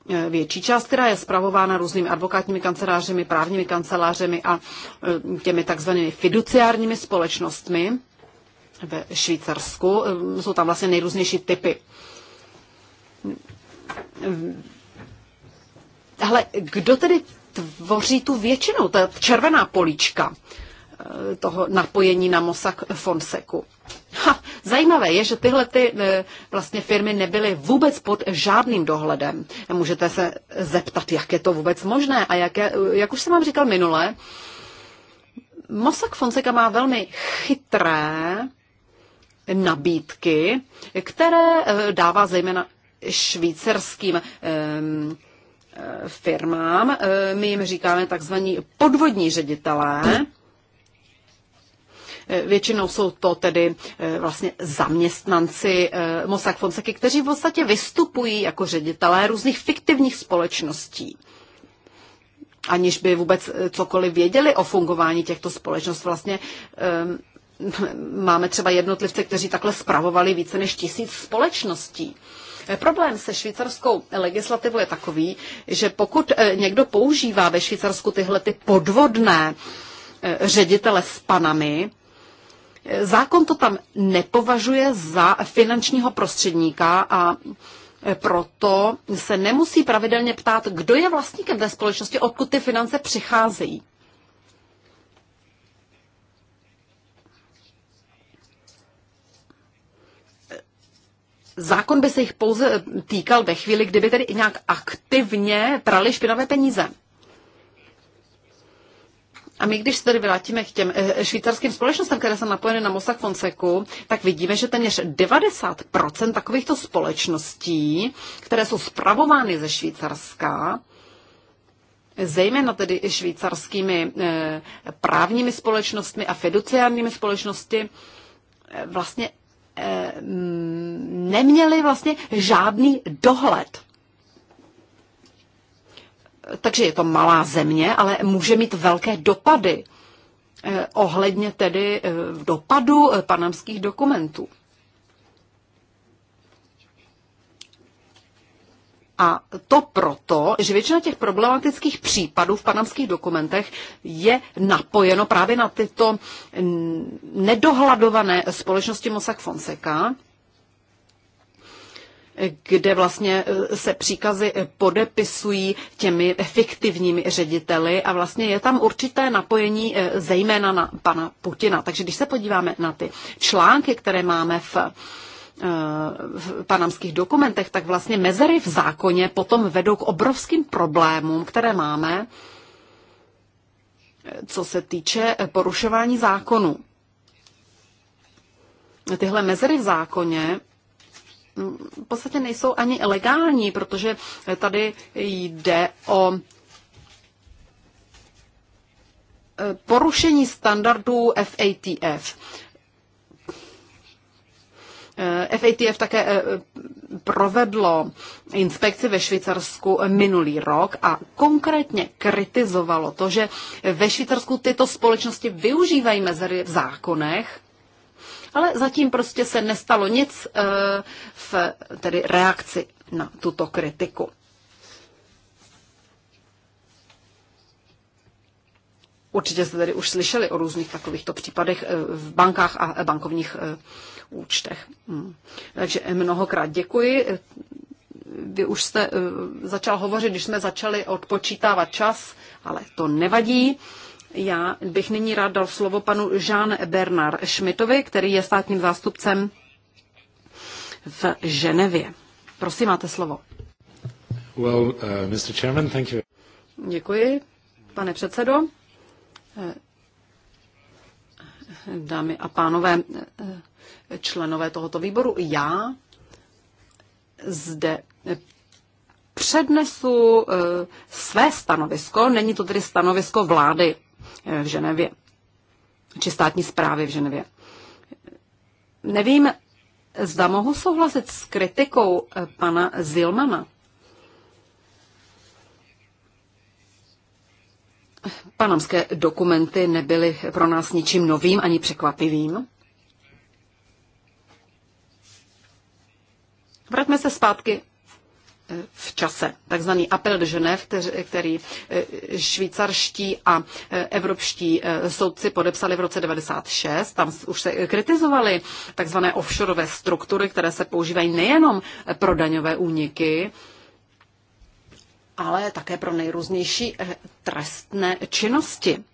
eh, větší část, která je zpravována různými advokátními kancelářemi, právními kancelářemi a eh, těmi takzvanými fiduciárními společnostmi ve Švýcarsku. Eh, jsou tam vlastně nejrůznější typy ale kdo tedy tvoří tu většinu, ta červená políčka eh, toho napojení na Mossack Fonseku? Ha, zajímavé je, že tyhle ty eh, vlastně firmy nebyly vůbec pod žádným dohledem. Můžete se zeptat, jak je to vůbec možné a jak, je, jak už jsem vám říkal minule, Mossack Fonseca má velmi chytré nabídky, které eh, dává zejména švýcarským ehm, firmám. Eh, my jim říkáme takzvaní podvodní ředitelé. Eh, většinou jsou to tedy eh, vlastně zaměstnanci Mossack Fonseca, kteří v podstatě vystupují jako ředitelé různých fiktivních společností aniž by vůbec cokoliv věděli o fungování těchto společností. Vlastně máme třeba jednotlivce, kteří takhle spravovali více než tisíc společností. Eh, problém se švýcarskou legislativou je takový, že pokud eh, někdo používá ve Švýcarsku tyhle ty podvodné eh, ředitele s panami, zákon to tam nepovažuje za finančního prostředníka a proto se nemusí pravidelně ptát, kdo je vlastníkem té společnosti, odkud ty finance přicházejí. zákon by se jich pouze týkal ve chvíli, kdyby tedy nějak aktivně prali špinavé peníze. A my, když se tedy vrátíme k těm eh, švýcarským společnostem, které jsou napojeny na Mossack Fonseku, tak vidíme, že téměř 90% takovýchto společností, které jsou spravovány ze Švýcarska, zejména tedy i švýcarskými eh, právními společnostmi a fiduciárními společnosti, eh, vlastně Eh, neměli vlastně žádný dohled. Takže je to malá země, ale může mít velké dopady eh, ohledně tedy eh, dopadu panamských dokumentů. A to proto, že většina těch problematických případů v panamských dokumentech je napojeno právě na tyto nedohladované společnosti Mossack Fonseca, kde vlastně e, se příkazy podepisují těmi fiktivními řediteli a vlastně je tam určité napojení e, zejména na pana Putina. Takže když se podíváme na ty články, které máme v panamských dokumentech, tak vlastně mezery v zákoně potom vedou k obrovským problémům, které máme, co se týče porušování zákonu. Tyhle mezery v zákoně mm, v podstatě nejsou ani legální, protože tady jde o e, porušení standardů FATF. FATF eh, také eh, provedlo inspekci ve Švýcarsku minulý rok a konkrétně kritizovalo to, že ve Švýcarsku tyto společnosti využívají mezery v zákonech, ale zatím prostě se nestalo nic eh, v tedy reakci na tuto kritiku. Určitě jste tady už slyšeli o různých takovýchto případech v bankách a bankovních účtech. Hmm. Takže mnohokrát děkuji. Vy už jste eh, začal hovořit, když jsme začali odpočítávat čas, ale to nevadí. Já bych nyní rád dal slovo panu Jean Bernard Schmidtovi, který je státním zástupcem v Ženevě. Prosím, máte slovo. Well, uh, Mr. Chairman, thank you. Děkuji, pane předsedo. Eh, dámy a pánové, eh, členové tohoto výboru. Já zde přednesu eh, své stanovisko, není to tedy stanovisko vlády eh, v Ženevě, či státní zprávy v Ženevě. Nevím, zda mohu souhlasit s kritikou eh, pana Zilmana. Panamské dokumenty nebyly pro nás ničím novým ani překvapivým. Vraťme se zpátky e, v čase. Takzvaný apel de Ženev, který e, švýcarští a e, evropští soudci podepsali v roce 96. Tam už se kritizovali takzvané offshoreové struktury, které se používají nejenom pro daňové úniky, ale také pro nejrůznější trestné činnosti.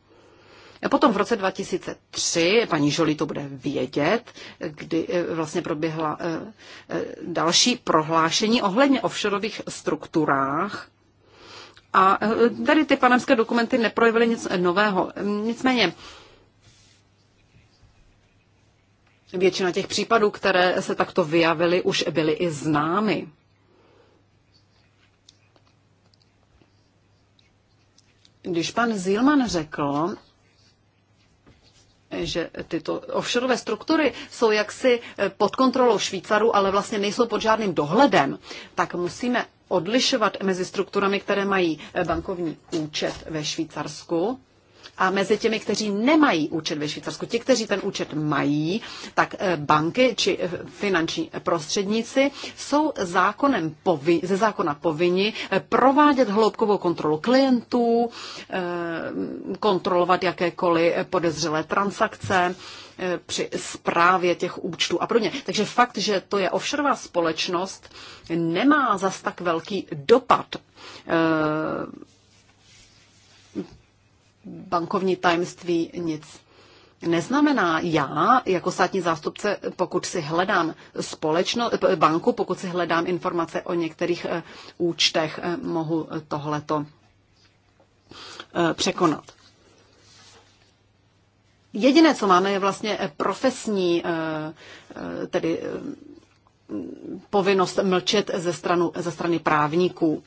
Potom v roce 2003, paní Žoli to bude vědět, kdy eh, vlastně proběhla eh, eh, další prohlášení ohledně offshoreových strukturách, a tady ty panamské dokumenty neprojevily nic nového. Nicméně většina těch případů, které se takto vyjavily, už byly i známy. Když pan Zilman řekl, že tyto offshore struktury jsou jaksi eh, pod kontrolou Švýcarů, ale vlastně nejsou pod žádným dohledem, tak musíme odlišovat mezi strukturami, které mají eh, bankovní účet ve Švýcarsku a mezi těmi, kteří nemají účet ve Švýcarsku. Ti, kteří ten účet mají, tak eh, banky či eh, finanční prostředníci jsou zákonem povi, ze zákona povinni eh, provádět hloubkovou kontrolu klientů, kontrolovat jakékoliv podezřelé transakce při správě těch účtů a podobně. Takže fakt, že to je offshoreová společnost, nemá zas tak velký dopad bankovní tajemství nic neznamená. Já jako státní zástupce, pokud si hledám společno, eh, banku, pokud si hledám informace o některých eh, účtech, eh, mohu tohleto překonat. Jediné, co máme, je vlastně profesní, tedy povinnost mlčet ze, stranu, ze strany právníků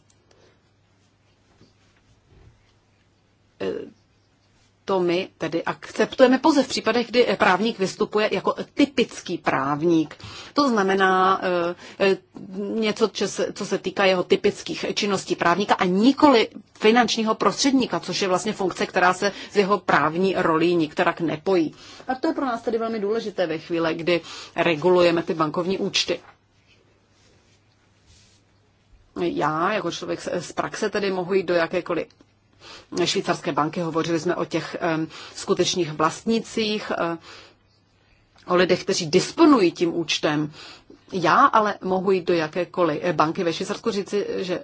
to my tedy akceptujeme pouze v případech, kdy eh, právník vystupuje jako typický právník. To znamená eh, eh, něco, co se týká jeho typických činností právníka a nikoli finančního prostředníka, což je vlastně funkce, která se z jeho právní rolí nikterak nepojí. A to je pro nás tedy velmi důležité ve chvíli, kdy regulujeme ty bankovní účty já jako člověk z praxe tedy mohu jít do jakékoliv švýcarské banky, hovořili jsme o těch skutečných vlastnících, e, o lidech, kteří disponují tím účtem. Já ale mohu jít do jakékoliv e, banky ve Švýcarsku říci, že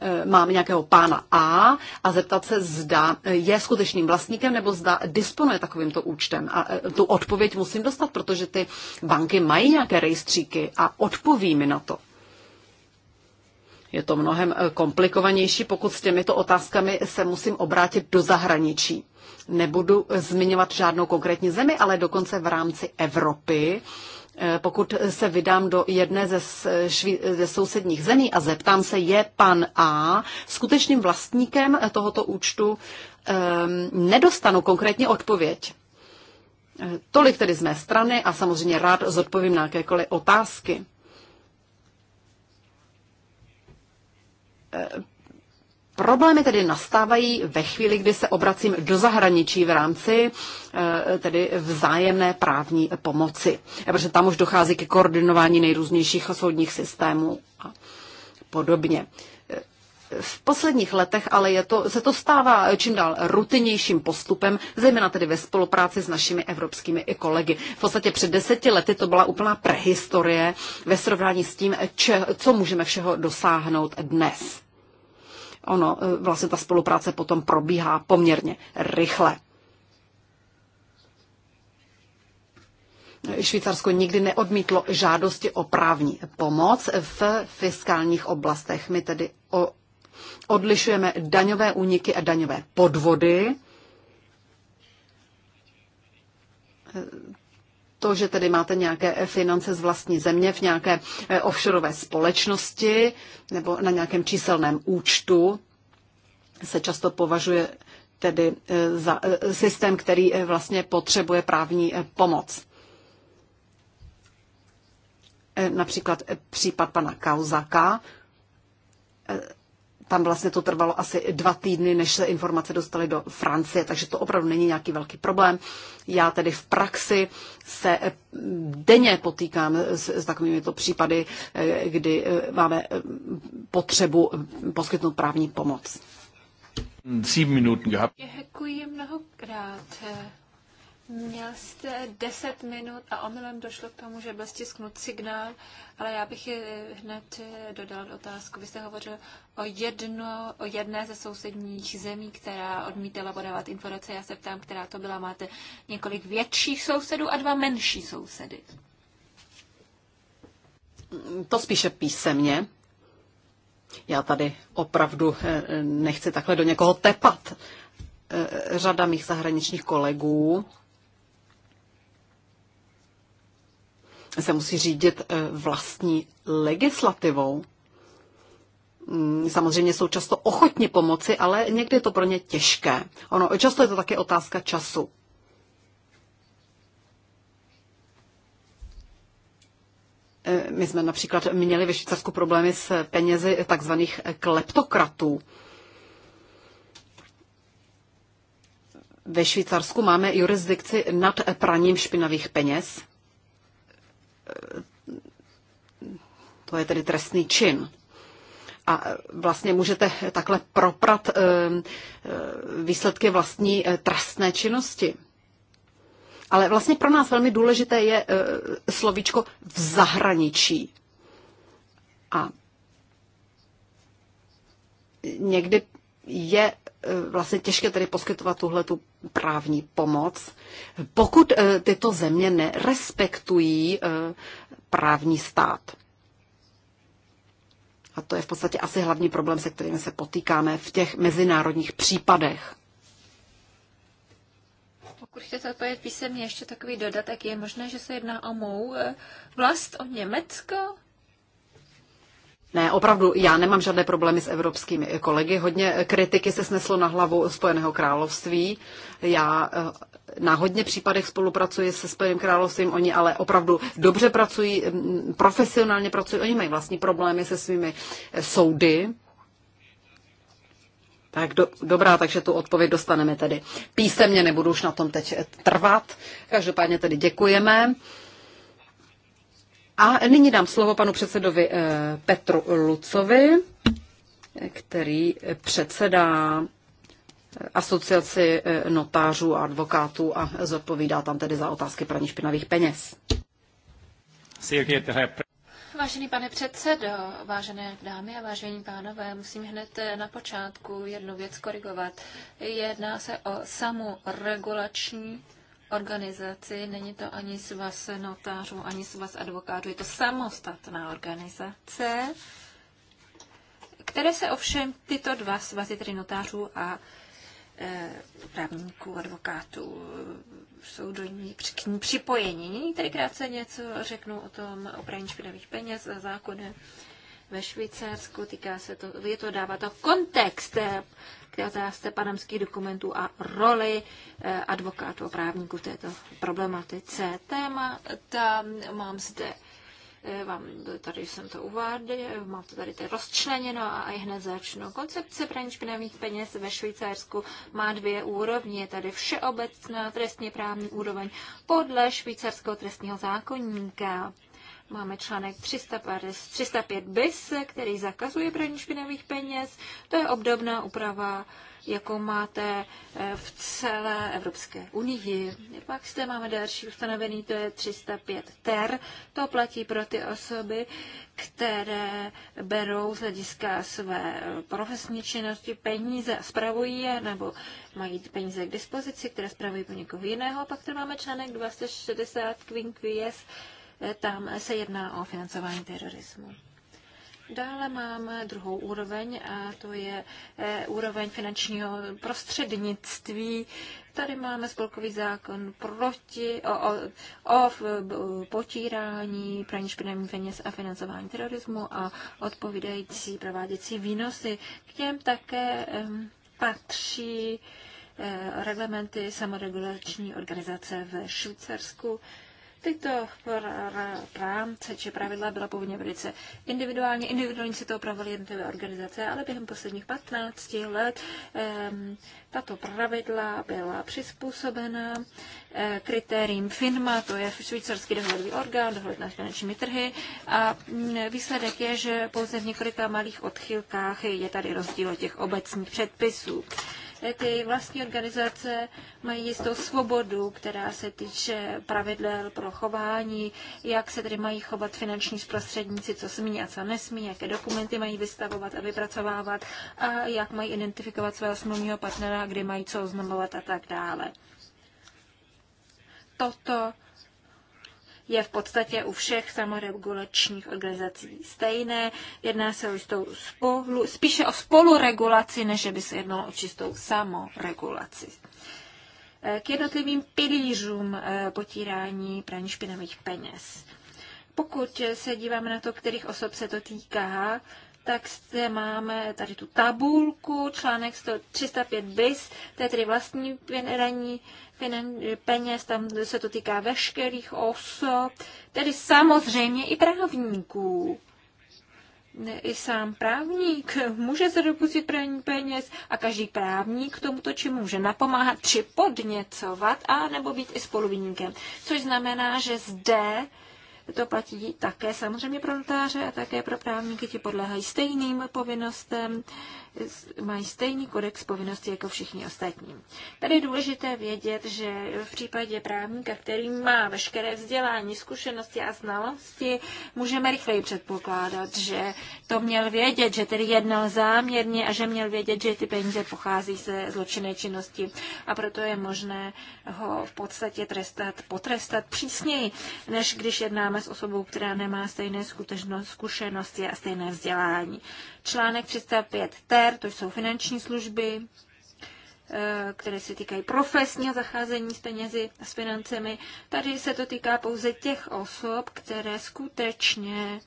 e, mám nějakého pána A a zeptat se, zda je skutečným vlastníkem nebo zda disponuje takovýmto účtem. A tu odpověď musím dostat, protože ty banky mají nějaké rejstříky a odpoví mi na to. Je to mnohem eh, komplikovanější, pokud s těmito otázkami se musím obrátit do zahraničí. Nebudu eh, zmiňovat žádnou konkrétní zemi, ale dokonce v rámci Evropy. Eh, pokud se vydám do jedné ze, šví, ze sousedních zemí a zeptám se, je pan A skutečným vlastníkem tohoto účtu, ehm, nedostanu konkrétně odpověď. Tolik tedy z mé strany a samozřejmě rád zodpovím na jakékoliv otázky. Problémy tedy nastávají ve chvíli, kdy se obracím do zahraničí v rámci eh, tedy vzájemné právní pomoci, eh, protože tam už dochází ke koordinování nejrůznějších soudních systémů a podobně. Eh, v posledních letech ale je to, se to stává čím dál rutinnějším postupem, zejména tedy ve spolupráci s našimi evropskými kolegy. V podstatě před deseti lety to byla úplná prehistorie ve srovnání s tím, če, co můžeme všeho dosáhnout dnes ono, e, vlastně ta spolupráce potom probíhá poměrně rychle. Švýcarsko nikdy neodmítlo žádosti o právní pomoc v fiskálních oblastech. My tedy o, odlišujeme daňové úniky a daňové podvody to, že tedy máte nějaké finance z vlastní země v nějaké eh, offshoreové společnosti nebo na nějakém číselném účtu, se často považuje tedy eh, za eh, systém, který vlastně potřebuje právní pomoc. Například případ pana Kauzaka, tam vlastně to trvalo asi dva týdny, než se informace dostaly do Francie, takže to opravdu není nějaký velký problém. Já tedy v praxi se eh, denně potýkám s, s takovými to případy, eh, kdy eh, máme potřebu poskytnout právní pomoc. Sieben Minuten gehabt. Děkuji mnohokrát. Měl jste 10 minut a omylem došlo k tomu, že byl stisknut signál, ale já bych hned dodal otázku. Vy jste hovořil o, jedno, o jedné ze sousedních zemí, která odmítala podávat informace. Já se ptám, která to byla. Máte několik větších sousedů a dva menší sousedy. To spíše písemně. Já tady opravdu eh, nechci takhle do někoho tepat. Eh, řada mých zahraničních kolegů se musí řídit eh, vlastní legislativou. Mm, samozřejmě jsou často ochotni pomoci, ale někdy je to pro ně těžké. Ono, často je to také otázka času. Eh, my jsme například měli ve Švýcarsku problémy s penězi takzvaných kleptokratů. Ve Švýcarsku máme jurisdikci nad praním špinavých peněz to je tedy trestný čin. A vlastně můžete takhle proprat eh, eh, výsledky vlastní eh, trestné činnosti. Ale vlastně pro nás velmi důležité je slovíčko v zahraničí. A někdy je Eh, vlastně těžké tedy poskytovat tuhle tu právní pomoc, pokud eh, tyto země nerespektují eh, právní stát. A to je v podstatě asi hlavní problém, se kterým se potýkáme v těch mezinárodních případech. Pokud chcete odpovědět písemně ještě takový dodatek, je možné, že se jedná o mou vlast, o Německo? Ne, opravdu, já nemám žádné problémy s evropskými kolegy. Hodně kritiky se sneslo na hlavu Spojeného království. Já eh, na hodně případech spolupracuji se Spojeným královstvím, oni ale opravdu dobře pracují, mm, profesionálně pracují, oni mají vlastní problémy se svými eh, soudy. Tak do, dobrá, takže tu odpověď dostaneme tedy písemně, nebudu už na tom teď eh, trvat. Každopádně tedy děkujeme. A nyní dám slovo panu předsedovi eh, Petru Lucovi, který předsedá eh, asociaci eh, notářů a advokátů a zodpovídá tam tedy za otázky praní špinavých peněz. Vážený pane předsedo, vážené dámy a vážení pánové, musím hned na počátku jednu věc korigovat. Jedná se o samoregulační organizaci, není to ani svaz notářů, ani svaz advokátů, je to samostatná organizace, které se ovšem tyto dva svazy, tedy notářů a e, právníků, advokátů, jsou do ní při, připojení. tady krátce něco řeknu o tom o praní špinavých peněz a zákonem ve Švýcarsku, týká se to, je to, dává to kontext eh, k otázce panamských dokumentů a roli eh, advokátů a právníků této problematice. Téma tam mám zde eh, vám tady jsem to uváděl, mám to tady tady rozčleněno a i hned začnu. Koncepce praní špinavých peněz ve Švýcarsku má dvě úrovně, je tady všeobecná trestně právní úroveň podle švýcarského trestního zákonníka. Máme článek 305 bis, který zakazuje praní špinavých peněz. To je obdobná úprava, jako máte eh, v celé Evropské unii. Pak zde máme další ustanovený, to je 305 ter. To platí pro ty osoby, které berou z hlediska své profesní činnosti peníze a spravují je, nebo mají peníze k dispozici, které spravují pro někoho jiného. pak tady máme článek 260 Quinquies, Eh, tam se jedná o financování terorismu. Dále máme druhou úroveň a to je eh, úroveň finančního prostřednictví. Tady máme spolkový zákon proti, o, o, o potírání praní špinavých peněz a financování terorismu a odpovídající prováděcí výnosy. K těm také patří eh, reglementy samoregulační organizace v Švýcarsku. Tyto rámce či pravidla byla původně velice individuálně. Individuálně se to opravovaly jednotlivé organizace, ale během posledních 15 let tato pravidla byla přizpůsobena eh, kritériím FINMA, to je švýcarský dohledový orgán, dohled na finančními trhy a mm, výsledek je, že pouze v několika malých odchylkách je tady rozdíl od těch obecních předpisů. Eh, ty vlastní organizace mají jistou svobodu, která se týče pravidel pro chování, jak se tedy mají chovat finanční zprostředníci, co smí a co nesmí, jaké dokumenty mají vystavovat a vypracovávat a jak mají identifikovat svého smluvního partnera, kdy mají co oznamovat a tak dále. Toto je v podstatě u všech samoregulačních organizací stejné. Jedná se o jistou spolu, spíše o spoluregulaci, než že by se jednalo o čistou samoregulaci. E, k jednotlivým pilířům e, potírání praní špinavých peněz. Pokud se díváme na to, kterých osob se to týká, tak zde máme tady tu tabulku, článek 305 bis, to je tedy vlastní daní, peněz, tam se to týká veškerých osob, tedy samozřejmě i právníků. I sám právník může se dopustit praní peněz a každý právník k tomuto čemu může napomáhat či podněcovat a nebo být i spoluviníkem. Což znamená, že zde to platí také samozřejmě pro notáře a také pro právníky, ti podléhají stejným povinnostem mají stejný kodex povinností jako všichni ostatní. Tady je důležité vědět, že v případě právníka, který má veškeré vzdělání, zkušenosti a znalosti, můžeme rychleji předpokládat, že to měl vědět, že tedy jednal záměrně a že měl vědět, že ty peníze pochází ze zločinné činnosti a proto je možné ho v podstatě trestat, potrestat přísněji, než když jednáme s osobou, která nemá stejné zkušenosti a stejné vzdělání článek 305 TER, to jsou finanční služby, eh, které se týkají profesního zacházení s penězi a s financemi. Tady se to týká pouze těch osob, které skutečně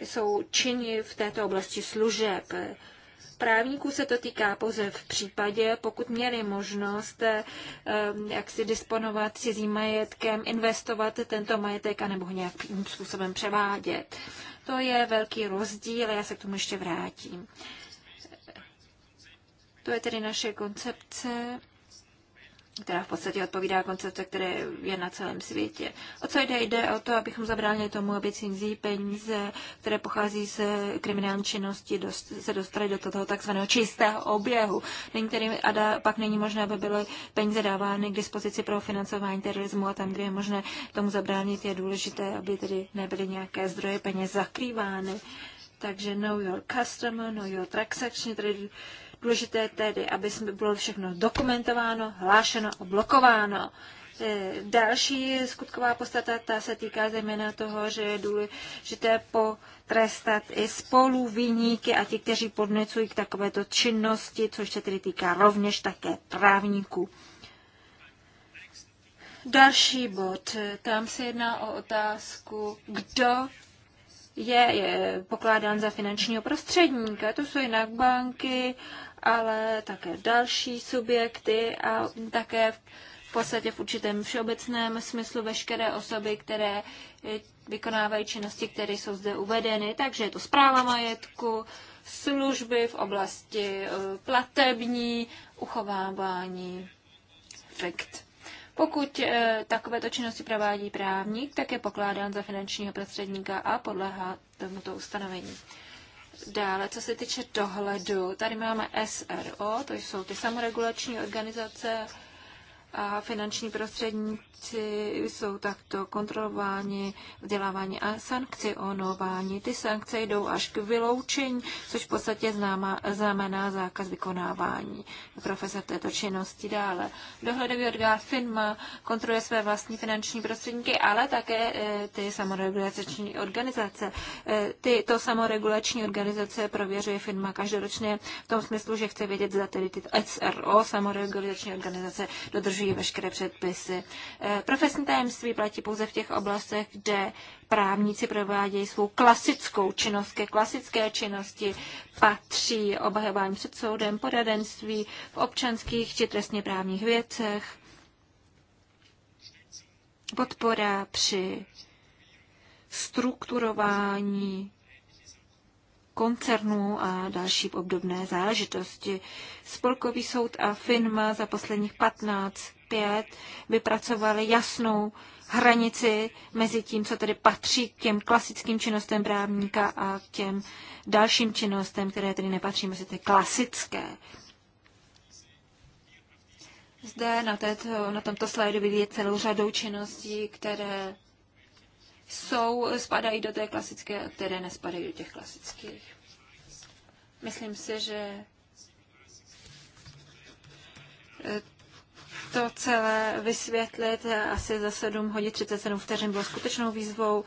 jsou činy v této oblasti služeb právníků se to týká pouze v případě, pokud měli možnost eh, eh, jak si disponovat cizím majetkem, investovat tento majetek anebo ho nějakým způsobem převádět. To je velký rozdíl, já se k tomu ještě vrátím. To je tedy naše koncepce která v podstatě odpovídá koncepce, které je na celém světě. O co jde? Jde o to, abychom zabránili tomu, aby cizí peníze, které pochází z kriminální činnosti, dost, se dostaly do toho takzvaného čistého oběhu. Není tedy, a da, pak není možné, aby byly peníze dávány k dispozici pro financování terorismu a tam, kde je možné tomu zabránit, je důležité, aby tedy nebyly nějaké zdroje peněz zakrývány. Takže know your customer, know your transaction, tedy Důležité tedy, aby bylo všechno dokumentováno, hlášeno a blokováno. E, další skutková postata ta se týká zejména toho, že je důležité potrestat i spoluviníky a ti, kteří podnecují k takovéto činnosti, což se tedy týká rovněž také právníků. Další bod. Tam se jedná o otázku, kdo je, je pokládán za finančního prostředníka. To jsou jinak banky, ale také další subjekty a také v podstatě v určitém všeobecném smyslu veškeré osoby, které eh, vykonávají činnosti, které jsou zde uvedeny. Takže je to zpráva majetku, služby v oblasti eh, platební, uchovávání, fakt. Pokud eh, takovéto činnosti provádí právník, tak je pokládán za finančního prostředníka a podléhá tomuto ustanovení. Dále, co se týče dohledu, tady máme SRO, to jsou ty samoregulační organizace, a finanční prostředníci jsou takto kontrolováni, vzdělávání a onování. Ty sankce jdou až k vyloučení, což v podstatě známa, znamená zákaz vykonávání profese této činnosti dále. Dohledový orgán FINMA kontroluje své vlastní finanční prostředníky, ale také e, ty samoregulační organizace. E, tyto samoregulační organizace prověřuje FINMA každoročně v tom smyslu, že chce vědět, zda tedy ty SRO, samoregulační organizace, dodržují dodržují veškeré předpisy. Eh, profesní tajemství platí pouze v těch oblastech, kde právníci provádějí svou klasickou činnost, ke klasické činnosti patří obhajování před soudem, poradenství v občanských či trestně právních věcech, podpora při strukturování koncernů a další obdobné záležitosti. Spolkový soud a FINMA za posledních 15 5 vypracovali jasnou hranici mezi tím, co tedy patří k těm klasickým činnostem právníka a k těm dalším činnostem, které tedy nepatří mezi ty klasické. Zde na, této, na tomto slajdu vidíte celou řadou činností, které jsou, spadají do té klasické a které nespadají do těch klasických. Myslím si, že eh, to celé vysvětlit eh, asi za 7 hodin 37 vteřin bylo skutečnou výzvou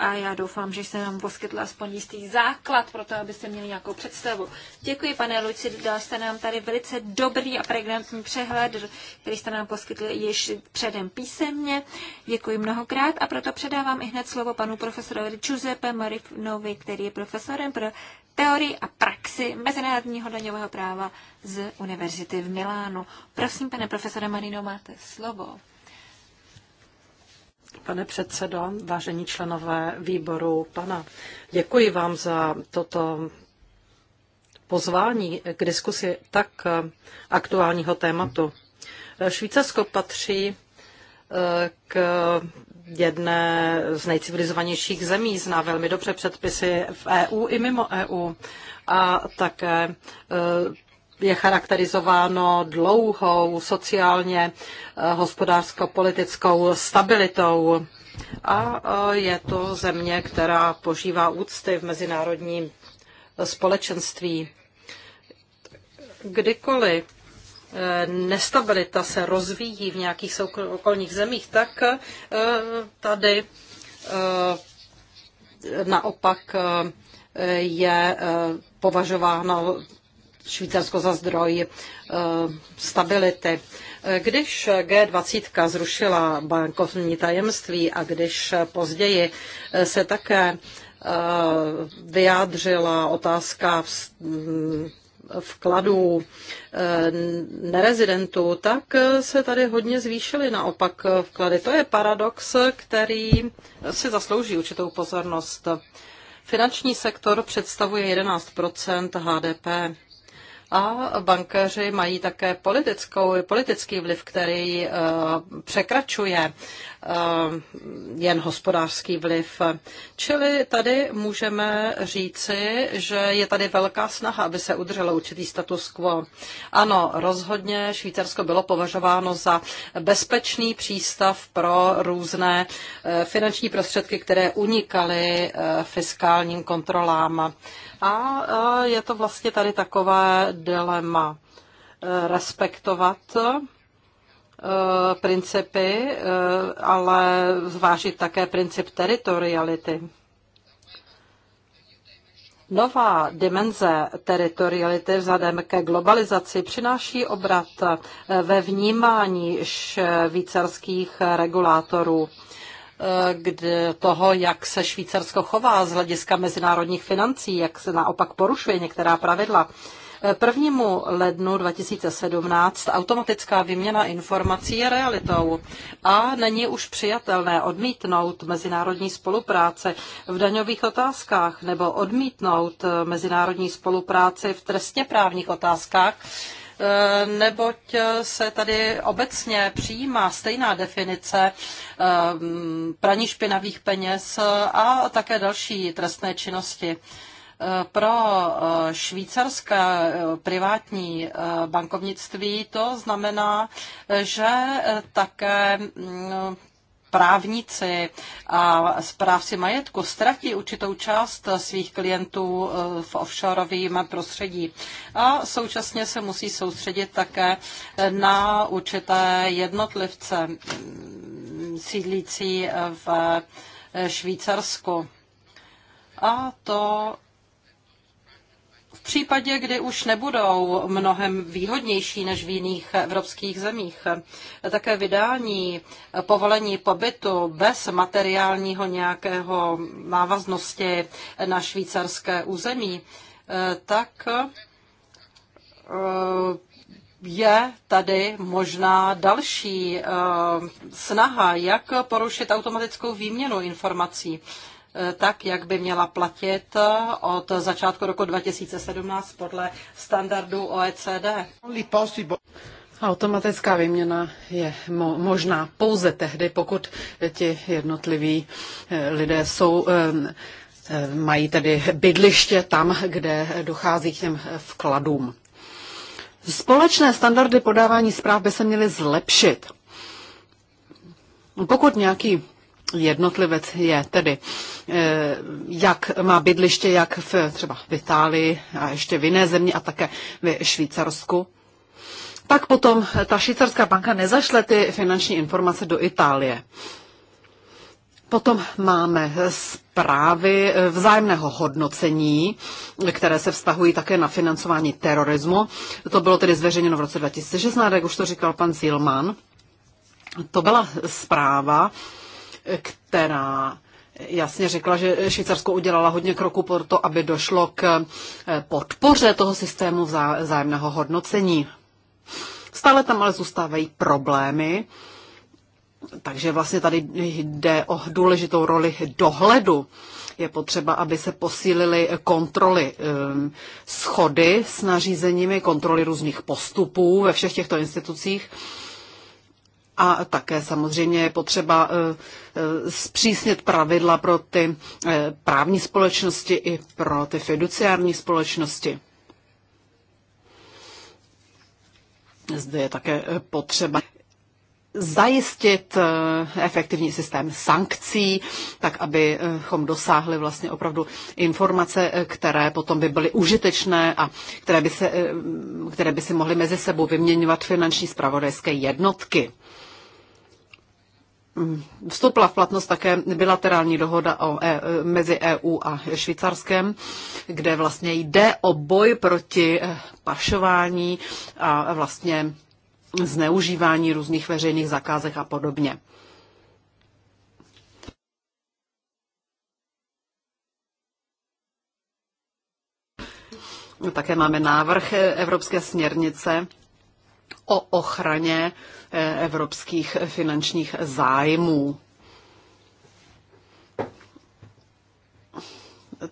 a já doufám, že jsem vám poskytla aspoň jistý základ pro to, abyste měli nějakou představu. Děkuji, pane Luci, dal jste nám tady velice dobrý a pregnantní přehled, který jste nám poskytl již předem písemně. Děkuji mnohokrát a proto předávám i hned slovo panu profesorovi Giuseppe Marifnovi, který je profesorem pro teorii a praxi mezinárodního daňového práva z Univerzity v Milánu. Prosím, pane profesore Marino, máte slovo. Pane předsedo, vážení členové výboru pana, děkuji vám za toto pozvání k diskusi tak aktuálního tématu. Švýcarsko patří eh, k jedné z nejcivilizovanějších zemí, zná velmi dobře předpisy v EU i mimo EU a také eh, je charakterizováno dlouhou sociálně eh, hospodářsko-politickou stabilitou. A eh, je to země, která požívá úcty v mezinárodním eh, společenství. Kdykoliv nestabilita se rozvíjí v nějakých okolních zemích, tak tady naopak je považováno Švýcarsko za zdroj eh, stability. Eh, když G20 zrušila bankovní tajemství a když později eh, se také vyjádřila otázka mm, vkladů nerezidentů, tak se tady hodně zvýšily naopak vklady. To je paradox, který si zaslouží určitou pozornost. Finanční sektor představuje 11 HDP. A bankéři mají také politickou, politický vliv, který eh, překračuje Eh, jen hospodářský vliv. Čili tady můžeme říci, že je tady velká snaha, aby se udrželo určitý status quo. Ano, rozhodně Švýcarsko bylo považováno za bezpečný přístav pro různé eh, finanční prostředky, které unikaly eh, fiskálním kontrolám. A je to vlastně tady takové dilema respektovat Eh, principy, eh, ale zvážit také princip teritoriality. Nová dimenze teritoriality vzhledem ke globalizaci přináší obrat eh, ve vnímání švýcarských regulátorů kde toho, jak se Švýcarsko chová z hlediska mezinárodních financí, jak se naopak porušuje některá pravidla. 1. lednu 2017 automatická výměna informací je realitou a není už přijatelné odmítnout mezinárodní spolupráce v daňových otázkách nebo odmítnout mezinárodní spolupráci v trestně právních otázkách, eh, neboť se tady obecně přijímá stejná definice eh, praní špinavých peněz a také další trestné činnosti. Pro eh, švýcarské eh, privátní eh, bankovnictví to znamená, že také mm, právníci a správci majetku ztratí určitou část svých klientů v offshoreovém prostředí a současně se musí soustředit také na určité jednotlivce mm, sídlící v Švýcarsku. A to v případě, kdy už nebudou mnohem výhodnější než v jiných evropských zemích. Také vydání povolení pobytu bez materiálního nějakého návaznosti na švýcarské území, tak eh, je tady možná další eh, snaha, jak porušit automatickou výměnu informací. Eh, tak, jak by měla platit eh, od začátku roku 2017 podle standardů OECD. Automatická výměna je možná pouze tehdy, pokud ti jednotliví eh, lidé jsou, mají tedy bydliště tam, kde dochází k těm vkladům. Společné standardy podávání zpráv by se měly zlepšit. Pokud nějaký Jednotlivec je tedy, eh, jak má bydliště, jak v, třeba v Itálii a ještě v jiné zemi a také v Švýcarsku. Tak potom ta švýcarská banka nezašle ty finanční informace do Itálie. Potom máme zprávy eh, vzájemného hodnocení, které se vztahují také na financování terorismu. To bylo tedy zveřejněno v roce 2016, jak už to říkal pan Zilman. To byla zpráva, která jasně řekla, že Švýcarsko udělala hodně kroků pro to, aby došlo k eh, podpoře toho systému vzájemného hodnocení. Stále tam ale zůstávají problémy, takže vlastně tady jde o důležitou roli dohledu. Je potřeba, aby se posílily kontroly ehm, schody s nařízeními, kontroly různých postupů ve všech těchto institucích. A také samozřejmě je potřeba eh, eh, zpřísnit pravidla pro ty eh, právní společnosti i pro ty fiduciární společnosti. Zde je také potřeba zajistit eh, efektivní systém sankcí, tak abychom dosáhli vlastně opravdu informace, eh, které potom by byly užitečné a které by, se, eh, které by si mohly mezi sebou vyměňovat finanční spravodajské jednotky. Mm, vstoupila v platnost také bilaterální dohoda o, e, mezi EU a Švýcarskem, kde vlastně jde o boj proti pašování a vlastně zneužívání různých veřejných zakázek a podobně. Také máme návrh Evropské směrnice o ochraně eh, evropských finančních zájmů.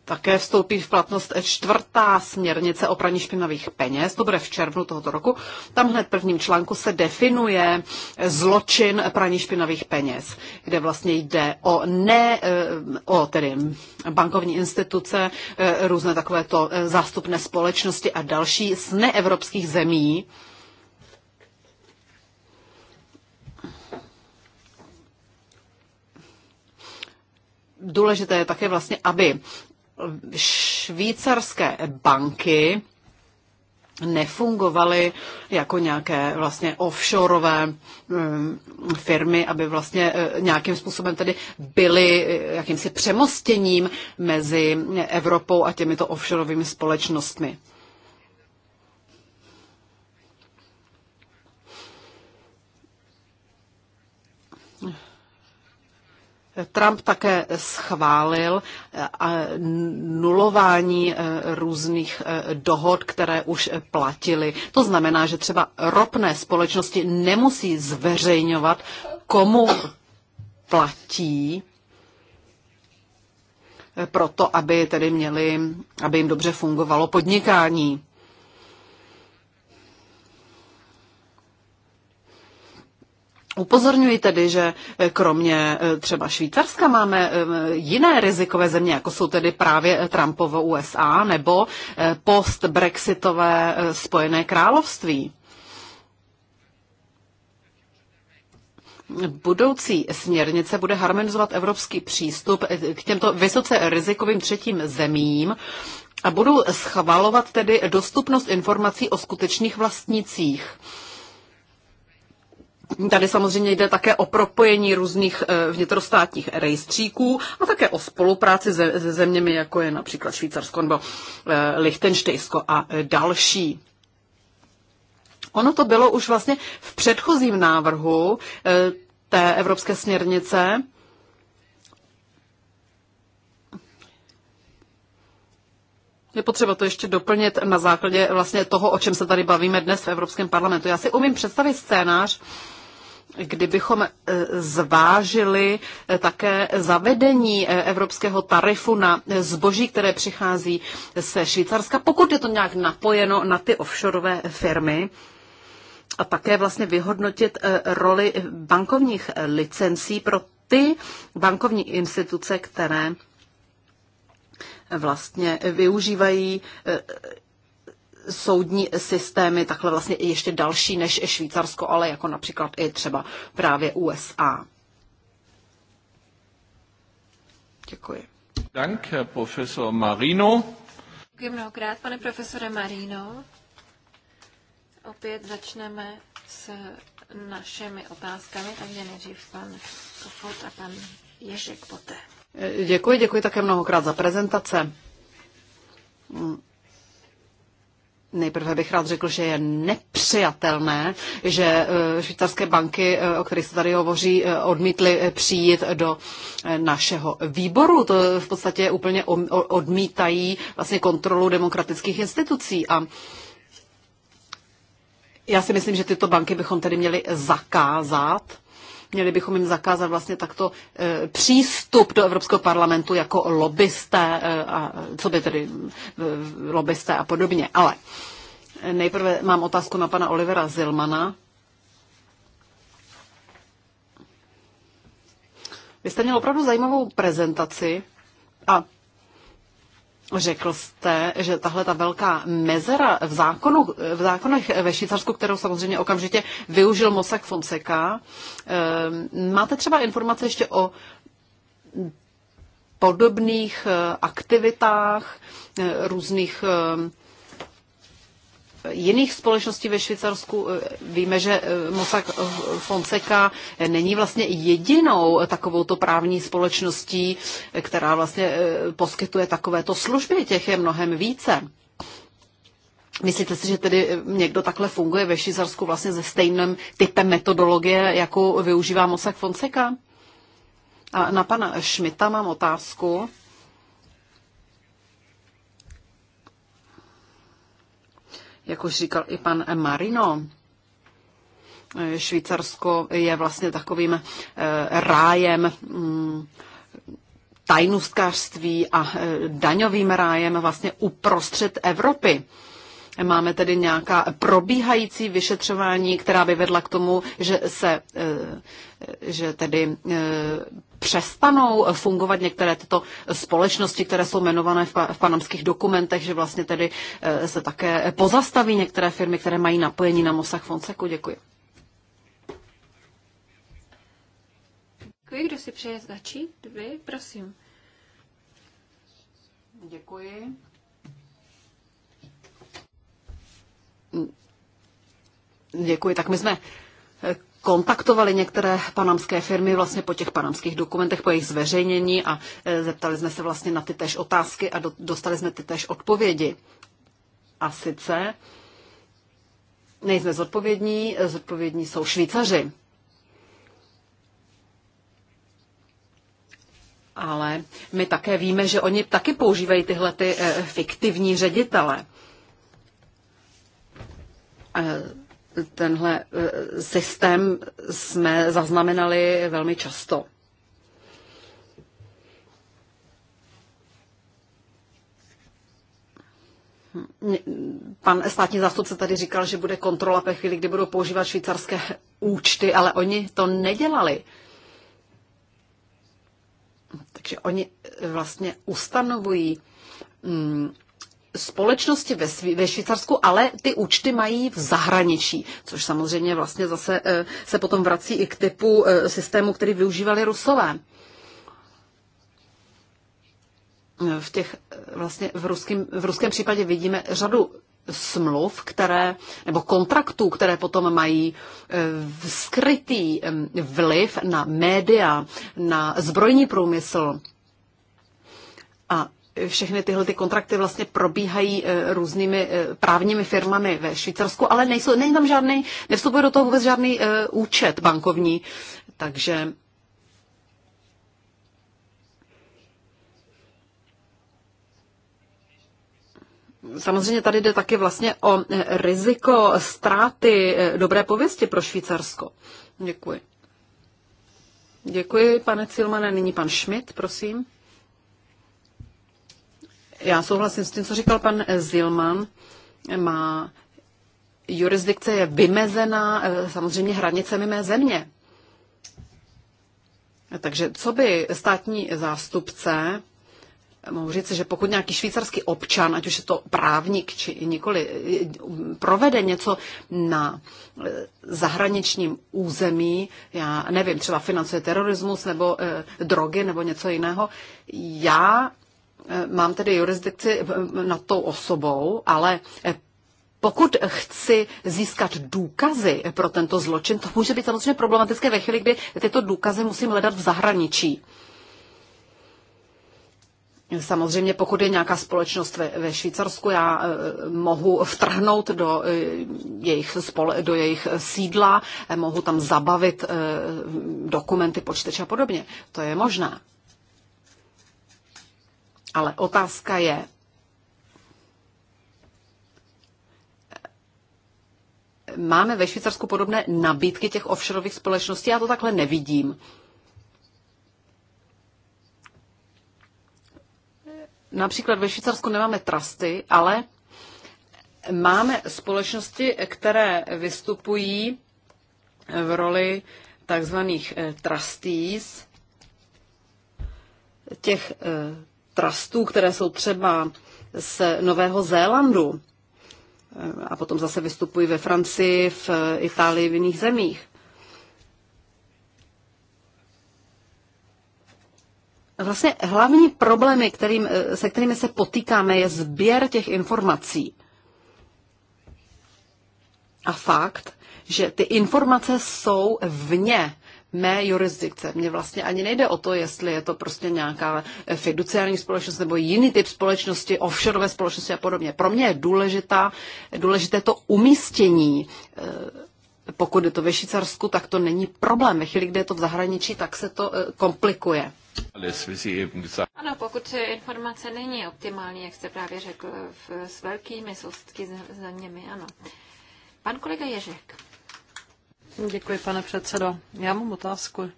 také vstoupí v platnost čtvrtá směrnice o praní špinavých peněz, to bude v červnu tohoto roku. Tam hned v prvním článku se definuje zločin praní špinavých peněz, kde vlastně jde o ne, eh, o tedy bankovní instituce, eh, různé takovéto eh, zástupné společnosti a další z neevropských zemí, důležité je také vlastně, aby švýcarské banky nefungovaly jako nějaké vlastně offshoreové mm, firmy, aby vlastně eh, nějakým způsobem tedy byly eh, jakýmsi přemostěním mezi Evropou a těmito offshoreovými společnostmi. Trump také schválil eh, nulování eh, různých eh, dohod, které už platily. To znamená, že třeba ropné společnosti nemusí zveřejňovat, komu platí proto, aby tedy měli, aby jim dobře fungovalo podnikání. Upozorňuji tedy, že eh, kromě eh, třeba Švýcarska máme eh, jiné rizikové země, jako jsou tedy právě Trumpovo USA nebo post-Brexitové Spojené království. Budoucí směrnice bude harmonizovat evropský přístup k těmto vysoce rizikovým třetím zemím a budou schvalovat tedy dostupnost informací o skutečných vlastnicích Tady samozřejmě jde také o propojení různých eh, vnitrostátních rejstříků a také o spolupráci se, zeměmi, jako je například Švýcarsko nebo eh, Lichtenštejsko a další. Ono to bylo už vlastně v předchozím návrhu eh, té evropské směrnice. Je potřeba to ještě doplnit na základě vlastně toho, o čem se tady bavíme dnes v Evropském parlamentu. Já si umím představit scénář, kdybychom e, zvážili e, také zavedení e, evropského tarifu na zboží, které přichází ze Švýcarska, pokud je to nějak napojeno na ty offshore firmy, a také vlastně vyhodnotit roli bankovních licencí pro ty bankovní instituce, které vlastně využívají soudní systémy takhle vlastně i ještě další než Švýcarsko, ale jako například i třeba právě USA. Děkuji. Dank, profesor Marino. Děkuji mnohokrát, pane profesore Marino. Opět začneme s našimi otázkami, takže nejdřív pan Kofot a pan Ježek poté. Děkuji, děkuji také mnohokrát za prezentace. Nejprve bych rád řekl, že je nepřijatelné, že eh, švýcarské banky, eh, o kterých se tady hovoří, eh, odmítly přijít do našeho výboru. To v podstatě úplně odmítají vlastně kontrolu demokratických institucí. A já si myslím, že tyto banky bychom tedy měli zakázat Měli bychom jim zakázat vlastně takto e, přístup do Evropského parlamentu jako lobbysté, e, a, co by tedy e, lobbysté a podobně. Ale nejprve mám otázku na pana Olivera Zilmana. Vy jste měl opravdu zajímavou prezentaci a Řekl jste, že tahle ta velká mezera v, zákonu, v zákonech ve Švýcarsku, kterou samozřejmě okamžitě využil Mosak Fonseca, ehm, máte třeba informace ještě o podobných eh, aktivitách eh, různých ehm, jiných společností ve Švýcarsku eh, víme, že eh, Mossack eh, Fonseca není vlastně jedinou takovouto právní společností, která vlastně poskytuje takovéto služby. Těch je mnohem více. Myslíte si, že tedy někdo takhle funguje ve Švýcarsku vlastně se stejným typem metodologie, jakou využívá Mossack Fonseca? A na pana Šmita mám otázku. jak už říkal i pan Marino, Švýcarsko je vlastně takovým eh, rájem mm, tajnůstkářství a eh, daňovým rájem vlastně uprostřed Evropy. Máme tedy nějaká probíhající vyšetřování, která by vedla k tomu, že se eh, že tedy eh, přestanou fungovat některé tyto společnosti, které jsou jmenované v panamských dokumentech, že vlastně tedy eh, se také pozastaví některé firmy, které mají napojení na Mossack Fonseca. Děkuji. Děkuji, kdo si přeje začít? Vy, prosím. Děkuji. Děkuji. Tak my jsme eh, kontaktovali některé panamské firmy vlastně po těch panamských dokumentech, po jejich zveřejnění a eh, zeptali jsme se vlastně na ty též otázky a dostali jsme ty též odpovědi. A sice nejsme zodpovědní, zodpovědní jsou Švýcaři. Ale my také víme, že oni taky používají tyhle ty eh, fiktivní ředitele. Eh, tenhle eh, systém jsme zaznamenali velmi často. Hm. Pan státní zástupce tady říkal, že bude kontrola ve chvíli, kdy budou používat švýcarské účty, ale oni to nedělali. Takže oni vlastně ustanovují hm, společnosti ve, svý, ve Švýcarsku, ale ty účty mají v zahraničí, což samozřejmě vlastně zase eh, se potom vrací i k typu eh, systému, který využívali Rusové. Eh, v, těch, vlastně v, ruským, v ruském případě vidíme řadu smluv, které, nebo kontraktů, které potom mají skrytý vliv na média, na zbrojní průmysl. A všechny tyhle ty kontrakty vlastně probíhají eh, různými eh, právními firmami ve Švýcarsku, ale nejsou, není tam žádný, nevstupuje do toho vůbec žádný eh, účet bankovní, takže Samozřejmě tady jde taky vlastně o riziko ztráty dobré pověsti pro Švýcarsko. Děkuji. Děkuji, pane Cilmane. Nyní pan Schmidt, prosím. Já souhlasím s tím, co říkal pan eh, Zilman. Má jurisdikce je vymezená eh, samozřejmě hranicemi mé země. Takže co by státní zástupce, eh, mohu říct, že pokud nějaký švýcarský občan, ať už je to právník či nikoli, provede něco na zahraničním území, já nevím, třeba financuje terorismus nebo drogy nebo něco jiného, já Eh, mám tedy jurisdikci eh, nad tou osobou, ale eh, pokud chci získat důkazy pro tento zločin, to může být samozřejmě problematické ve chvíli, kdy tyto důkazy musím hledat v zahraničí. Samozřejmě, pokud je nějaká společnost ve, ve Švýcarsku, já e, mohu vtrhnout do, e, jejich spole, do jejich sídla, e, mohu tam zabavit e, dokumenty, počítače a podobně. To je možné. Ale otázka je, máme ve Švýcarsku podobné nabídky těch offshoreových společností? Já to takhle nevidím. Například ve Švýcarsku nemáme trusty, ale máme společnosti, které vystupují v roli takzvaných trustees, těch eh, trustů, které jsou třeba z Nového Zélandu eh, a potom zase vystupují ve Francii, v eh, Itálii, v jiných zemích. Vlastně hlavní problémy, kterým, eh, se kterými se potýkáme, je sběr těch informací. A fakt, že ty informace jsou vně mé jurisdikce. Mně vlastně ani nejde o to, jestli je to prostě nějaká fiduciární společnost nebo jiný typ společnosti, offshoreové společnosti a podobně. Pro mě je důležitá, důležité to umístění eh, pokud je to ve Švýcarsku, tak to není problém. Ve chvíli, kdy je to v zahraničí, tak se to eh, komplikuje. Ano, pokud informace není optimální, jak jste právě řekl, v, s velkými soustky zeměmi, ano. Pan kolega Ježek. Děkuji, pane předsedo. Já mám otázku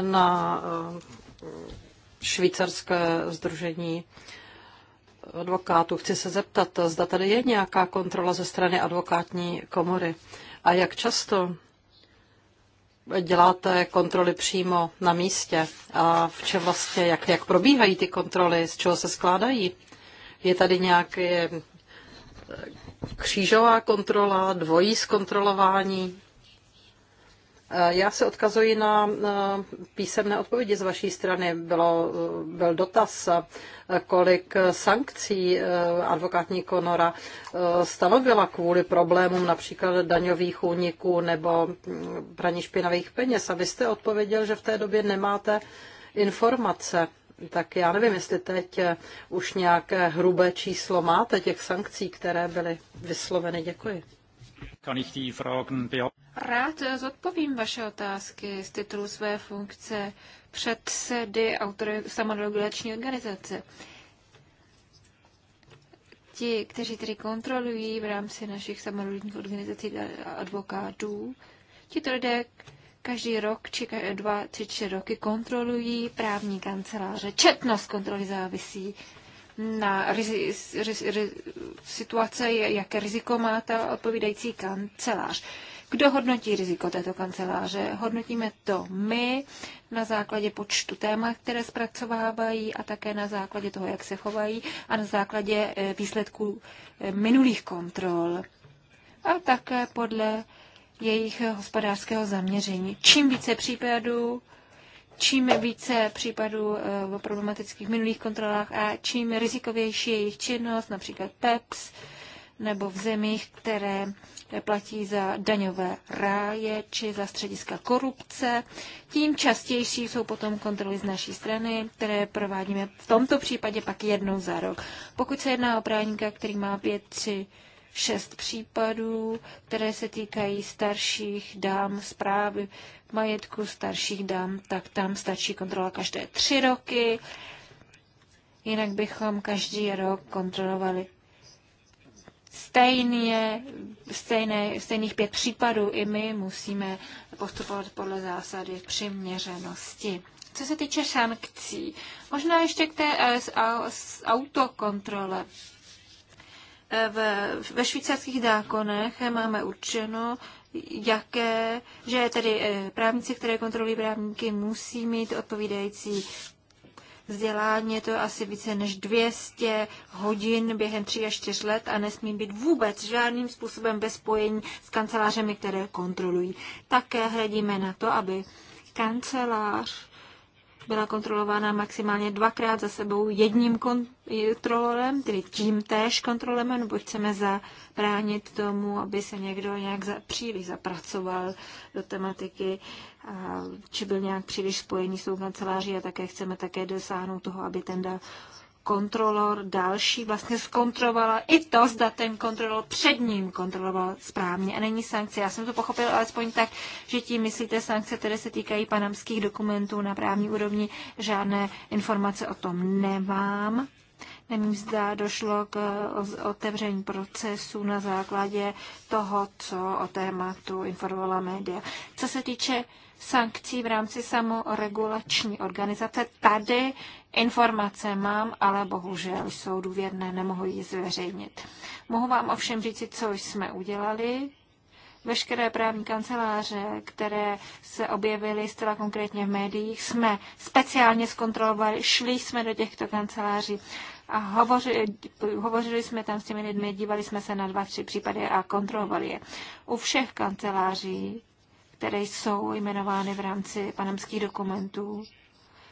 na eh, švýcarské združení advokátů. Chci se zeptat, zda tady je nějaká kontrola ze strany advokátní komory a jak často děláte kontroly přímo na místě a v čem vlastně, jak, jak probíhají ty kontroly, z čeho se skládají? Je tady nějaké křížová kontrola, dvojí zkontrolování? Eh, já se odkazuji na písemné odpovědi z vaší strany. Bylo, eh, byl dotaz, eh, kolik sankcí advokátní konora stanovila kvůli problémům například daňových úniků nebo mm, praní špinavých peněz. A vy jste odpověděl, že v té době nemáte informace. Tak já nevím, jestli teď už nějaké hrubé číslo máte těch sankcí, které byly vysloveny. Děkuji. Rád zodpovím vaše otázky z titulu své funkce předsedy samoregulační organizace. Ti, kteří tedy kontrolují v rámci našich samoregulačních organizací advokátů, ti to lidé každý rok či dva, tři, tři roky kontrolují právní kanceláře. Četnost kontroly závisí na rizi, riz, riz, situace, jaké riziko má ta odpovídající kancelář. Kdo hodnotí riziko této kanceláře? Hodnotíme to my na základě počtu témat, které zpracovávají a také na základě toho, jak se chovají a na základě eh, výsledků eh, minulých kontrol a také podle jejich hospodářského zaměření. Čím více případů, čím více případů o eh, problematických minulých kontrolách a čím rizikovější je jejich činnost, například PEPS, nebo v zemích, které platí za daňové ráje či za střediska korupce. Tím častější jsou potom kontroly z naší strany, které provádíme v tomto případě pak jednou za rok. Pokud se jedná o právníka, který má pět, tři, šest případů, které se týkají starších dám zprávy majetku starších dám, tak tam stačí kontrola každé tři roky. Jinak bychom každý rok kontrolovali stejně, stejné, stejných pět případů. I my musíme postupovat podle zásady přiměřenosti. Co se týče sankcí, možná ještě k té autokontrole. E, ve, ve švýcarských zákonech máme určeno, jaké, že tedy e, právníci, které kontrolují právníky, musí mít odpovídající vzdělání, je to asi více než 200 hodin během 3 až 4 let a nesmí být vůbec žádným způsobem ve spojení s kancelářemi, které kontrolují. Také hledíme na to, aby kancelář byla kontrolována maximálně dvakrát za sebou jedním kontrolorem, tedy tím též kontrolem, nebo chceme zabránit tomu, aby se někdo nějak za, příliš zapracoval do tematiky, a, či byl nějak příliš spojený s tou kanceláří a také chceme také dosáhnout toho, aby ten dal kontrolor další vlastně zkontrolovala i to, zda ten kontrolor před ním kontroloval správně. A není sankce. Já jsem to pochopil alespoň tak, že tím myslíte sankce, které se týkají panamských dokumentů na právní úrovni. Žádné informace o tom nemám. Nevím, zda došlo k otevření procesu na základě toho, co o tématu informovala média. Co se týče sankcí v rámci samoregulační organizace. Tady informace mám, ale bohužel jsou důvěrné, nemohu ji zveřejnit. Mohu vám ovšem říci, co jsme udělali, veškeré právní kanceláře, které se objevily zcela konkrétně v médiích, jsme speciálně zkontrolovali, šli jsme do těchto kanceláří a hovořili, hovořili jsme tam s těmi lidmi, dívali jsme se na dva, tři případy a kontrolovali je. U všech kanceláří které jsou jmenovány v rámci panemských dokumentů,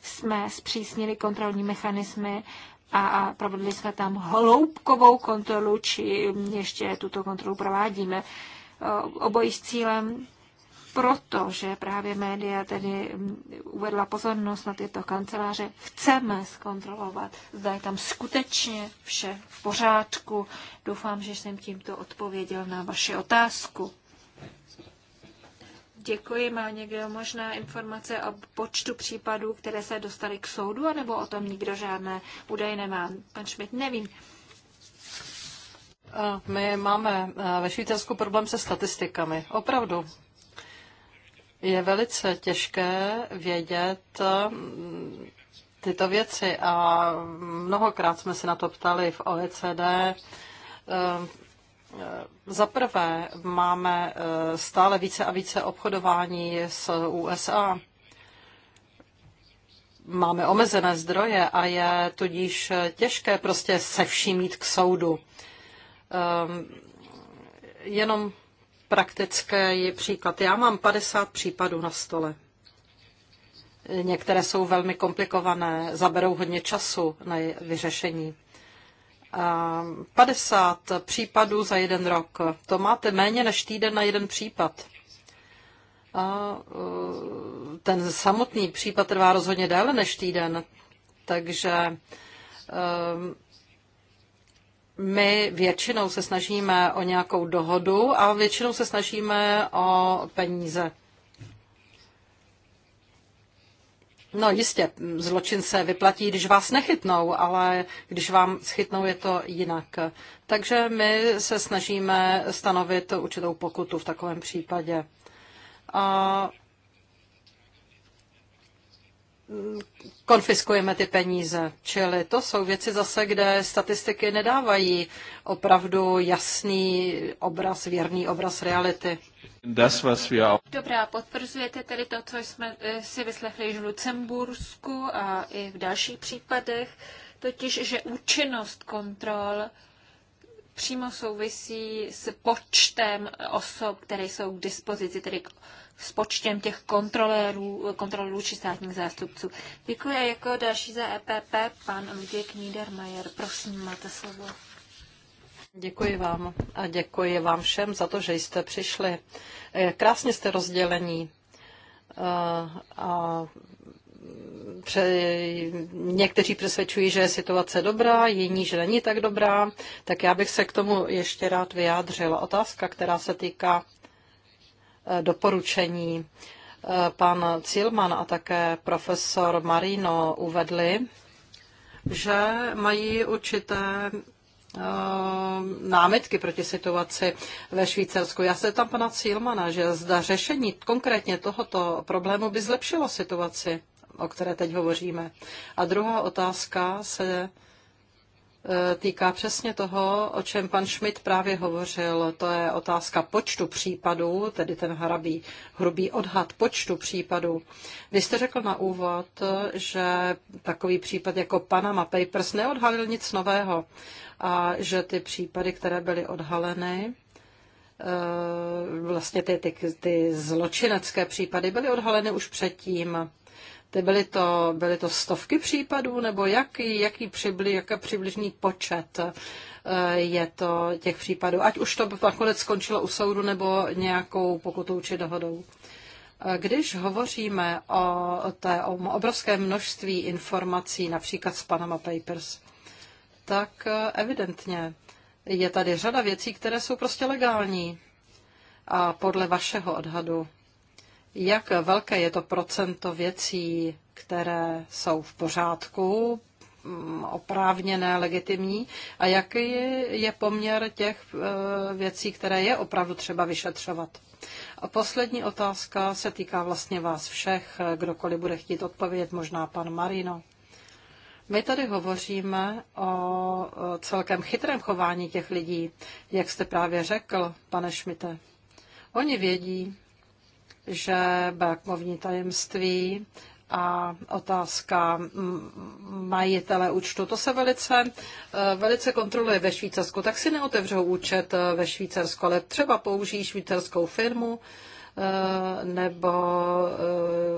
jsme zpřísnili kontrolní mechanismy a provedli jsme tam hloubkovou kontrolu, či ještě tuto kontrolu provádíme. Obojí s cílem protože právě média tedy uvedla pozornost na tyto kanceláře, chceme zkontrolovat, zda je tam skutečně vše v pořádku. Doufám, že jsem tímto odpověděl na vaši otázku. Děkuji. Má někdo možná informace o počtu případů, které se dostaly k soudu, anebo o tom nikdo žádné údaje nemá? Pan Šmit, nevím. My máme e, ve Švýcarsku problém se statistikami. Opravdu. Je velice těžké vědět e, tyto věci a mnohokrát jsme se na to ptali v OECD e, Eh, za prvé máme eh, stále více a více obchodování s USA. Máme omezené zdroje a je tudíž eh, těžké prostě se vším jít k soudu. Jenom praktické je příklad. Já mám 50 případů na stole. Některé jsou velmi komplikované, zaberou hodně času na vyřešení. 50 případů za jeden rok. To máte méně než týden na jeden případ. A e, ten samotný případ trvá rozhodně déle než týden, takže e, my většinou se snažíme o nějakou dohodu a většinou se snažíme o peníze. No jistě, zločin se vyplatí, když vás nechytnou, ale když vám schytnou, je to jinak. Takže my se snažíme stanovit určitou pokutu v takovém případě. A konfiskujeme ty peníze. Čili to jsou věci zase, kde statistiky nedávají opravdu jasný obraz, věrný obraz reality. Dobrá, potvrzujete tedy to, co jsme eh, si vyslechli již v Lucembursku a i v dalších případech, totiž, že účinnost kontrol přímo souvisí s počtem osob, které jsou k dispozici, tedy s počtem těch kontrolérů, kontrolů či státních zástupců. Děkuji jako další za EPP, pan Luděk Niedermayer. Prosím, máte slovo. Děkuji vám a děkuji vám všem za to, že jste přišli. Eh, krásně jste rozdělení. Eh, a pře, někteří přesvědčují, že je situace dobrá, jiní, že není tak dobrá, tak já bych se k tomu ještě rád vyjádřila. Otázka, která se týká eh, doporučení. Pan Cilman a také profesor Marino uvedli, že mají určité Eh, námitky proti situaci ve Švýcarsku. Já se tam pana Cílmana, že zda řešení konkrétně tohoto problému by zlepšilo situaci, o které teď hovoříme. A druhá otázka se eh, týká přesně toho, o čem pan Schmidt právě hovořil. To je otázka počtu případů, tedy ten hrabý, hrubý odhad počtu případů. Vy jste řekl na úvod, že takový případ jako Panama Papers neodhalil nic nového a že ty případy, které byly odhaleny, eh, vlastně ty, ty, ty zločinecké případy byly odhaleny už předtím. Ty byly, to, byly to stovky případů, nebo jaký, jaký přibli, jaká přibližný počet eh, je to těch případů? Ať už to nakonec skončilo u soudu, nebo nějakou pokutou či dohodou. Eh, když hovoříme o té o obrovské množství informací, například z Panama Papers, tak evidentně je tady řada věcí, které jsou prostě legální. A podle vašeho odhadu, jak velké je to procento věcí, které jsou v pořádku, mm, oprávněné, legitimní a jaký je poměr těch eh, věcí, které je opravdu třeba vyšetřovat. A poslední otázka se týká vlastně vás všech, kdokoliv bude chtít odpovědět, možná pan Marino. My tady hovoříme o celkem chytrém chování těch lidí, jak jste právě řekl, pane Šmite. Oni vědí, že bankovní tajemství a otázka majitele účtu. To se velice, eh, velice kontroluje ve Švýcarsku. Tak si neotevřou účet eh, ve Švýcarsku, ale třeba použijí švýcarskou firmu Eh, nebo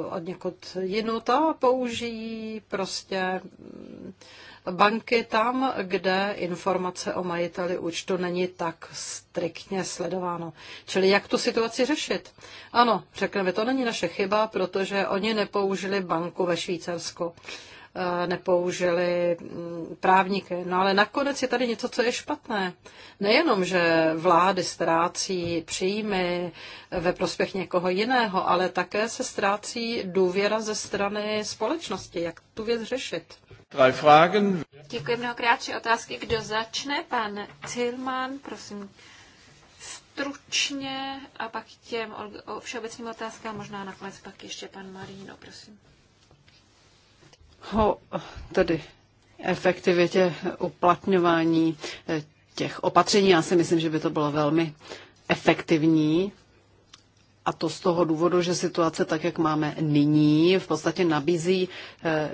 eh, od někud jinou to použijí prostě mm, banky tam, kde informace o majiteli účtu není tak striktně sledováno. Čili jak tu situaci řešit? Ano, řekneme, to není naše chyba, protože oni nepoužili banku ve Švýcarsku. Uh, Eh, nepoužili mm, právníky. No ale nakonec je tady něco, co je špatné. Nejenom, že vlády ztrácí příjmy ve prospěch někoho jiného, ale také se ztrácí důvěra ze strany společnosti. Jak tu věc řešit? Děkuji mnohokrát. Tři otázky. Kdo začne? Pan Cilman, prosím stručně a pak těm všeobecným otázkám, možná nakonec pak ještě pan Marino, prosím ho tedy efektivitě uplatňování eh, těch opatření. Já si myslím, že by to bylo velmi efektivní a to z toho důvodu, že situace tak, jak máme nyní, v podstatě nabízí eh,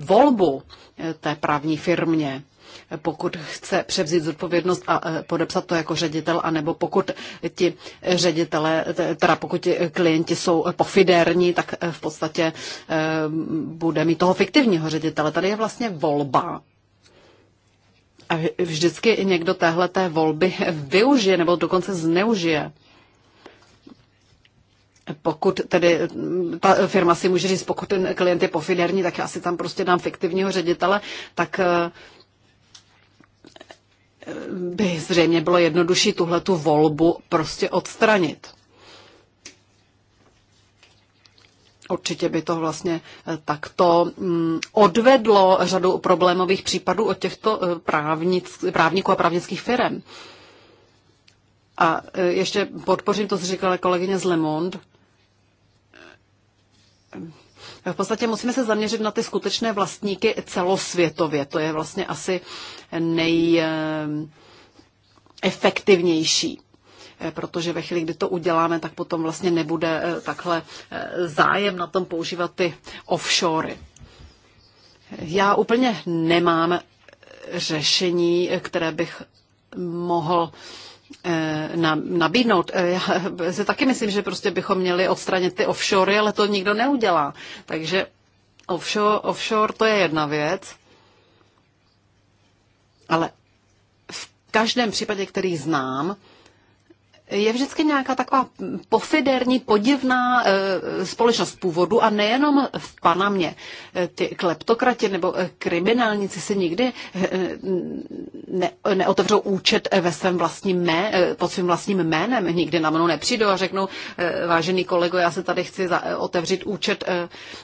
volbu eh, té právní firmě pokud chce převzít zodpovědnost a eh, podepsat to jako ředitel, anebo pokud ti ředitele, teda pokud ti klienti jsou pofiderní, tak v podstatě bude mít toho fiktivního ředitele. Tady je vlastně volba. A vždycky někdo té volby využije nebo dokonce zneužije pokud tedy mm, ta firma si může říct, pokud ten klient je pofiderní, tak já si tam prostě dám fiktivního ředitele, tak eh, by zřejmě bylo jednodušší tuhle tu volbu prostě odstranit. Určitě by to vlastně eh, takto mm, odvedlo řadu problémových případů od těchto eh, právnic, právníků a právnických firm. A ještě podpořím to, co říkala kolegyně z Le Monde v podstatě musíme se zaměřit na ty skutečné vlastníky celosvětově. To je vlastně asi nejefektivnější eh, eh, protože ve chvíli, kdy to uděláme, tak potom vlastně nebude eh, takhle zájem na tom používat ty offshory. Já úplně nemám řešení, které bych mohl Eh, nabídnout. Eh, já se taky myslím, že prostě bychom měli odstranit ty offshory, ale to nikdo neudělá. Takže offshore, offshore to je jedna věc, ale v každém případě, který znám, je vždycky nějaká taková pofiderní, podivná eh, společnost původu a nejenom v Panamě. Eh, ty kleptokrati nebo eh, kriminálníci si nikdy ne, neotevřou účet ve svém vlastním mé, pod svým vlastním jménem. Nikdy na mnou nepřijdou a řeknou, vážený kolego, já se tady chci otevřít účet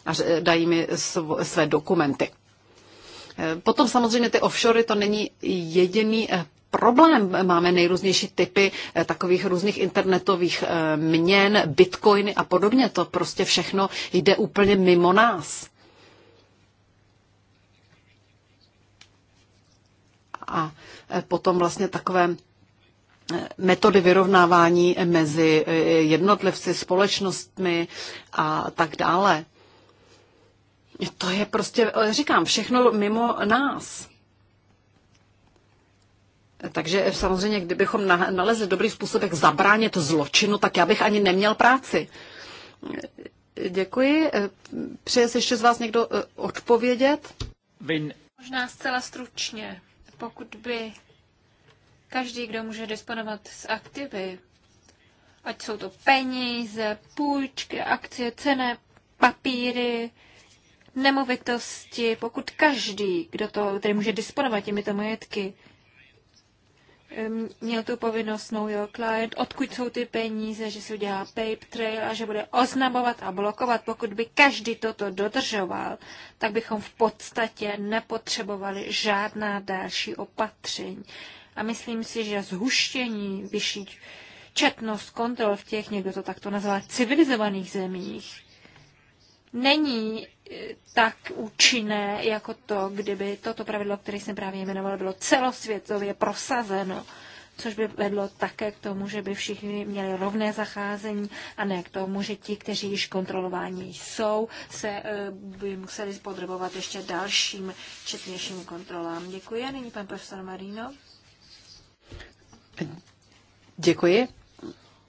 a dají mi své dokumenty. Potom samozřejmě ty offshory, to není jediný eh, problém. Máme nejrůznější typy eh, takových různých internetových eh, měn, bitcoiny a podobně. To prostě všechno jde úplně mimo nás. A potom vlastně takové metody vyrovnávání mezi jednotlivci, společnostmi a tak dále. To je prostě, říkám, všechno mimo nás. Takže samozřejmě, kdybychom nalezli dobrý způsob, jak zabránit zločinu, tak já bych ani neměl práci. Děkuji. Přeje se ještě z vás někdo eh, odpovědět? Vin. Možná zcela stručně. Pokud by každý, kdo může disponovat s aktivy, ať jsou to peníze, půjčky, akcie, cené papíry, nemovitosti, pokud každý, kdo to, který může disponovat těmito majetky, měl tu povinnost know your client, odkud jsou ty peníze, že se udělá paper trail a že bude oznamovat a blokovat. Pokud by každý toto dodržoval, tak bychom v podstatě nepotřebovali žádná další opatření. A myslím si, že zhuštění vyšší četnost kontrol v těch, někdo to takto nazval, civilizovaných zemích, není tak účinné jako to, kdyby toto pravidlo, které jsem právě jmenovala, bylo celosvětově prosazeno, což by vedlo také k tomu, že by všichni měli rovné zacházení a ne k tomu, že ti, kteří již kontrolováni jsou, se eh, by museli spodrobovat ještě dalším četnějším kontrolám. Děkuji. A nyní pan profesor Marino. Děkuji.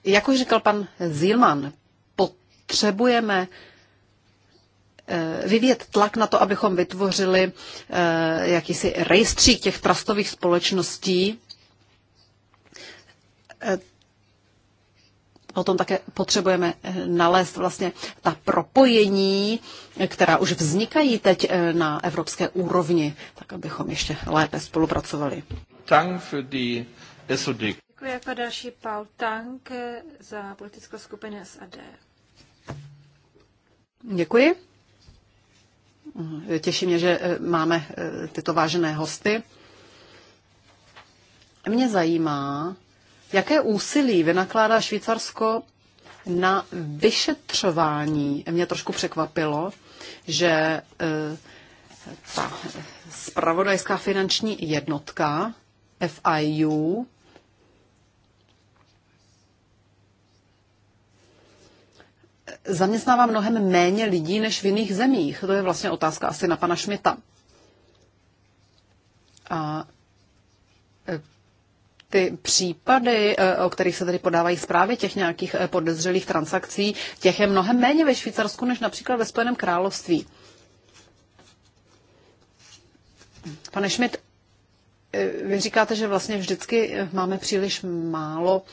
Jak už říkal pan Zílman, potřebujeme Eh, vyvíjet tlak na to, abychom vytvořili eh, jakýsi rejstřík těch trastových společností. Potom eh, také potřebujeme nalézt vlastně ta propojení, která už vznikají teď na evropské úrovni, tak abychom ještě lépe spolupracovali. Děkuji jako další Paul Tank za politickou skupinu SAD. Děkuji. Eh, těší mě, že eh, máme eh, tyto vážené hosty. Mě zajímá, jaké úsilí vynakládá Švýcarsko na vyšetřování. Mě trošku překvapilo, že ta spravodajská finanční jednotka FIU zaměstnává mnohem méně lidí než v jiných zemích. To je vlastně otázka asi na pana Šmita. A e, ty případy, e, o kterých se tady podávají zprávy těch nějakých e, podezřelých transakcí, těch je mnohem méně ve Švýcarsku než například ve Spojeném království. Pane Schmidt, vy říkáte, že vlastně vždycky máme příliš málo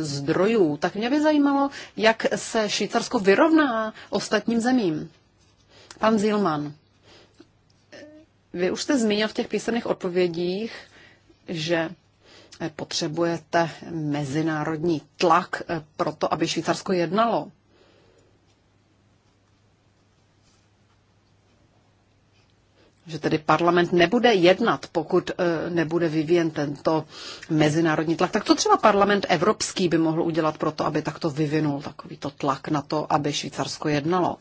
zdrojů. Tak mě by zajímalo, jak se Švýcarsko vyrovná ostatním zemím. Pan Zilman, vy už jste zmínil v těch písemných odpovědích, že potřebujete mezinárodní tlak pro to, aby Švýcarsko jednalo. že tedy parlament nebude jednat, pokud e, nebude vyvíjen tento mezinárodní tlak. Tak co třeba parlament evropský by mohl udělat pro to, aby takto vyvinul takovýto tlak na to, aby Švýcarsko jednalo?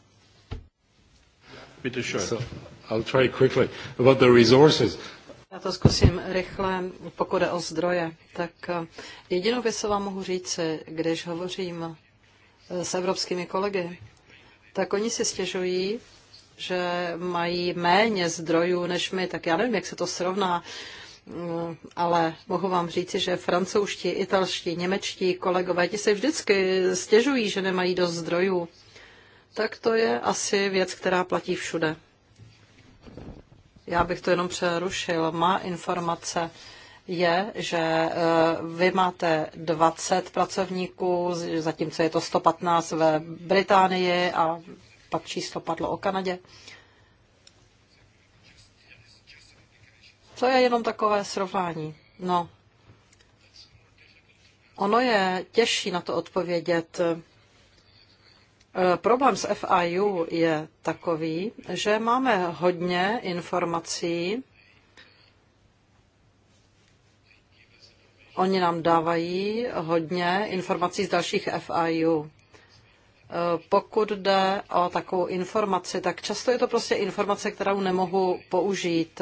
I'll try quickly. About the resources. Já to zkusím rychle, pokud jde o zdroje. Tak e, jedinou věc, co vám mohu říct, když hovořím e, s evropskými kolegy, tak oni si stěžují, že mají méně zdrojů než my, tak já nevím, jak se to srovná, mm, ale mohu vám říci, že francouzští, italští, němečtí kolegové, ti se vždycky stěžují, že nemají dost zdrojů. Tak to je asi věc, která platí všude. Já bych to jenom přerušil. Má informace je, že e, vy máte 20 pracovníků, zatímco je to 115 ve Británii a pak číslo padlo o Kanadě. To je jenom takové srovnání. No, ono je těžší na to odpovědět. E, problém s FIU je takový, že máme hodně informací. Oni nám dávají hodně informací z dalších FIU. Pokud jde o takovou informaci, tak často je to prostě informace, kterou nemohu použít.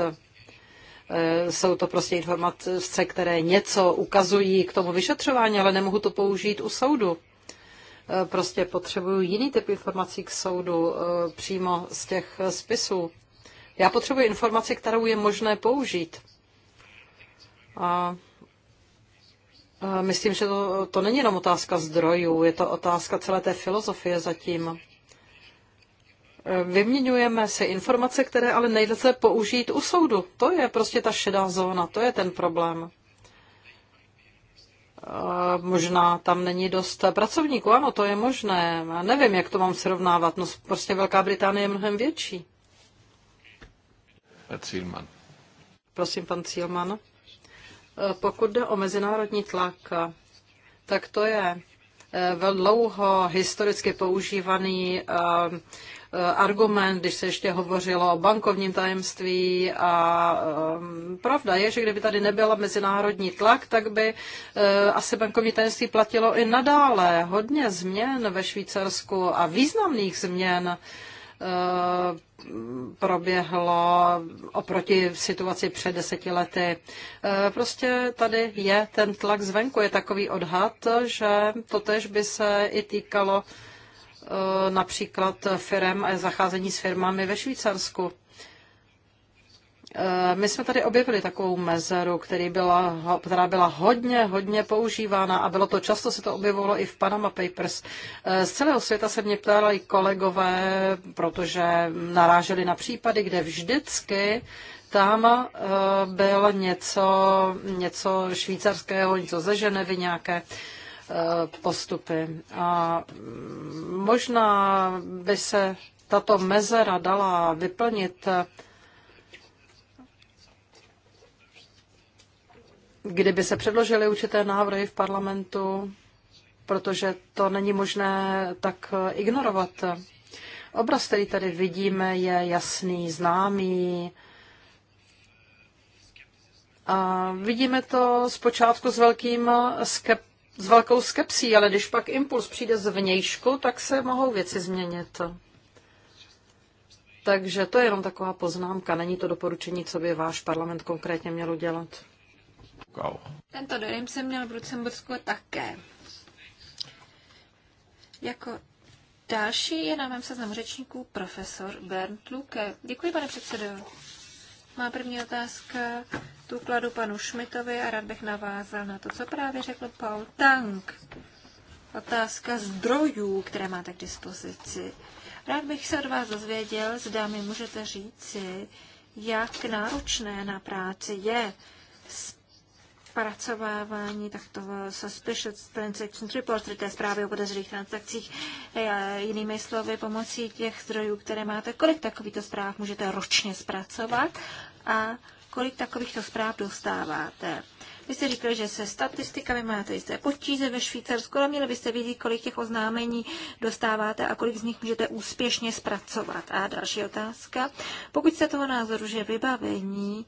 Eh, jsou to prostě informace, které něco ukazují k tomu vyšetřování, ale nemohu to použít u soudu. Eh, prostě potřebuju jiný typ informací k soudu eh, přímo z těch spisů. Já potřebuji informaci, kterou je možné použít. A Myslím, že to, to není jenom otázka zdrojů, je to otázka celé té filozofie zatím. Vyměňujeme si informace, které ale nejde se použít u soudu. To je prostě ta šedá zóna, to je ten problém. Možná tam není dost pracovníků, ano, to je možné. Já nevím, jak to mám srovnávat. No, prostě Velká Británie je mnohem větší. Cílman. Prosím, pan Cílman. Pokud jde o mezinárodní tlak, tak to je eh, dlouho historicky používaný eh, eh, argument, když se ještě hovořilo o bankovním tajemství a pravda je, že kdyby tady nebyla mezinárodní tlak, tak by asi bankovní tajemství platilo i nadále. Hodně změn ve Švýcarsku a významných změn Eh, proběhlo oproti situaci před deseti lety. Eh, prostě tady je ten tlak zvenku, je takový odhad, že totež by se i týkalo eh, například firem a zacházení s firmami ve Švýcarsku. Eh, my jsme tady objevili takovou mezeru, který byla, která byla hodně, hodně používána a bylo to často, se to objevovalo i v Panama Papers. Eh, z celého světa se mě ptali kolegové, protože naráželi na případy, kde vždycky tam eh, byl něco, něco švýcarského, něco ze Ženevy, nějaké postupy. A mm, možná by se tato mezera dala vyplnit kdyby se předložily určité návrhy v parlamentu, protože to není možné tak ignorovat. Obraz, který tady vidíme, je jasný, známý. A vidíme to zpočátku s, velkým skep, s velkou skepsí, ale když pak impuls přijde z vnějšku, tak se mohou věci změnit. Takže to je jenom taková poznámka. Není to doporučení, co by váš parlament konkrétně měl udělat. Tento dojem jsem měl v Lucembursku také. Jako další je na mém seznamu řečníků profesor Bernd Luke. Děkuji, pane předsedo. Má první otázka tu kladu panu Šmitovi a rád bych navázal na to, co právě řekl Paul Tank. Otázka zdrojů, které máte k dispozici. Rád bych se od vás dozvěděl, zda mi můžete říci, jak náročné na práci je zpracovávání takto suspicious transaction report, tedy té zprávy o podezřelých transakcích, eh, jinými slovy, pomocí těch zdrojů, které máte, kolik takovýchto zpráv můžete ročně zpracovat a kolik takovýchto zpráv dostáváte. Vy jste říkali, že se statistikami máte jisté potíže ve Švýcarsku, ale měli byste vidět, kolik těch oznámení dostáváte a kolik z nich můžete úspěšně zpracovat. A další otázka. Pokud jste toho názoru, že vybavení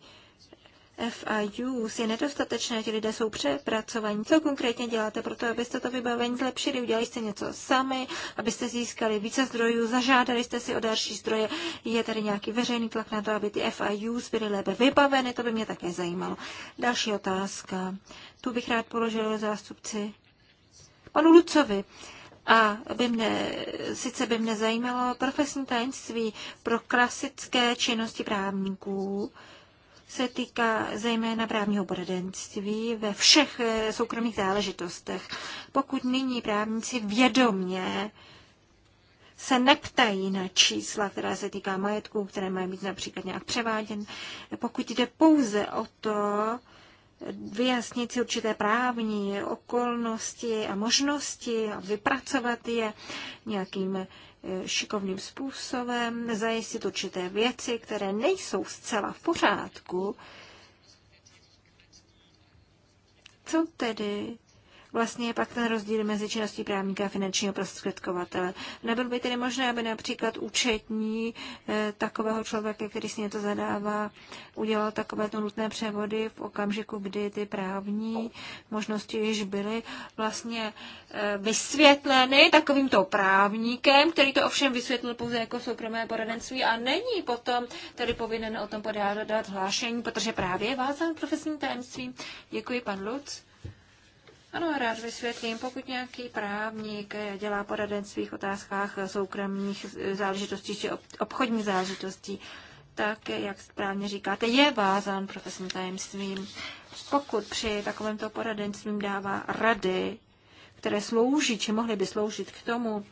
FIU je nedostatečné, ti lidé jsou přepracovaní. Co konkrétně děláte pro to, abyste to vybavení zlepšili? Udělali jste něco sami, abyste získali více zdrojů, zažádali jste si o další zdroje? Je tady nějaký veřejný tlak na to, aby ty FIU byly lépe vybaveny? To by mě také zajímalo. Další otázka. Tu bych rád položil zástupci panu Lucovi. A by mne, sice by mě zajímalo profesní tajemství pro klasické činnosti právníků, se týká zejména právního poradenství ve všech eh, soukromých záležitostech. Pokud nyní právníci vědomně se neptají na čísla, která se týká majetku, které mají být například nějak převáděn, pokud jde pouze o to, eh, vyjasnit si určité právní okolnosti a možnosti a vypracovat je nějakým šikovným způsobem, zajistit určité věci, které nejsou zcela v pořádku, co tedy vlastně je pak ten rozdíl mezi činností právníka a finančního prostředkovatele. Nebylo by tedy možné, aby například účetní eh, takového člověka, který si něco zadává, udělal takovéto nutné převody v okamžiku, kdy ty právní možnosti již byly vlastně eh, vysvětleny takovýmto právníkem, který to ovšem vysvětlil pouze jako soukromé poradenství a není potom tedy povinen o tom podávat hlášení, protože právě je vázán profesním tajemstvím. Děkuji, pan Lutz. Ano, rád vysvětlím. Pokud nějaký právník dělá poradenství v otázkách soukromých záležitostí či obchodních záležitostí, tak, jak správně říkáte, je vázán profesním tajemstvím. Pokud při takovémto poradenstvím dává rady, které slouží, či mohly by sloužit k tomu,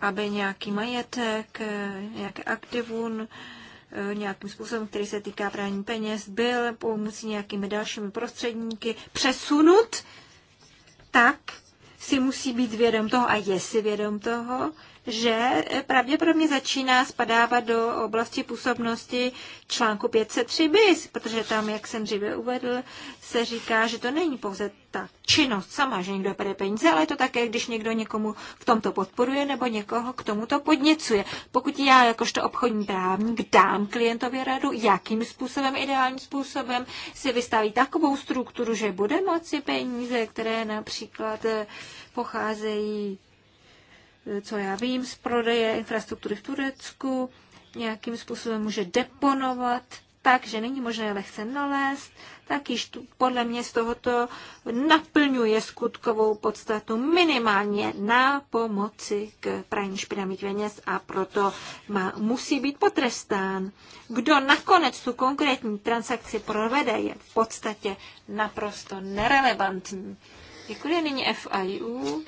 aby nějaký majetek, nějaké aktivum, Eh, nějakým způsobem, který se týká prání peněz, byl pomocí nějakými dalšími prostředníky přesunut, tak si musí být vědom toho a je si vědom toho, že pravděpodobně začíná spadávat do oblasti působnosti článku 503 bis, protože tam, jak jsem dříve uvedl, se říká, že to není pouze ta činnost sama, že někdo bere peníze, ale je to také, když někdo někomu v tomto podporuje nebo někoho k tomuto podněcuje. Pokud já jakožto obchodní právník dám klientovi radu, jakým způsobem, ideálním způsobem si vystaví takovou strukturu, že bude moci peníze, které například pocházejí co já vím, z prodeje infrastruktury v Turecku, nějakým způsobem může deponovat takže není možné lehce nalézt, tak již tu, podle mě z tohoto naplňuje skutkovou podstatu minimálně na pomoci k praní špinavých peněz a proto má, musí být potrestán. Kdo nakonec tu konkrétní transakci provede, je v podstatě naprosto nerelevantní. je nyní FIU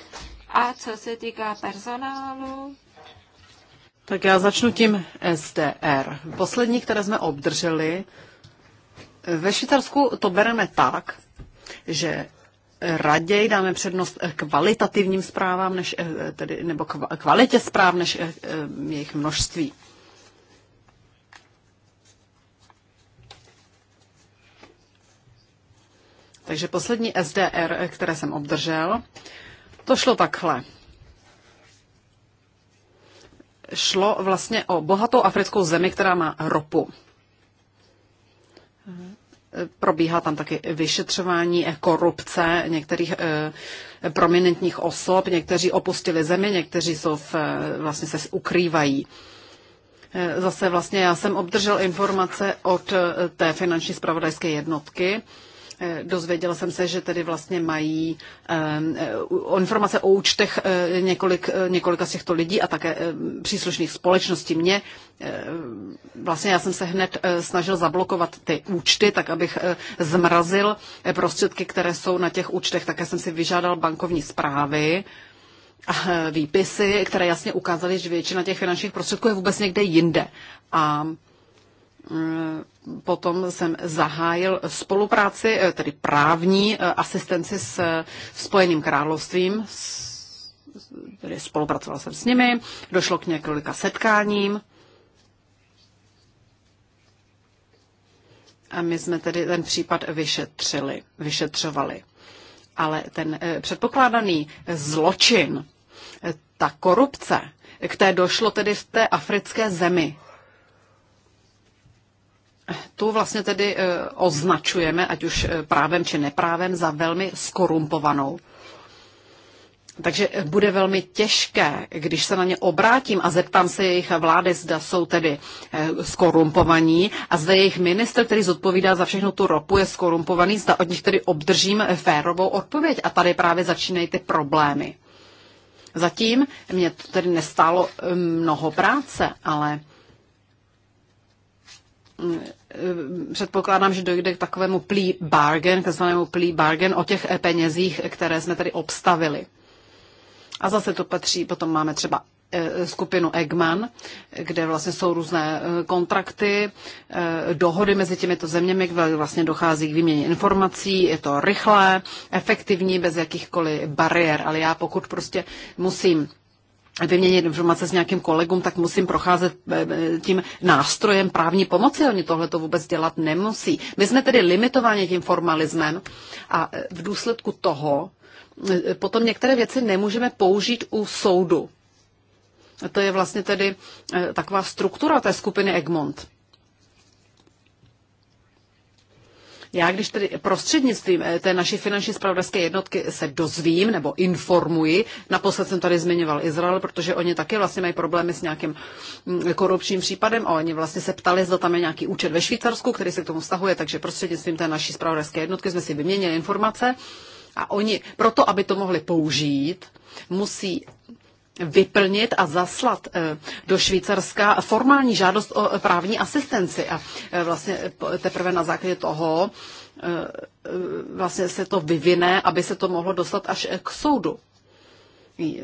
a co se týká personálu, tak já začnu tím SDR. Poslední, které jsme obdrželi, ve Švýcarsku to bereme tak, že raději dáme přednost kvalitativním zprávám, než, eh, tedy, nebo kvalitě zpráv, než eh, eh, jejich množství. Takže poslední SDR, které jsem obdržel, to šlo takhle. Šlo vlastně o bohatou africkou zemi, která má ropu. Probíhá tam taky vyšetřování korupce některých eh, prominentních osob. Někteří opustili zemi, někteří jsou v, eh, vlastně se ukrývají. Eh, zase vlastně já jsem obdržel informace od té finanční spravodajské jednotky, Eh, dozvěděla jsem se, že tedy vlastně mají eh, informace o účtech eh, několik, několika z těchto lidí a také příslušných společností. Mě vlastně já jsem se hned snažil zablokovat ty účty, tak abych zmrazil prostředky, které jsou na těch účtech. Také jsem si vyžádal bankovní zprávy výpisy, které jasně ukázaly, že většina těch finančních prostředků je vůbec někde jinde. A Mm, potom jsem zahájil spolupráci, eh, tedy právní eh, asistenci s Spojeným královstvím. Tedy spolupracoval jsem s nimi, došlo k několika setkáním. A my jsme tedy ten případ vyšetřili, vyšetřovali. Ale ten eh, předpokládaný zločin, ta korupce, k té došlo tedy v té africké zemi, tu vlastně tedy eh, označujeme, ať už eh, právem či neprávem, za velmi skorumpovanou. Takže eh, bude velmi těžké, když se na ně obrátím a zeptám se jejich vlády, zda jsou tedy skorumpovaní a zda jejich minister, který zodpovídá za všechno tu ropu, je skorumpovaný, zda od nich tedy obdržím férovou odpověď. A tady právě začínají ty problémy. Zatím mě to tedy nestálo mnoho práce, ale předpokládám, že dojde k takovému plea bargain, k takzvanému plea bargain o těch eh, penězích, které jsme tady obstavili. A zase to patří, potom máme třeba eh, skupinu Eggman, kde vlastně jsou různé eh, kontrakty, dohody mezi těmito zeměmi, kde vlastně dochází k výměně informací, je to rychlé, efektivní, bez jakýchkoliv bariér, ale já pokud prostě musím vyměnit informace s nějakým kolegům, tak musím procházet eh, eh, tím nástrojem právní pomoci. Oni tohle to vůbec dělat nemusí. My jsme tedy limitováni tím formalismem a eh, v důsledku toho potom některé věci nemůžeme použít u soudu. To je vlastně tedy taková struktura té skupiny Egmont. Já když tedy prostřednictvím eh, té naší finanční spravodajské jednotky se dozvím nebo informuji, naposled jsem tady zmiňoval Izrael, protože oni taky vlastně mají problémy s nějakým mm, korupčním případem a oni vlastně se ptali, zda tam je nějaký účet ve Švýcarsku, který se k tomu stahuje, takže prostřednictvím té naší spravodajské jednotky jsme si vyměnili informace. A oni proto, aby to mohli použít, musí vyplnit a zaslat eh, do Švýcarska formální žádost o právní asistenci. A eh, vlastně teprve na základě toho eh, vlastně se to vyvine, aby se to mohlo dostat až k soudu.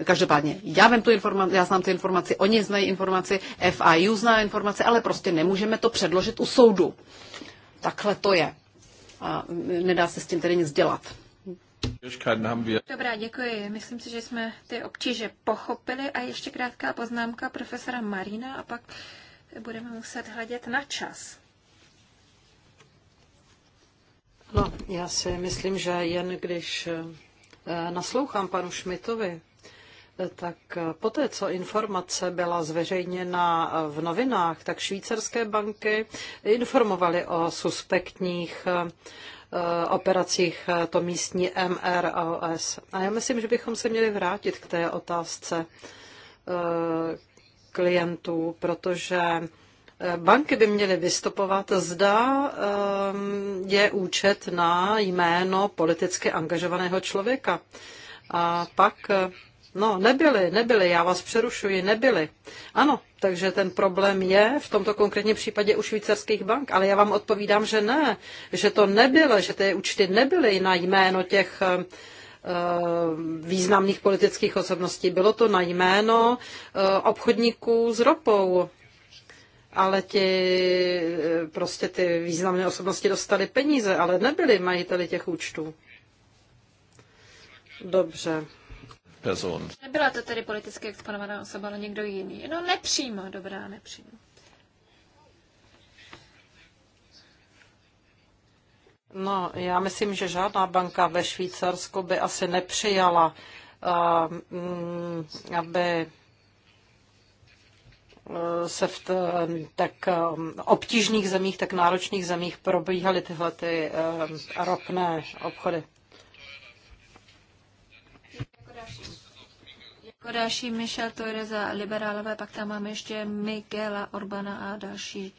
Každopádně, já vím tu informaci, já znám ty informaci, oni znají informaci, FIU zná informace, ale prostě nemůžeme to předložit u soudu. Takhle to je. A nedá se s tím tedy nic dělat. Dobrá, děkuji. Myslím si, že jsme ty obtíže pochopili. A ještě krátká poznámka profesora Marina a pak budeme muset hledět na čas. No, já si myslím, že jen když eh, naslouchám panu Šmitovi, eh, tak eh, poté, co informace byla zveřejněna v novinách, tak švýcarské banky informovaly o suspektních Eh, operacích eh, to místní MROS. A já myslím, že bychom se měli vrátit k té otázce eh, klientů, protože banky by měly vystupovat, zda je účet na jméno politicky angažovaného člověka. A pak No, nebyly, nebyly, já vás přerušuji, nebyly. Ano, takže ten problém je v tomto konkrétním případě u švýcarských bank, ale já vám odpovídám, že ne, že to nebylo, že ty účty nebyly na jméno těch eh, eh, významných politických osobností. Bylo to na jméno eh, obchodníků s ropou, ale ti prostě ty významné osobnosti dostali peníze, ale nebyly majiteli těch účtů. Dobře. Person. Nebyla to tedy politicky exponovaná osoba, ale někdo jiný. No nepřímo, dobrá, nepřímo. No, já myslím, že žádná banka ve Švýcarsku by asi nepřijala, ehm, mm, aby eh, se v tak ehm, obtížných zemích, tak náročných zemích probíhaly tyhle ty ehm, ropné obchody. Jako další Michel Toire za liberálové, pak tam máme ještě Miguela Orbana a další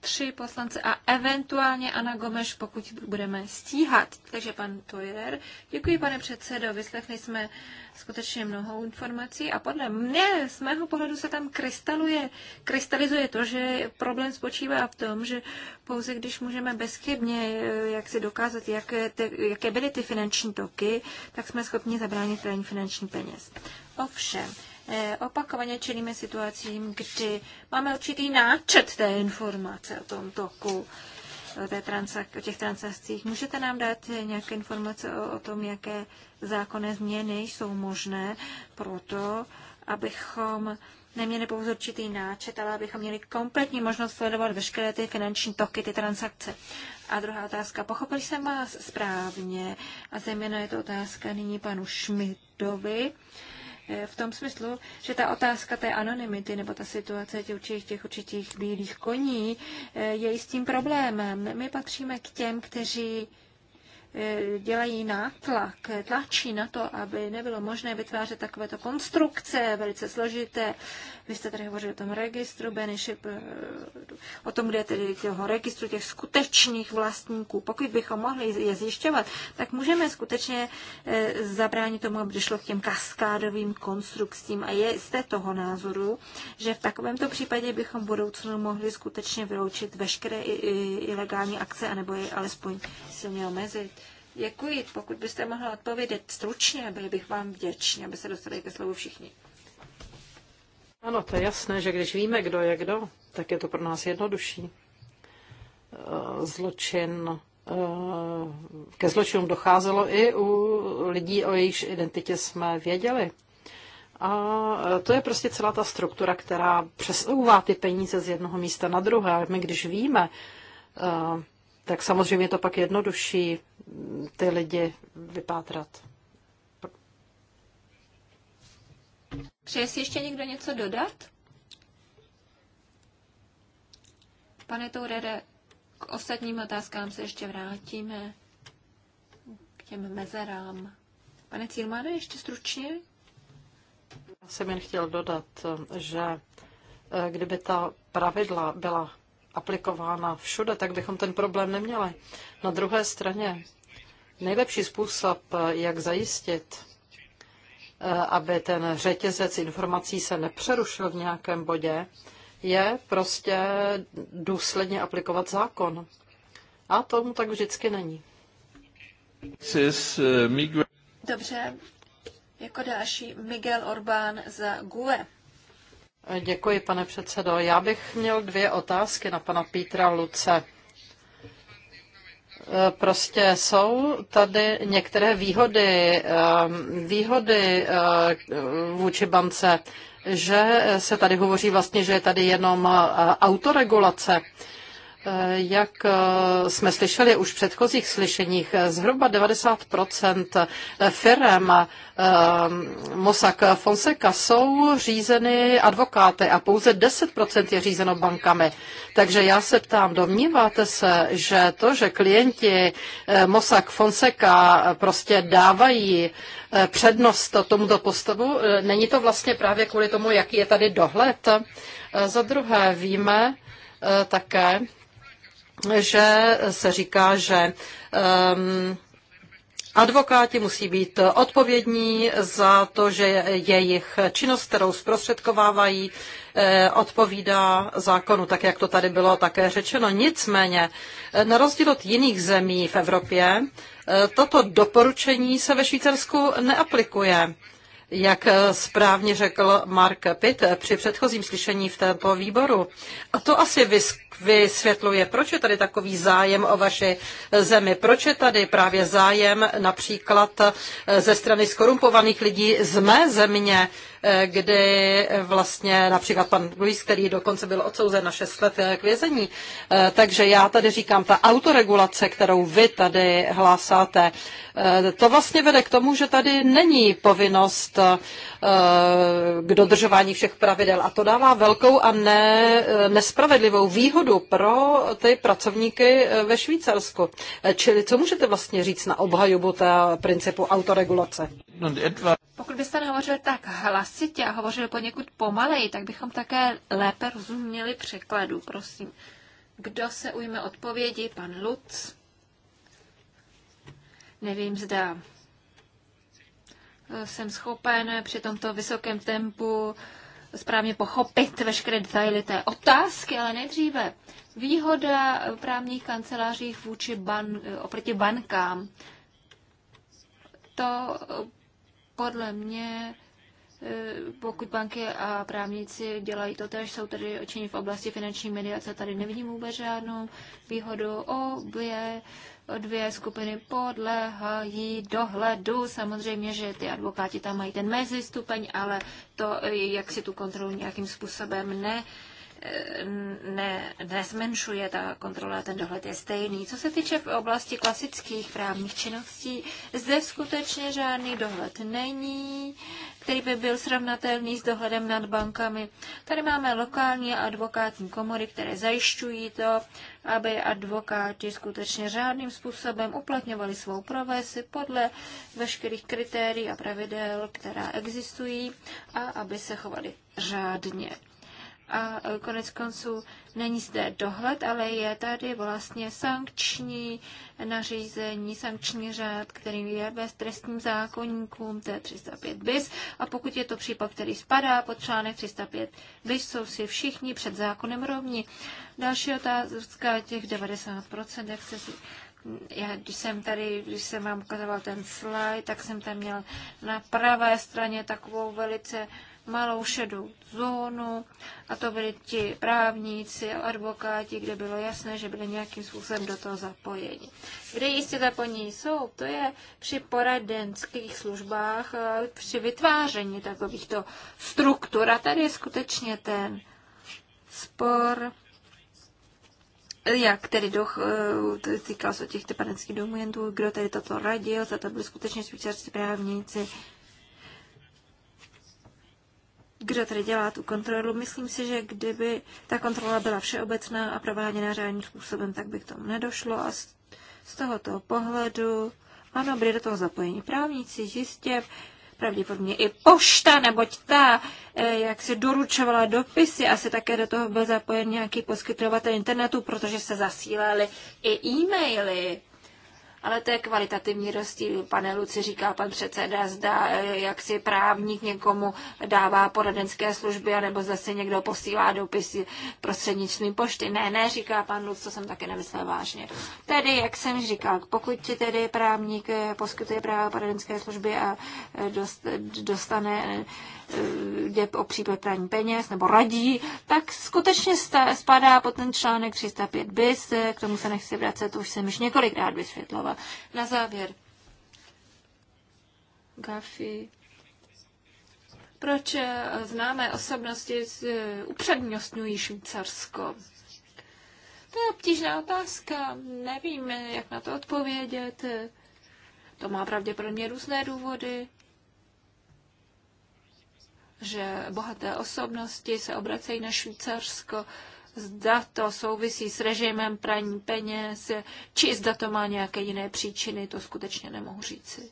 tři poslance a eventuálně Ana Gomeš, pokud budeme stíhat. Takže pan Toirer. Děkuji, pane předsedo. Vyslechli jsme skutečně mnoho informací a podle mě, z mého pohledu, se tam krystaluje, krystalizuje to, že problém spočívá v tom, že pouze když můžeme bezchybně eh, jak si dokázat, jaké, te, jaké byly ty finanční toky, tak jsme schopni zabránit praní finanční peněz. Ovšem, eh, opakovaně čelíme situacím, kdy máme určitý náčet té informace o tom toku, o, té transak- o těch transakcích. Můžete nám dát nějaké informace o, o tom, jaké zákonné změny jsou možné proto, abychom neměli pouze určitý náčet, ale abychom měli kompletní možnost sledovat veškeré ty finanční toky, ty transakce. A druhá otázka. Pochopil jsem vás správně a zejména je to otázka nyní panu Šmidovi v tom smyslu, že ta otázka té anonymity nebo ta situace těch určitých, těch určitých bílých koní eh, je jistým problémem. My patříme k těm, kteří E, dělají nátlak, tlačí na to, aby nebylo možné vytvářet takovéto konstrukce, velice složité. Vy jste tady hovořili o tom registru, Benešip, e, o tom, kde je tedy toho registru těch skutečných vlastníků. Pokud bychom mohli je zjišťovat, tak můžeme skutečně e, zabránit tomu, aby došlo k těm kaskádovým konstrukcím. A je jste toho názoru, že v takovémto případě bychom v budoucnu mohli skutečně vyloučit veškeré ilegální akce, anebo je alespoň silně omezit? Děkuji. Pokud byste mohla odpovědět stručně, byl bych vám vděčný, aby se dostali ke slovu všichni. Ano, to je jasné, že když víme, kdo je kdo, tak je to pro nás jednodušší. Eh, zločin, eh, ke zločinům docházelo i u lidí, o jejichž identitě jsme věděli. A eh, to je prostě celá ta struktura, která přesouvá ty peníze z jednoho místa na druhé. My když víme, tak samozřejmě je to pak jednodušší ty lidi vypátrat. Přeje si ještě někdo něco dodat? Pane Tourere, k ostatním otázkám se ještě vrátíme, k těm mezerám. Pane Círmáne, ještě stručně? Já jsem jen chtěl dodat, že eh, kdyby ta pravidla byla aplikována všude, tak bychom ten problém neměli. Na druhé straně Nejlepší způsob, jak zajistit, eh, aby ten řetězec informací se nepřerušil v nějakém bodě, je prostě důsledně aplikovat zákon. A tomu tak vždycky není. Eh, Dobře, jako další Miguel Orbán za GUE. Děkuji, pane předsedo. Já bych měl dvě otázky na pana Pítra Luce. Eh, prostě jsou tady některé výhody, eh, výhody eh, vůči bance, že se tady hovoří vlastně, že je tady jenom autoregulace. Eh, jak eh, jsme slyšeli už v předchozích slyšeních, eh, zhruba 90 firm Mossack Fonseca jsou řízeny advokáty a pouze 10 je řízeno bankami. Takže já se ptám, domníváte se, že to, že klienti Mossack Fonseca prostě dávají přednost tomuto postavu, není to vlastně právě kvůli tomu, jaký je tady dohled? Za druhé víme také, že se říká, že um, Advokáti musí být odpovědní za to, že jejich činnost, kterou zprostředkovávají, eh, odpovídá zákonu, tak jak to tady bylo také řečeno. Nicméně, eh, na rozdíl od jiných zemí v Evropě, eh, toto doporučení se ve Švýcarsku neaplikuje. Jak správně řekl Mark Pitt při předchozím slyšení v této výboru. A to asi vys vysvětluje, proč je tady takový zájem o vaši zemi, proč je tady právě zájem například ze strany skorumpovaných lidí z mé země, Eh, kdy vlastně například pan Luis, který dokonce byl odsouzen na 6 let eh, k vězení. Eh, takže já tady říkám, ta autoregulace, kterou vy tady hlásáte, to vlastně vede k tomu, že tady není povinnost k dodržování všech pravidel a to dává velkou a ne, nespravedlivou výhodu pro ty pracovníky ve Švýcarsku. Čili co můžete vlastně říct na obhajobu té principu autoregulace? No, Pokud byste nehovořil tak hlas, hlasitě a hovořili poněkud pomaleji, tak bychom také lépe rozuměli překladu, prosím. Kdo se ujme odpovědi? Pan Luc? Nevím, zda jsem schopen při tomto vysokém tempu správně pochopit veškeré detaily té otázky, ale nejdříve. Výhoda právních kanceláří vůči ban, oproti bankám. To podle mě Eh, pokud banky a právníci dělají to tež, jsou tady očení v oblasti finanční mediace, tady nevidím vůbec žádnou výhodu. Obě dvě skupiny podléhají dohledu. Samozřejmě, že ty advokáti tam mají ten mezistupeň, ale to, eh, jak si tu kontrolu nějakým způsobem ne, ne, nezmenšuje ta kontrola, ten dohled je stejný. Co se týče v oblasti klasických právních činností, zde skutečně žádný dohled není, který by byl srovnatelný s dohledem nad bankami. Tady máme lokální a advokátní komory, které zajišťují to, aby advokáti skutečně řádným způsobem uplatňovali svou profesi podle veškerých kritérií a pravidel, která existují, a aby se chovali řádně a e, konec konců není zde dohled, ale je tady vlastně sankční nařízení, sankční řád, který je ve trestním zákonníku, to je 305 bis a pokud je to případ, který spadá pod článek 305 bis, jsou si všichni před zákonem rovni. Další otázka těch 90%, jak se si já, když jsem tady, když jsem vám ukazoval ten slide, tak jsem tam měl na pravé straně takovou velice uh, malou šedou zónu a to byli ti právníci a advokáti, kde bylo jasné, že byli nějakým způsobem do toho zapojeni. Kde jistě zapojení jsou, to je při poradenských službách, eh, při vytváření takovýchto struktur. A tady je skutečně ten spor, jak tedy doch, eh, týkal se těch typanických dokumentů, kdo tady toto radil, za to byli skutečně švýcarští právníci, kdo tady dělá tu kontrolu. Myslím si, že kdyby ta kontrola byla všeobecná a prováděna řádným způsobem, tak by k tomu nedošlo a z tohoto pohledu, ano, byli do toho zapojení právníci, jistě, pravděpodobně i pošta, neboť ta, eh, jak se doručovala dopisy, asi také do toho byl zapojen nějaký poskytovatel internetu, protože se zasílali i e-maily ale to je kvalitativní rozdíl. Pane Luci, říká pan předseda, zda e, jak si právník někomu dává poradenské služby, anebo zase někdo posílá dopisy prostřednictvím pošty. Ne, ne, říká pan Luc, to jsem také nemyslel vážně. Tedy, jak jsem říkal, pokud ti tedy právník e, poskytuje právě poradenské služby a e, dostane Eh, jde o případ praní peněz nebo radí, tak skutečně spadá pod ten článek 305 bis, eh, k tomu se nechci vracet, to už jsem již několikrát vysvětlova. Na závěr. Gafi. Proč eh, známé osobnosti upřednostňují Švýcarsko? To je obtížná otázka. Nevím, jak na to odpovědět. To má pravděpodobně různé důvody že bohaté osobnosti se obracejí na Švýcarsko, zda to souvisí s režimem praní peněz, či zda to má nějaké jiné příčiny, to skutečně nemohu říci.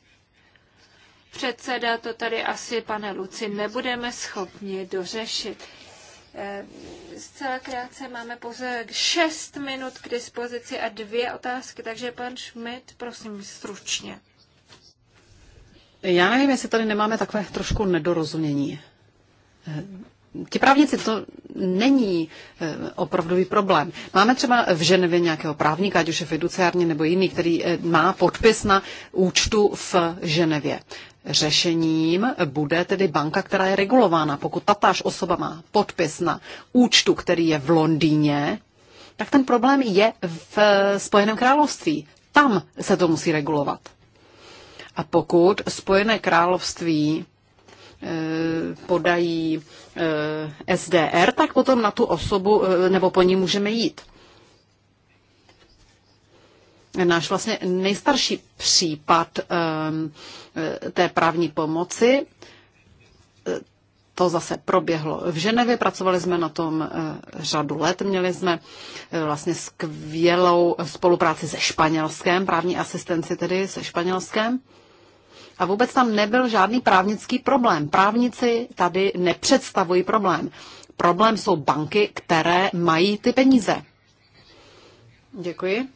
Předseda, to tady asi, pane Luci, nebudeme schopni dořešit. Eh, zcela krátce máme pouze šest minut k dispozici a dvě otázky, takže pan Schmidt, prosím, stručně. Já nevím, jestli tady nemáme takové trošku nedorozumění. Eh, ti právníci to není eh, opravdový problém. Máme třeba v Ženevě nějakého právníka, ať už je fiduciárně nebo jiný, který eh, má podpis na účtu v Ženevě. Řešením bude tedy banka, která je regulována. Pokud tatáž osoba má podpis na účtu, který je v Londýně, tak ten problém je v Spojeném království. Tam se to musí regulovat. A pokud Spojené království Eh, podají eh, SDR, tak potom na tu osobu eh, nebo po ní můžeme jít. Náš vlastně nejstarší případ té právní pomoci, to zase proběhlo v Ženevě, pracovali jsme na tom řadu let, měli jsme vlastně skvělou spolupráci se španělském, právní asistenci tedy se španělském. A vůbec tam nebyl žádný právnický problém. Právnici tady nepředstavují problém. Problém jsou banky, které mají ty peníze. Děkuji.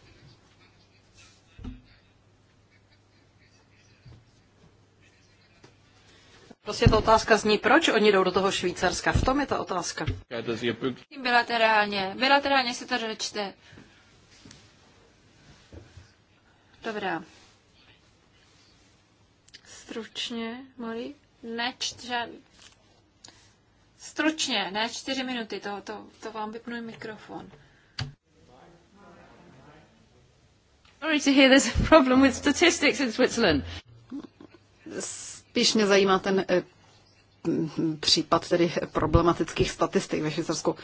Prostě ta otázka zní, proč oni jdou do toho Švýcarska. V tom je ta otázka. Bilaterálně. Bilaterálně si to řečte. Dobrá. Stručně, Mori? Ne, čtyř... Stručně, ne čtyři minuty, to, to, to vám vypnu mikrofon. Sorry to hear there's a problem with statistics in Switzerland. Spíš mě zajímá ten e, případ tedy problematických statistik ve Švýcarsku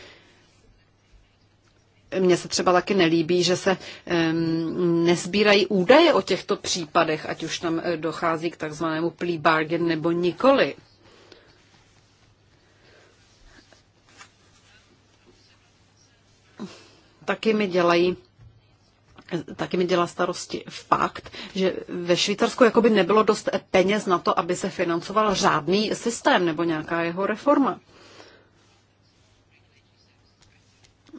mně se třeba taky nelíbí, že se um, nezbírají údaje o těchto případech, ať už tam eh, dochází k takzvanému plea bargain nebo nikoli. Taky mi dělají taky mi dělá starosti fakt, že ve Švýcarsku jakoby nebylo dost peněz na to, aby se financoval řádný systém nebo nějaká jeho reforma.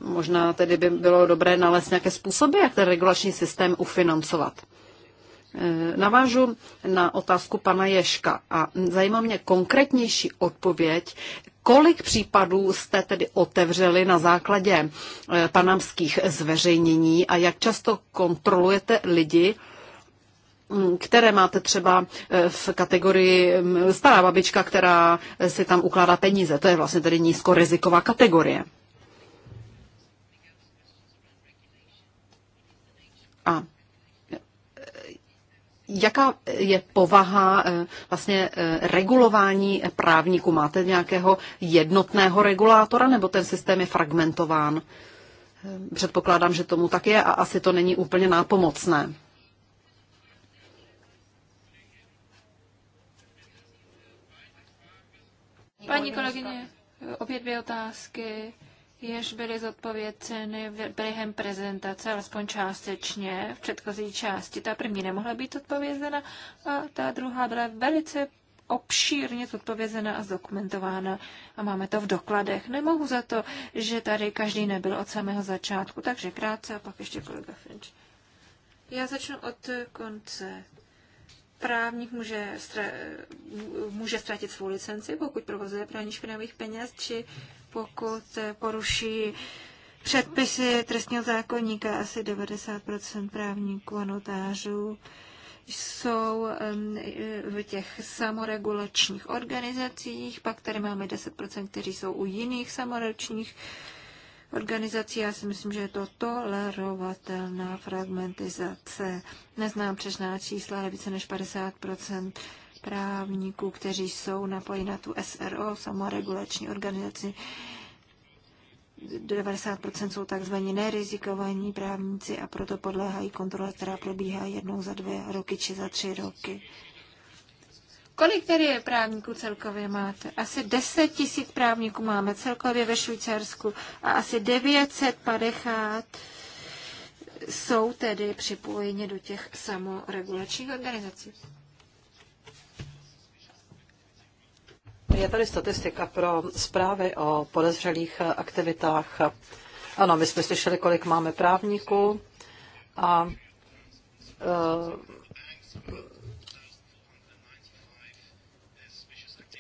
Možná tedy by bylo dobré nalézt nějaké způsoby, jak ten regulační systém ufinancovat. E, navážu na otázku pana Ješka a zajímá mě konkrétnější odpověď, kolik případů jste tedy otevřeli na základě e, panamských zveřejnění a jak často kontrolujete lidi, které máte třeba e, v kategorii stará babička, která si tam ukládá peníze. To je vlastně tedy nízkoriziková kategorie. A e, jaká je povaha e, vlastně e, regulování právníků? Máte nějakého jednotného regulátora nebo ten systém je fragmentován? Předpokládám, že tomu tak je a asi to není úplně nápomocné. Paní kolegyně, obě dvě otázky jež byly zodpovězeny během prezentace, alespoň částečně v předchozí části. Ta první nemohla být odpovězena a ta druhá byla velice obšírně zodpovězena a zdokumentována a máme to v dokladech. Nemohu za to, že tady každý nebyl od samého začátku, takže krátce a pak ještě kolega Finch. Já začnu od konce. Právník může, stra- může ztratit svou licenci, pokud provozuje praní špinavých peněz, či pokud poruší předpisy trestního zákonníka asi 90% právníků a notářů jsou v těch samoregulačních organizacích, pak tady máme 10%, kteří jsou u jiných samoregulačních organizací. Já si myslím, že je to tolerovatelná fragmentizace. Neznám přesná čísla, ale více než 50% právníků, kteří jsou napojeni na tu SRO, samoregulační organizaci. 90% jsou takzvaní nerizikovaní právníci a proto podléhají kontrole, která probíhá jednou za dvě roky či za tři roky. Kolik tedy je právníků celkově máte? Asi 10 tisíc právníků máme celkově ve Švýcarsku a asi 950 jsou tedy připojeni do těch samoregulačních organizací. Je tady statistika pro zprávy o podezřelých aktivitách. Ano, my jsme slyšeli, kolik máme právníků a uh,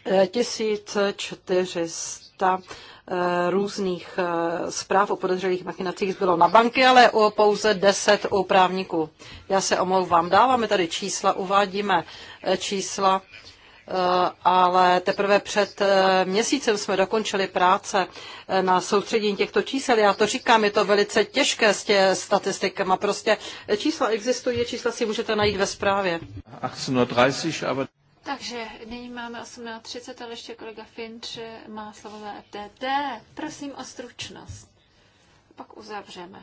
eh, 1400 eh, různých eh, zpráv o podezřelých machinacích bylo na banky, ale o pouze 10 u právníků. Já se omlouvám, dáváme tady čísla, uvádíme čísla Eh, ale teprve před eh, měsícem jsme dokončili práce eh, na soustředění těchto čísel. Já to říkám, je to velice těžké s tě statistikama. Prostě čísla existují, čísla si můžete najít ve zprávě. 18.30, ale... Takže nyní máme 18.30, ale ještě kolega Finč má slovo za FTT. Prosím o stručnost. Pak uzavřeme.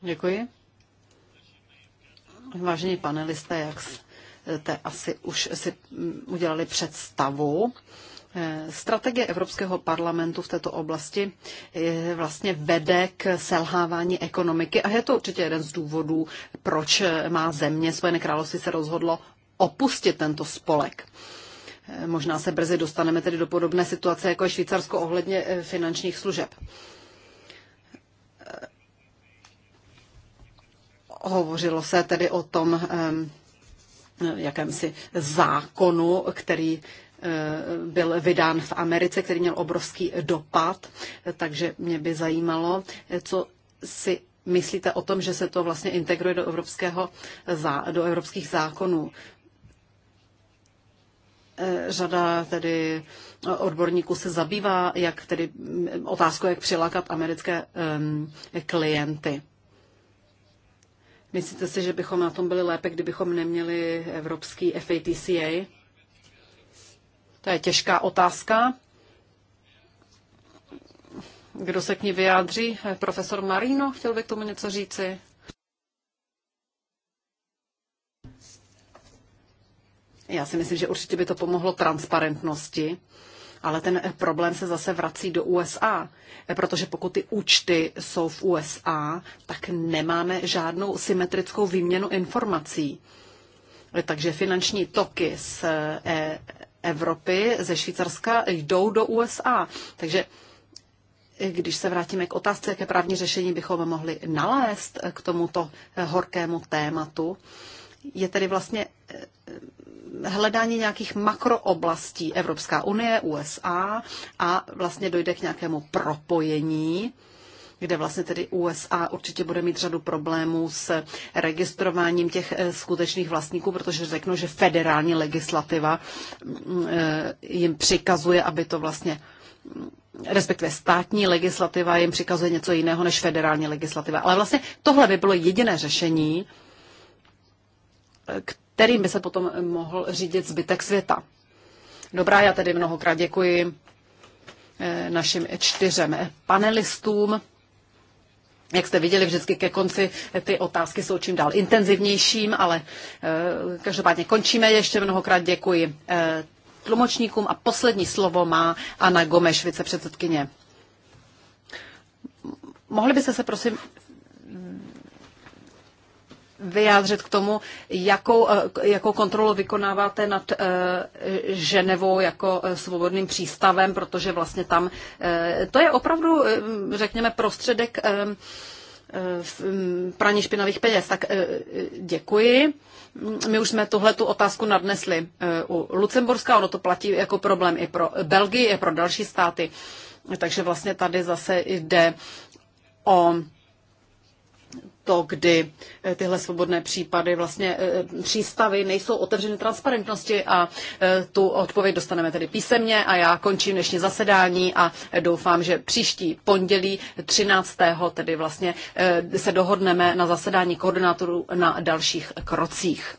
Děkuji. Vážení panelisté, jak jste asi už si udělali představu, eh, Strategie Evropského parlamentu v této oblasti eh, vlastně vede k selhávání ekonomiky a je to určitě jeden z důvodů, proč eh, má země Spojené království se rozhodlo opustit tento spolek. Možná se brzy dostaneme tedy do podobné situace, jako je Švýcarsko ohledně finančních služeb. Hovořilo se tedy o tom jakémsi zákonu, který eh, byl vydán v Americe, který měl obrovský dopad, takže mě by zajímalo, co si myslíte o tom, že se to vlastně integruje do, evropského, do evropských zákonů. Eh, řada tedy odborníků se zabývá jak tedy mm, otázkou, jak přilákat americké klienty. Myslíte si, že bychom na tom byli lépe, kdybychom neměli evropský FATCA? To je těžká otázka. Kdo se k ní vyjádří? Profesor Marino, chtěl by k tomu něco říci? Já si myslím, že určitě by to pomohlo transparentnosti ale ten problém se zase vrací do USA, protože pokud ty účty jsou v USA, tak nemáme žádnou symetrickou výměnu informací. Takže finanční toky z e, Evropy, ze Švýcarska jdou do USA. Takže když se vrátíme k otázce, jaké právní řešení bychom mohli nalézt k tomuto horkému tématu, je tedy vlastně e, hledání nějakých makrooblastí Evropská unie, USA a vlastně dojde k nějakému propojení kde vlastně tedy USA určitě bude mít řadu problémů s registrováním těch eh, skutečných vlastníků, protože řeknou, že federální legislativa mm, eh, jim přikazuje, aby to vlastně mm, respektive státní legislativa jim přikazuje něco jiného než federální legislativa. Ale vlastně tohle by bylo jediné řešení, eh, kterým by se potom mohl řídit zbytek světa. Dobrá, já tedy mnohokrát děkuji eh, našim čtyřem panelistům. Jak jste viděli, vždycky ke konci ty otázky jsou čím dál intenzivnějším, ale eh, každopádně končíme. Ještě mnohokrát děkuji eh, tlumočníkům a poslední slovo má Anna Gomeš, vicepředsedkyně. Mohli byste se prosím vyjádřit k tomu, jakou, eh, jakou kontrolu vykonáváte nad eh, Ženevou jako eh, svobodným přístavem, protože vlastně tam to je opravdu, řekněme, prostředek praní špinavých peněz. Tak děkuji. My už jsme tuhle tu otázku nadnesli u Lucemburska, ono to platí jako problém i pro Belgii, i pro další státy. Takže vlastně tady zase jde o to, kdy eh, tyhle svobodné případy, vlastně eh, přístavy nejsou otevřeny transparentnosti a eh, tu odpověď dostaneme tedy písemně a já končím dnešní zasedání a doufám, že příští pondělí 13. tedy vlastně se dohodneme na zasedání koordinátorů na dalších krocích.